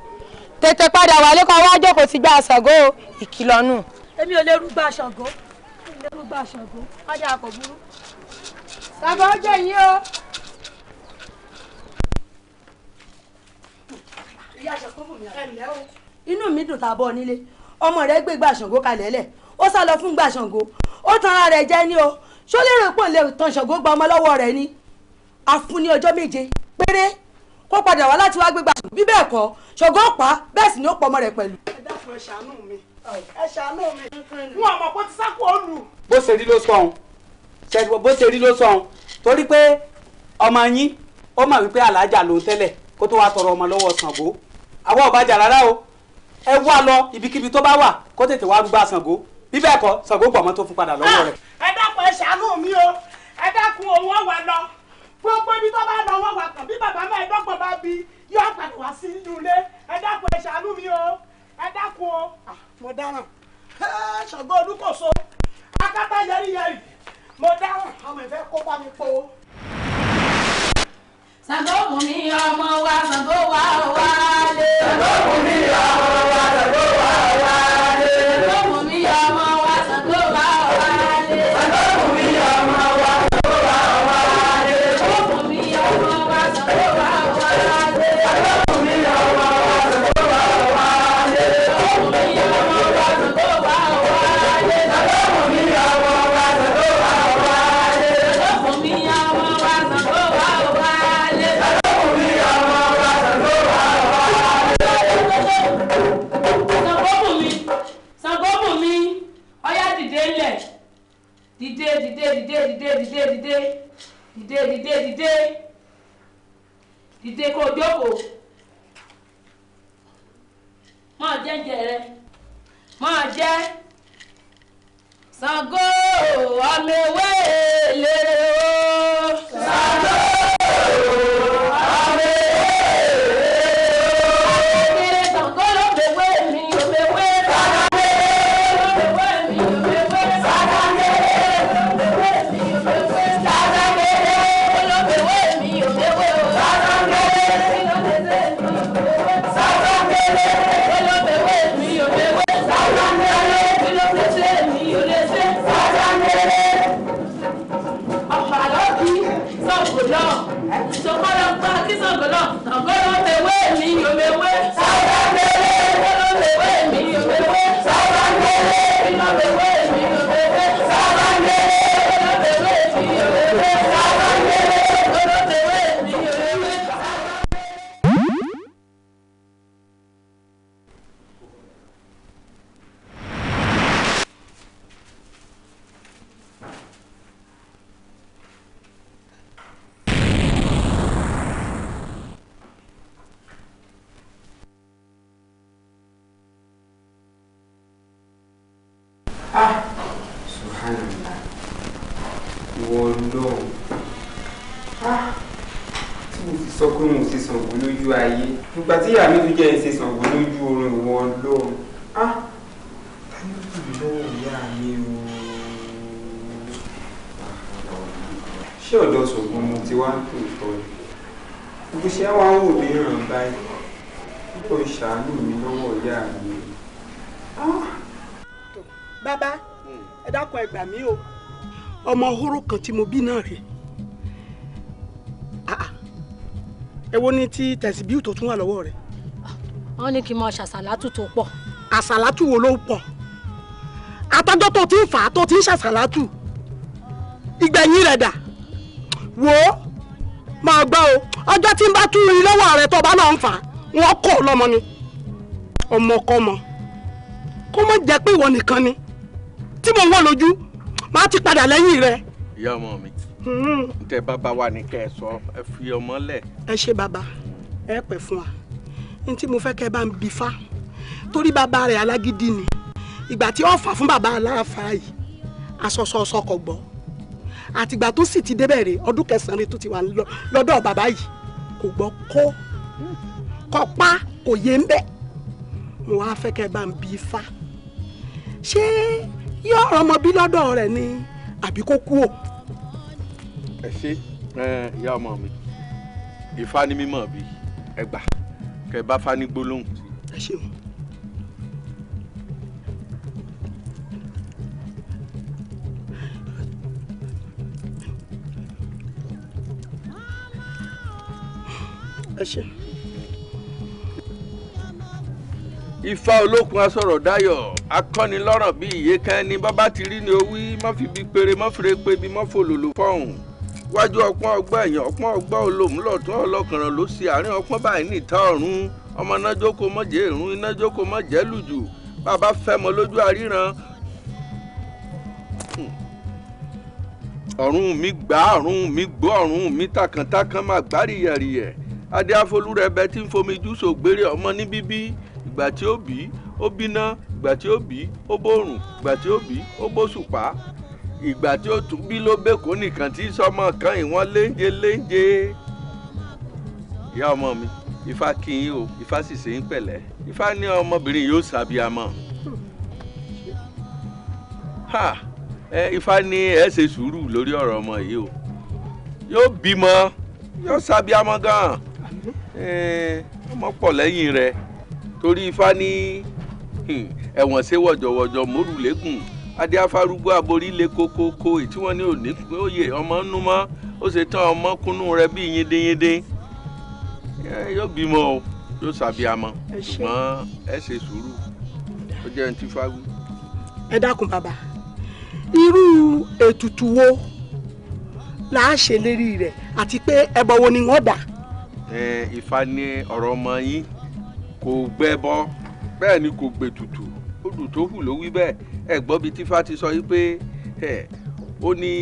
tètè padà wálé kó o wá jókòó ti gba ṣàgó o ìkìlọ̀ nù. èmi ò lè rúgbà ṣàgó ló gbà ṣàgbó. ọjà kò burú. bàbá ó jẹ yín o. ìyá ṣàgbó bùnmi ẹ̀lẹ́ o. inú mi dùn tàbọ̀ nílé ọmọ rẹ̀ gbé gbàṣàngó kalẹ̀ lẹ̀ ó sá lọ fún gbàṣàngó ó tan ara rẹ̀ jẹ́ ní o ṣó lérò pò lè tan ṣàngó gba ọmọ lọ́wọ́ rẹ̀ ni àfun ní ọjọ́ méje péré kó padà wá láti wá gbé gbàṣàngó bí bẹ́ẹ̀ kọ́ ṣàngó pa bẹ́ẹ̀ sì ni ó pọ̀ ọmọ rẹ̀ pẹ̀lú. ẹ dákun ẹ ṣàánú mi ẹ ṣàánú mi. fún ọmọ kó ti sáko olù. bó ṣe rí ló sọ òun ṣẹ̀dùn bó ṣe rí ló sọ òun torí pé ọmọ yín ó mà wípé alájà ló tẹ́lẹ̀ kó tó wá tọrọ ọmọ lọ́wọ́ Ṣàngó àwọn ọ̀bàjà rárá o ẹ wá lọ ibikíbi tó bá wà kó tètè wá rúgbà Ṣàngó bí bẹ́ẹ̀ kọ́ Ṣàngó gbọ̀mọ́ tó fún padà lọ́wọ́ rẹ̀. Ah, ẹ dákun ẹ ṣàánú mi o ẹ dákun owó wa lọ gbogbo ibi tó bá lọ wọ́n wa kàn bí bàbá mẹ́ẹ̀ẹ́dọ́gbọ̀n bá bi yóò padà wá sí ilé ẹ dákun ẹ ṣàánú mi o ẹ dákun o ah, mo dáràn ṣàgbọ́n olúkòso akátá yẹriyẹri mo dáràn ọmọ ìfẹ́ kó bá mi po. Ṣàngó wù ọmọ wa Ṣàngó wa wálé. Ṣàngó wù mí dìde dìde dìde dìde dìde dìde dìde dìde kó o jókòó máa jẹ jẹ rẹ máa jẹ Ṣàngó ọmọ ewé lérè o. ìgbà tí ìyá mi tún jẹ́ ìṣe Ṣàngó lójú oorun ìwọ lóhùn á ta ni ó bèrè o. ṣé ọ̀dọ̀ Ṣàngó mo ti wá tó ìtọ́ ni gbogbo ṣe wá ń wò mí ràn báyìí púpọ̀ ìṣàánú mi lọ́wọ́ ìyá mi o. Ah! bàbá ẹ dákun ẹ gbà mí o ọmọ horo kan tí mo bí náà rèé èwo ni ti tẹ̀síbíù tó tún wà lọ́wọ́ rẹ̀. wọ́n ní kí n máa ṣàṣàlátù tó pọ̀. àṣàlátù wo ló ń pọ̀ àtọ́jọ́ tó ti ń fà á tó ti ń ṣàṣàlátù ìgbẹ̀yìn rẹ̀ dà wò máa gbọ́ o ọjọ́ tí n bá tún rin lọ́wọ́ rẹ̀ tó bá náà ń fà á wọ́n kọ́ lọ́mọ ni ọmọkọ́mọ kó má jẹ́ pé ìwọ nìkan ni tí mo wọ́n lójú máa ti padà lẹ́yìn rẹ̀. ìyá ọmọ mi tẹ bàbá wa ní kẹ ẹ sọ ẹ fi ọmọ lẹ. ẹ ṣe bàbá ẹ pẹ fún wa ní tí mo fẹ́ kẹ́ ẹ bá ń bi fá torí bàbá rẹ̀ alágídí ni ìgbà tí ó fà fún bàbá aláàfáà yìí asọsọ ọsọkọ gbọ́ àtìgbà tó sì ti débẹ̀ rè ọdún kẹsàn rè tó ti wà lọ́dọ̀ bàbá yìí kò gbọ́ kó kọpá kò yé ń bẹ́ mo wá fẹ́ kẹ́ ẹ bá ń bi ifá ṣé yọ ọmọ bí lọ́dọ̀ rẹ̀ ni àbí kó kú o ẹ ṣe ìyá ọmọ mi ìfá ni mímọ̀ bí ẹ gbà kẹ bá fani gbólóhùn. ẹ ṣeun. ẹ ṣe. ifá olókun asọ̀rọ̀ dayọ̀ akọ́nilọ́rọ̀ bíi ìyé kan ni bàbá ti rí ni owí mọ́fìbí péré mọ́fìrè pé bí mọ́fòlòlò fọ́hùn wájú ọpọ́n ọgbà ẹ̀yìn ọpọ́n ọgbà olómùlọ̀tún ọlọ́kànràn ló ṣe àárín ọpọ́n báyìí ní ìta ọ̀run ọmọ náà jókòó mọ́jẹ́ ìrún iná jókòó mọ́jẹ́ lùjù bàbá fẹ́mọ lójú àríran ọ̀run mi gbà ọ̀run mi gbọ́ ọ̀run mi takàntakàn máa gbá rìyẹ̀rìyẹ̀ adé afolúrẹ̀bẹ tí ń fomi jù sògbére ọmọ ní bíbí ìgbà tí ó bí ó bíná ìgbà tí ó bí ó bòrùn ìgbà tí ó bí ó bòṣùpá ìgbà tí ó tún bí ló bẹ́kọ̀ọ́ nìkan tí sọmọ kan ìwọ́n léńje léńje. ìyá ọmọ mi ifá kí yín o ifá sì ṣe yín pẹ̀lẹ́ ifá ní ọmọbìnrin yóò ṣàbíamọ. ha ẹ ifá ní ẹ ṣe sùúrù lórí ọ̀rọ̀ ọmọ yìí o yóò bímọ yóò ṣàbíamọ gan-an ọmọ pọ̀ lẹ́yìn rẹ̀ torí ifá ní ẹ̀wọ̀n ṣe wọ̀jọ̀wọ̀jọ̀ mórùlẹ́gùn. adéafárúgbó aborílé kókókó tí wọ́n ní òní pé oye ọmọ ń nu mọ́ ọmọ kunu rẹ bí yíndéyíndé yóò bímọ o yóò ẹ ṣe sùúrù ó jẹ́ ní tífáwí. ẹ dákun bàbá irú ètùtù wo la ṣe lérí àti pé wo ni dà. ọ̀rọ̀ ọmọ yín kò bẹ́ẹ̀ ni kò tó ló wí bẹ́ẹ̀ ẹ̀gbọ́n bíi tífá ti sọ yìí pé ó ní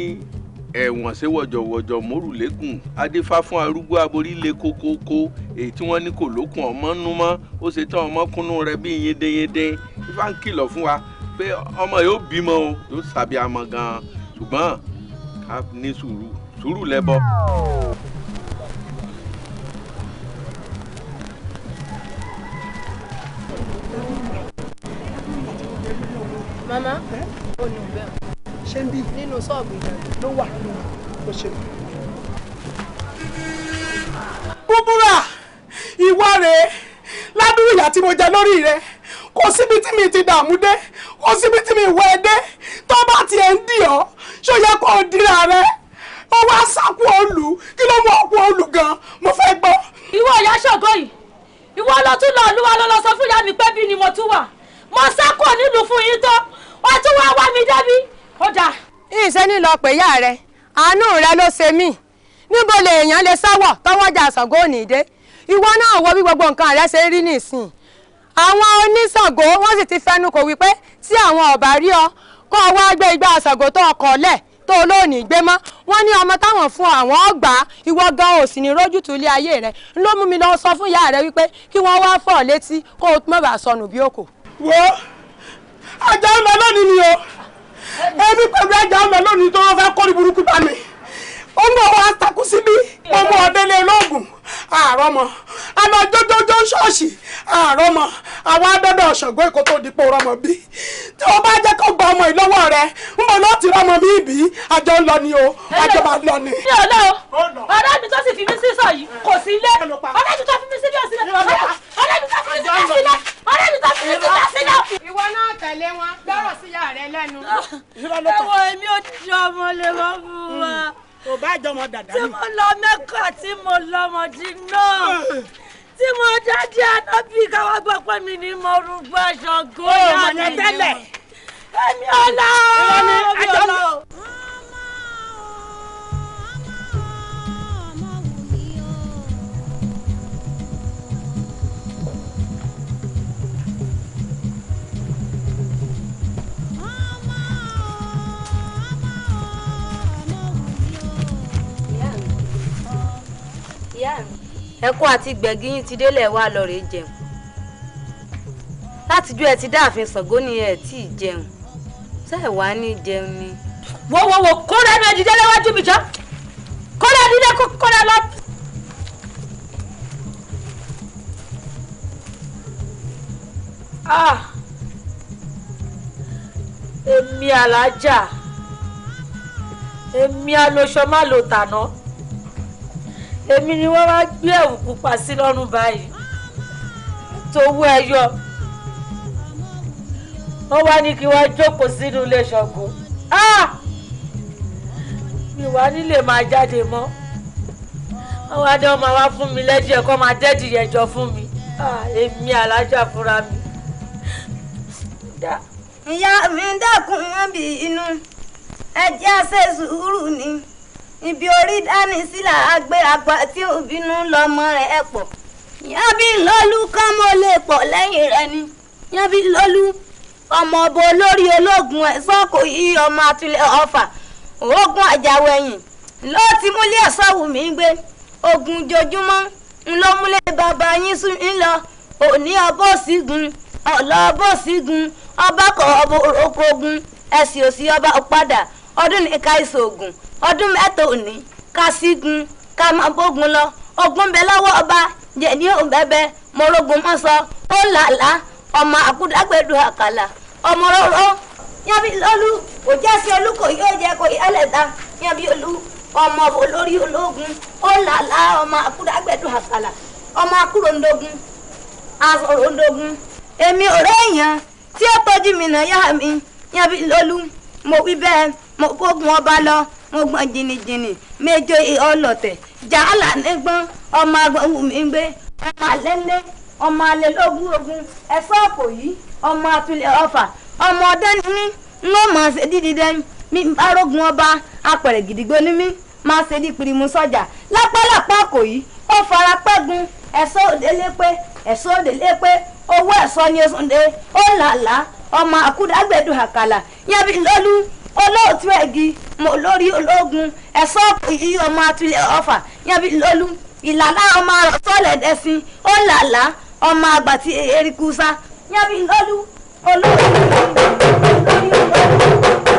ẹ̀wọ̀n ṣe wọ̀jọ̀wọ̀jọ̀ mórùlẹ́gùn adífá fún arúgbó aborí lé kókókó èyí tí wọ́n ní kò lókun ọmọ nú mọ́ ó ṣe tán ọmọ kúnnú rẹ bí yédeyéde ifá ń kìlọ̀ fún wa pé ọmọ yóò bímọ o yóò sàbí amọ̀ gan-an ṣùgbọ́n ká ní sùúrù sùúrù lẹ́bọ. mama ó ní òun bẹ́ẹ̀ ṣé ń No nínú ṣọ́ọ̀bù ìjọba ló wà ló wà ó ṣe. búbúrà ìwọ rèé ládùúgbò ìyá tí mo jẹ lórí rẹ kò síbi tí mi ti dààmú dé kò síbi tí mi wọ ẹ dé tó bá tiẹ̀ ń dì ọ́ ṣó yẹ kó o dira rẹ ó wá sáku olù kí ló mú ọkú gan mo fẹ́ gbọ́. ìwọ ìyá ṣọgọ yìí ìwọ ló tún lọ olúwa ló lọ sọ fún ìyá mi pé bí ni mo tún wà mo sá kúrò nílùú fún yín tán ó tún wá wá mi débi ó dáa. ìṣe ni lọ pè yá rẹ àánú rẹ ló ṣe mí níbo lèèyàn lè sáwọ tọwọjà Ṣàngó òníde ìwọ náà wọ bí gbogbo nǹkan rẹ ṣe rí nìsín àwọn oníṣàngó wọn sì ti fẹnu kò wípé tí àwọn ọba rí ọ kó o wá gbé igbá Ṣàngó tó ọkọ lẹ tó olóòní gbé mọ́ wọ́n ní ọmọ táwọn fún àwọn ọgbà ìwọ gan ò sì ní rójútu ilé ayé rẹ ló mú mi lọ sọ fún ìyá rẹ wípé kí wọ́n wá fọ́ létí kó o mọ̀ bá sọnù bí òkò. wọ́n ajá ń lọ lónìí ni o èmi pẹ̀lú ajá ń lọ lónìí tó wọ́n fẹ́ kórìí burúkú bá mi. ó ń bọ̀ wá takú sí bí mo mú ọdẹlẹ olóògùn àrọmọ alọjọjọjọ ṣọ́ọ̀ṣì àrọmọ àwọn adọdọ ṣọgbọn èkó tó rọmọ bí tí o bá jẹ́ kó gba ọmọ rẹ ń bọ̀ lọ́ọ́ ti rọmọ bí àjọ ni o àjọ máa ń lọ ni. mi ò lọ ọ̀rẹ́ mi tó sì fi mí sísọ yìí kò sí ọ̀rẹ́ mi tó fi mí sí bíọ̀ sílẹ̀ ọ̀rẹ́ mi tó fi mí sílẹ̀ ọ̀rẹ́ mi tó fi mí kò bá jọmọ dàda mi. tí mo lọ mẹ́kọ̀ tí mo lọ Mọ̀dínà tí mo jáde ànábì káwá gbọ́ pé mi ni mo rúgbó aṣọ gómìnà mi ni mo. èmi ọlọ́ọ̀ èmi ọlọ́ọ̀. ẹkún àti gbẹ̀gì yín ti délẹ̀ wá lọ rèé jẹun látijọ́ ẹ ti dáàfin Ṣàngó ni ẹ tí ì jẹun ṣé ẹ wá ní jẹun ni. wo wo wo kó rẹ náà dídé léwájú mi jọ kó rẹ dídé kó rẹ lọ. Ah! èmi alájà èmi alóṣọ má lò tàná. No? èmi ni wọ́n wá gbé ẹ̀wù pupa sí lọ́rùn báyìí tó wú ẹyọ wọ́n wá ní kí wọ́n jókòó sínú ilé ṣọ̀gùn ah! mi wá nílé máa jáde mọ́ wọ́n wá dé wọ́n máa wá fún mi lẹ́dí ẹ̀kọ́ máa dẹ́dì yẹn jọ fún mi ah, èmi alájà fúnra mi. ìyá mi dákun mọ́ bí inú ẹ jẹ́ àṣẹ sùúrù ni. ibi orí dání sílà agbéragbá tí ò bínú lọmọ rẹ̀ ẹ̀ pọ̀ yábí lọ́lú kán mo lè pọ̀ lẹ́yìn rẹ̀ ni yábí lọ́lú ọmọ olórí ológun sọ́kò ọmọ àtúlẹ̀ ọfà ogun àjàwẹ̀yìn ló ti múlẹ̀ sọ́wù mí gbé ogun jojúmọ́ ń bàbá yín sùn ń lọ òní ọbọ̀ sígun ọ̀lọ́ ọbọ̀ sígun ẹ̀sìn òsì ọdún ní ogun ọdún mẹ́ta òní ká sígun ká máa bógun lọ ogun bẹ lọ́wọ́ ọba jẹ̀ ní òǹbẹ́bẹ́ morogun mọ́sọ ó làlá ọmọ àkúdágbèdú àkàlà ọmọ rọrọ yanbi akala. kò jẹ́ sí yóò jẹ́ olú ọmọ olórí ológun ọmọ fóògùn ọba lọ mo gbọ́n jìnnìjìnnì méjọ ọlọ́tẹ̀ jàálà nígbọ́n ọmọ agbọ̀nwùmí gbé ọmọ àlẹ́lẹ́ ọmọ àlẹ́lógún ogun ẹ̀fọ́ àpò yìí ọmọ àtúlẹ̀ ọfà ọmọ ọdẹ ni mí n ó ṣe dídí mi arógun ọba apẹ̀rẹ̀ gidigbo máa ṣe pirimu sọ́jà lápálàpá yìí ó fara pẹ́gun owó ni ó ó làlá ọmọ àkàlà olóòtú ẹ̀gí mo lórí ológun ẹ̀sọ́ yìí ọmọ atúlẹ̀ ọ̀fà yẹn bí lólú ìlàlá ọmọ àròsọ̀lẹ̀ dẹ́sìn ó làlá ọmọ àgbà ti erékùsá yẹn lólú olóòtú ẹ̀gí mo ológun.